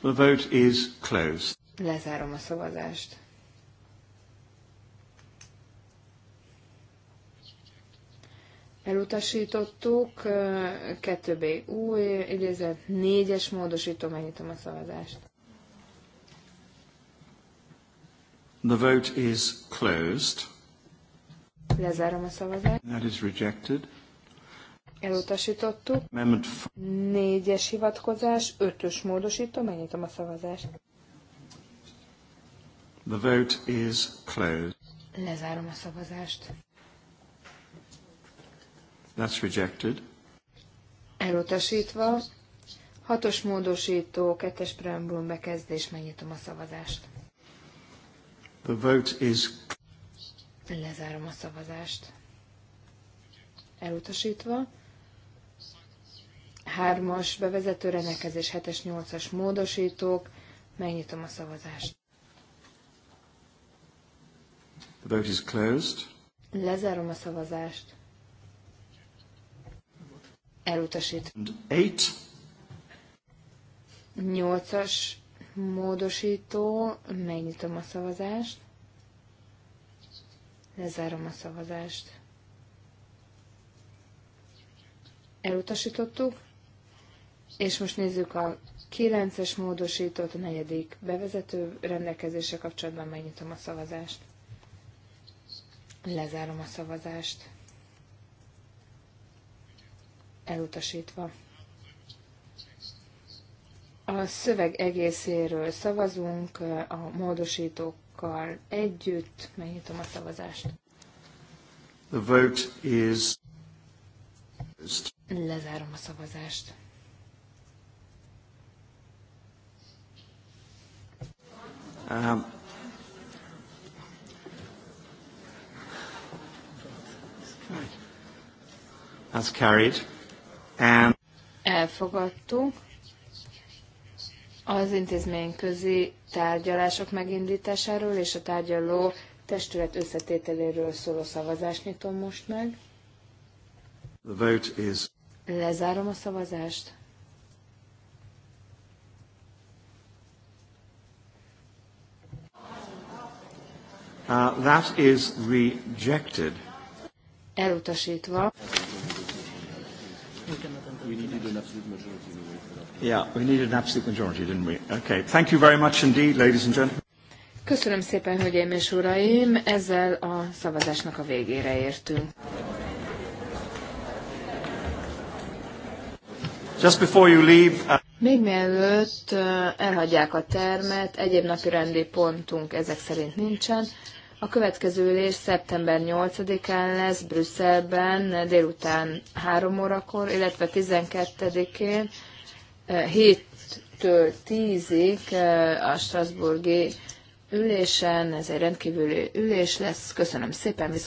The vote is closed. Lezárom a szavazást. Elutasítottuk, 2B új idézet, négyes módosító, megnyitom a szavazást. The vote is closed. Lezárom a szavazást. That is rejected. Elutasítottuk. Amendment Négyes hivatkozás, ötös módosító, megnyitom a szavazást. The vote is closed. Lezárom a szavazást. That's rejected. Elutasítva. Hatos módosító, kettes preambulum bekezdés, megnyitom a szavazást. The vote is Lezárom a szavazást. Elutasítva. Hármas bevezető rendelkezés 7-es, 8-as módosítók. Megnyitom a szavazást. The vote is closed. Lezárom a szavazást. Elutasít. And eight. Nyolcas módosító. Megnyitom a szavazást. Lezárom a szavazást. Elutasítottuk, és most nézzük a 9-es módosított negyedik bevezető rendelkezése kapcsolatban megnyitom a szavazást. Lezárom a szavazást. Elutasítva. A szöveg egészéről szavazunk a módosítók szavakkal együtt. Megnyitom a szavazást. The vote is... Lezárom a szavazást. Um, that's carried. And Elfogadtuk az intézményközi tárgyalások megindításáról és a tárgyaló testület összetételéről szóló szavazást nyitom most meg. The vote is... Lezárom a szavazást. Uh, that is rejected. Elutasítva. We do an absolute majority in the way. Yeah, we needed an absolute majority, didn't we? Okay. Thank you very much indeed, ladies and gentlemen. Köszönöm szépen, hölgyeim és uraim, ezzel a szavazásnak a végére értünk. Just before you leave, uh, még mielőtt uh, elhagyják a termet, egyéb napi rendi pontunk ezek szerint nincsen. A következő ülés szeptember 8-án lesz Brüsszelben délután 3 órakor, illetve 12-én 7-től 10-ig eh, a Strasburgi ülésen, ez egy rendkívüli ülés lesz. Köszönöm szépen, viszont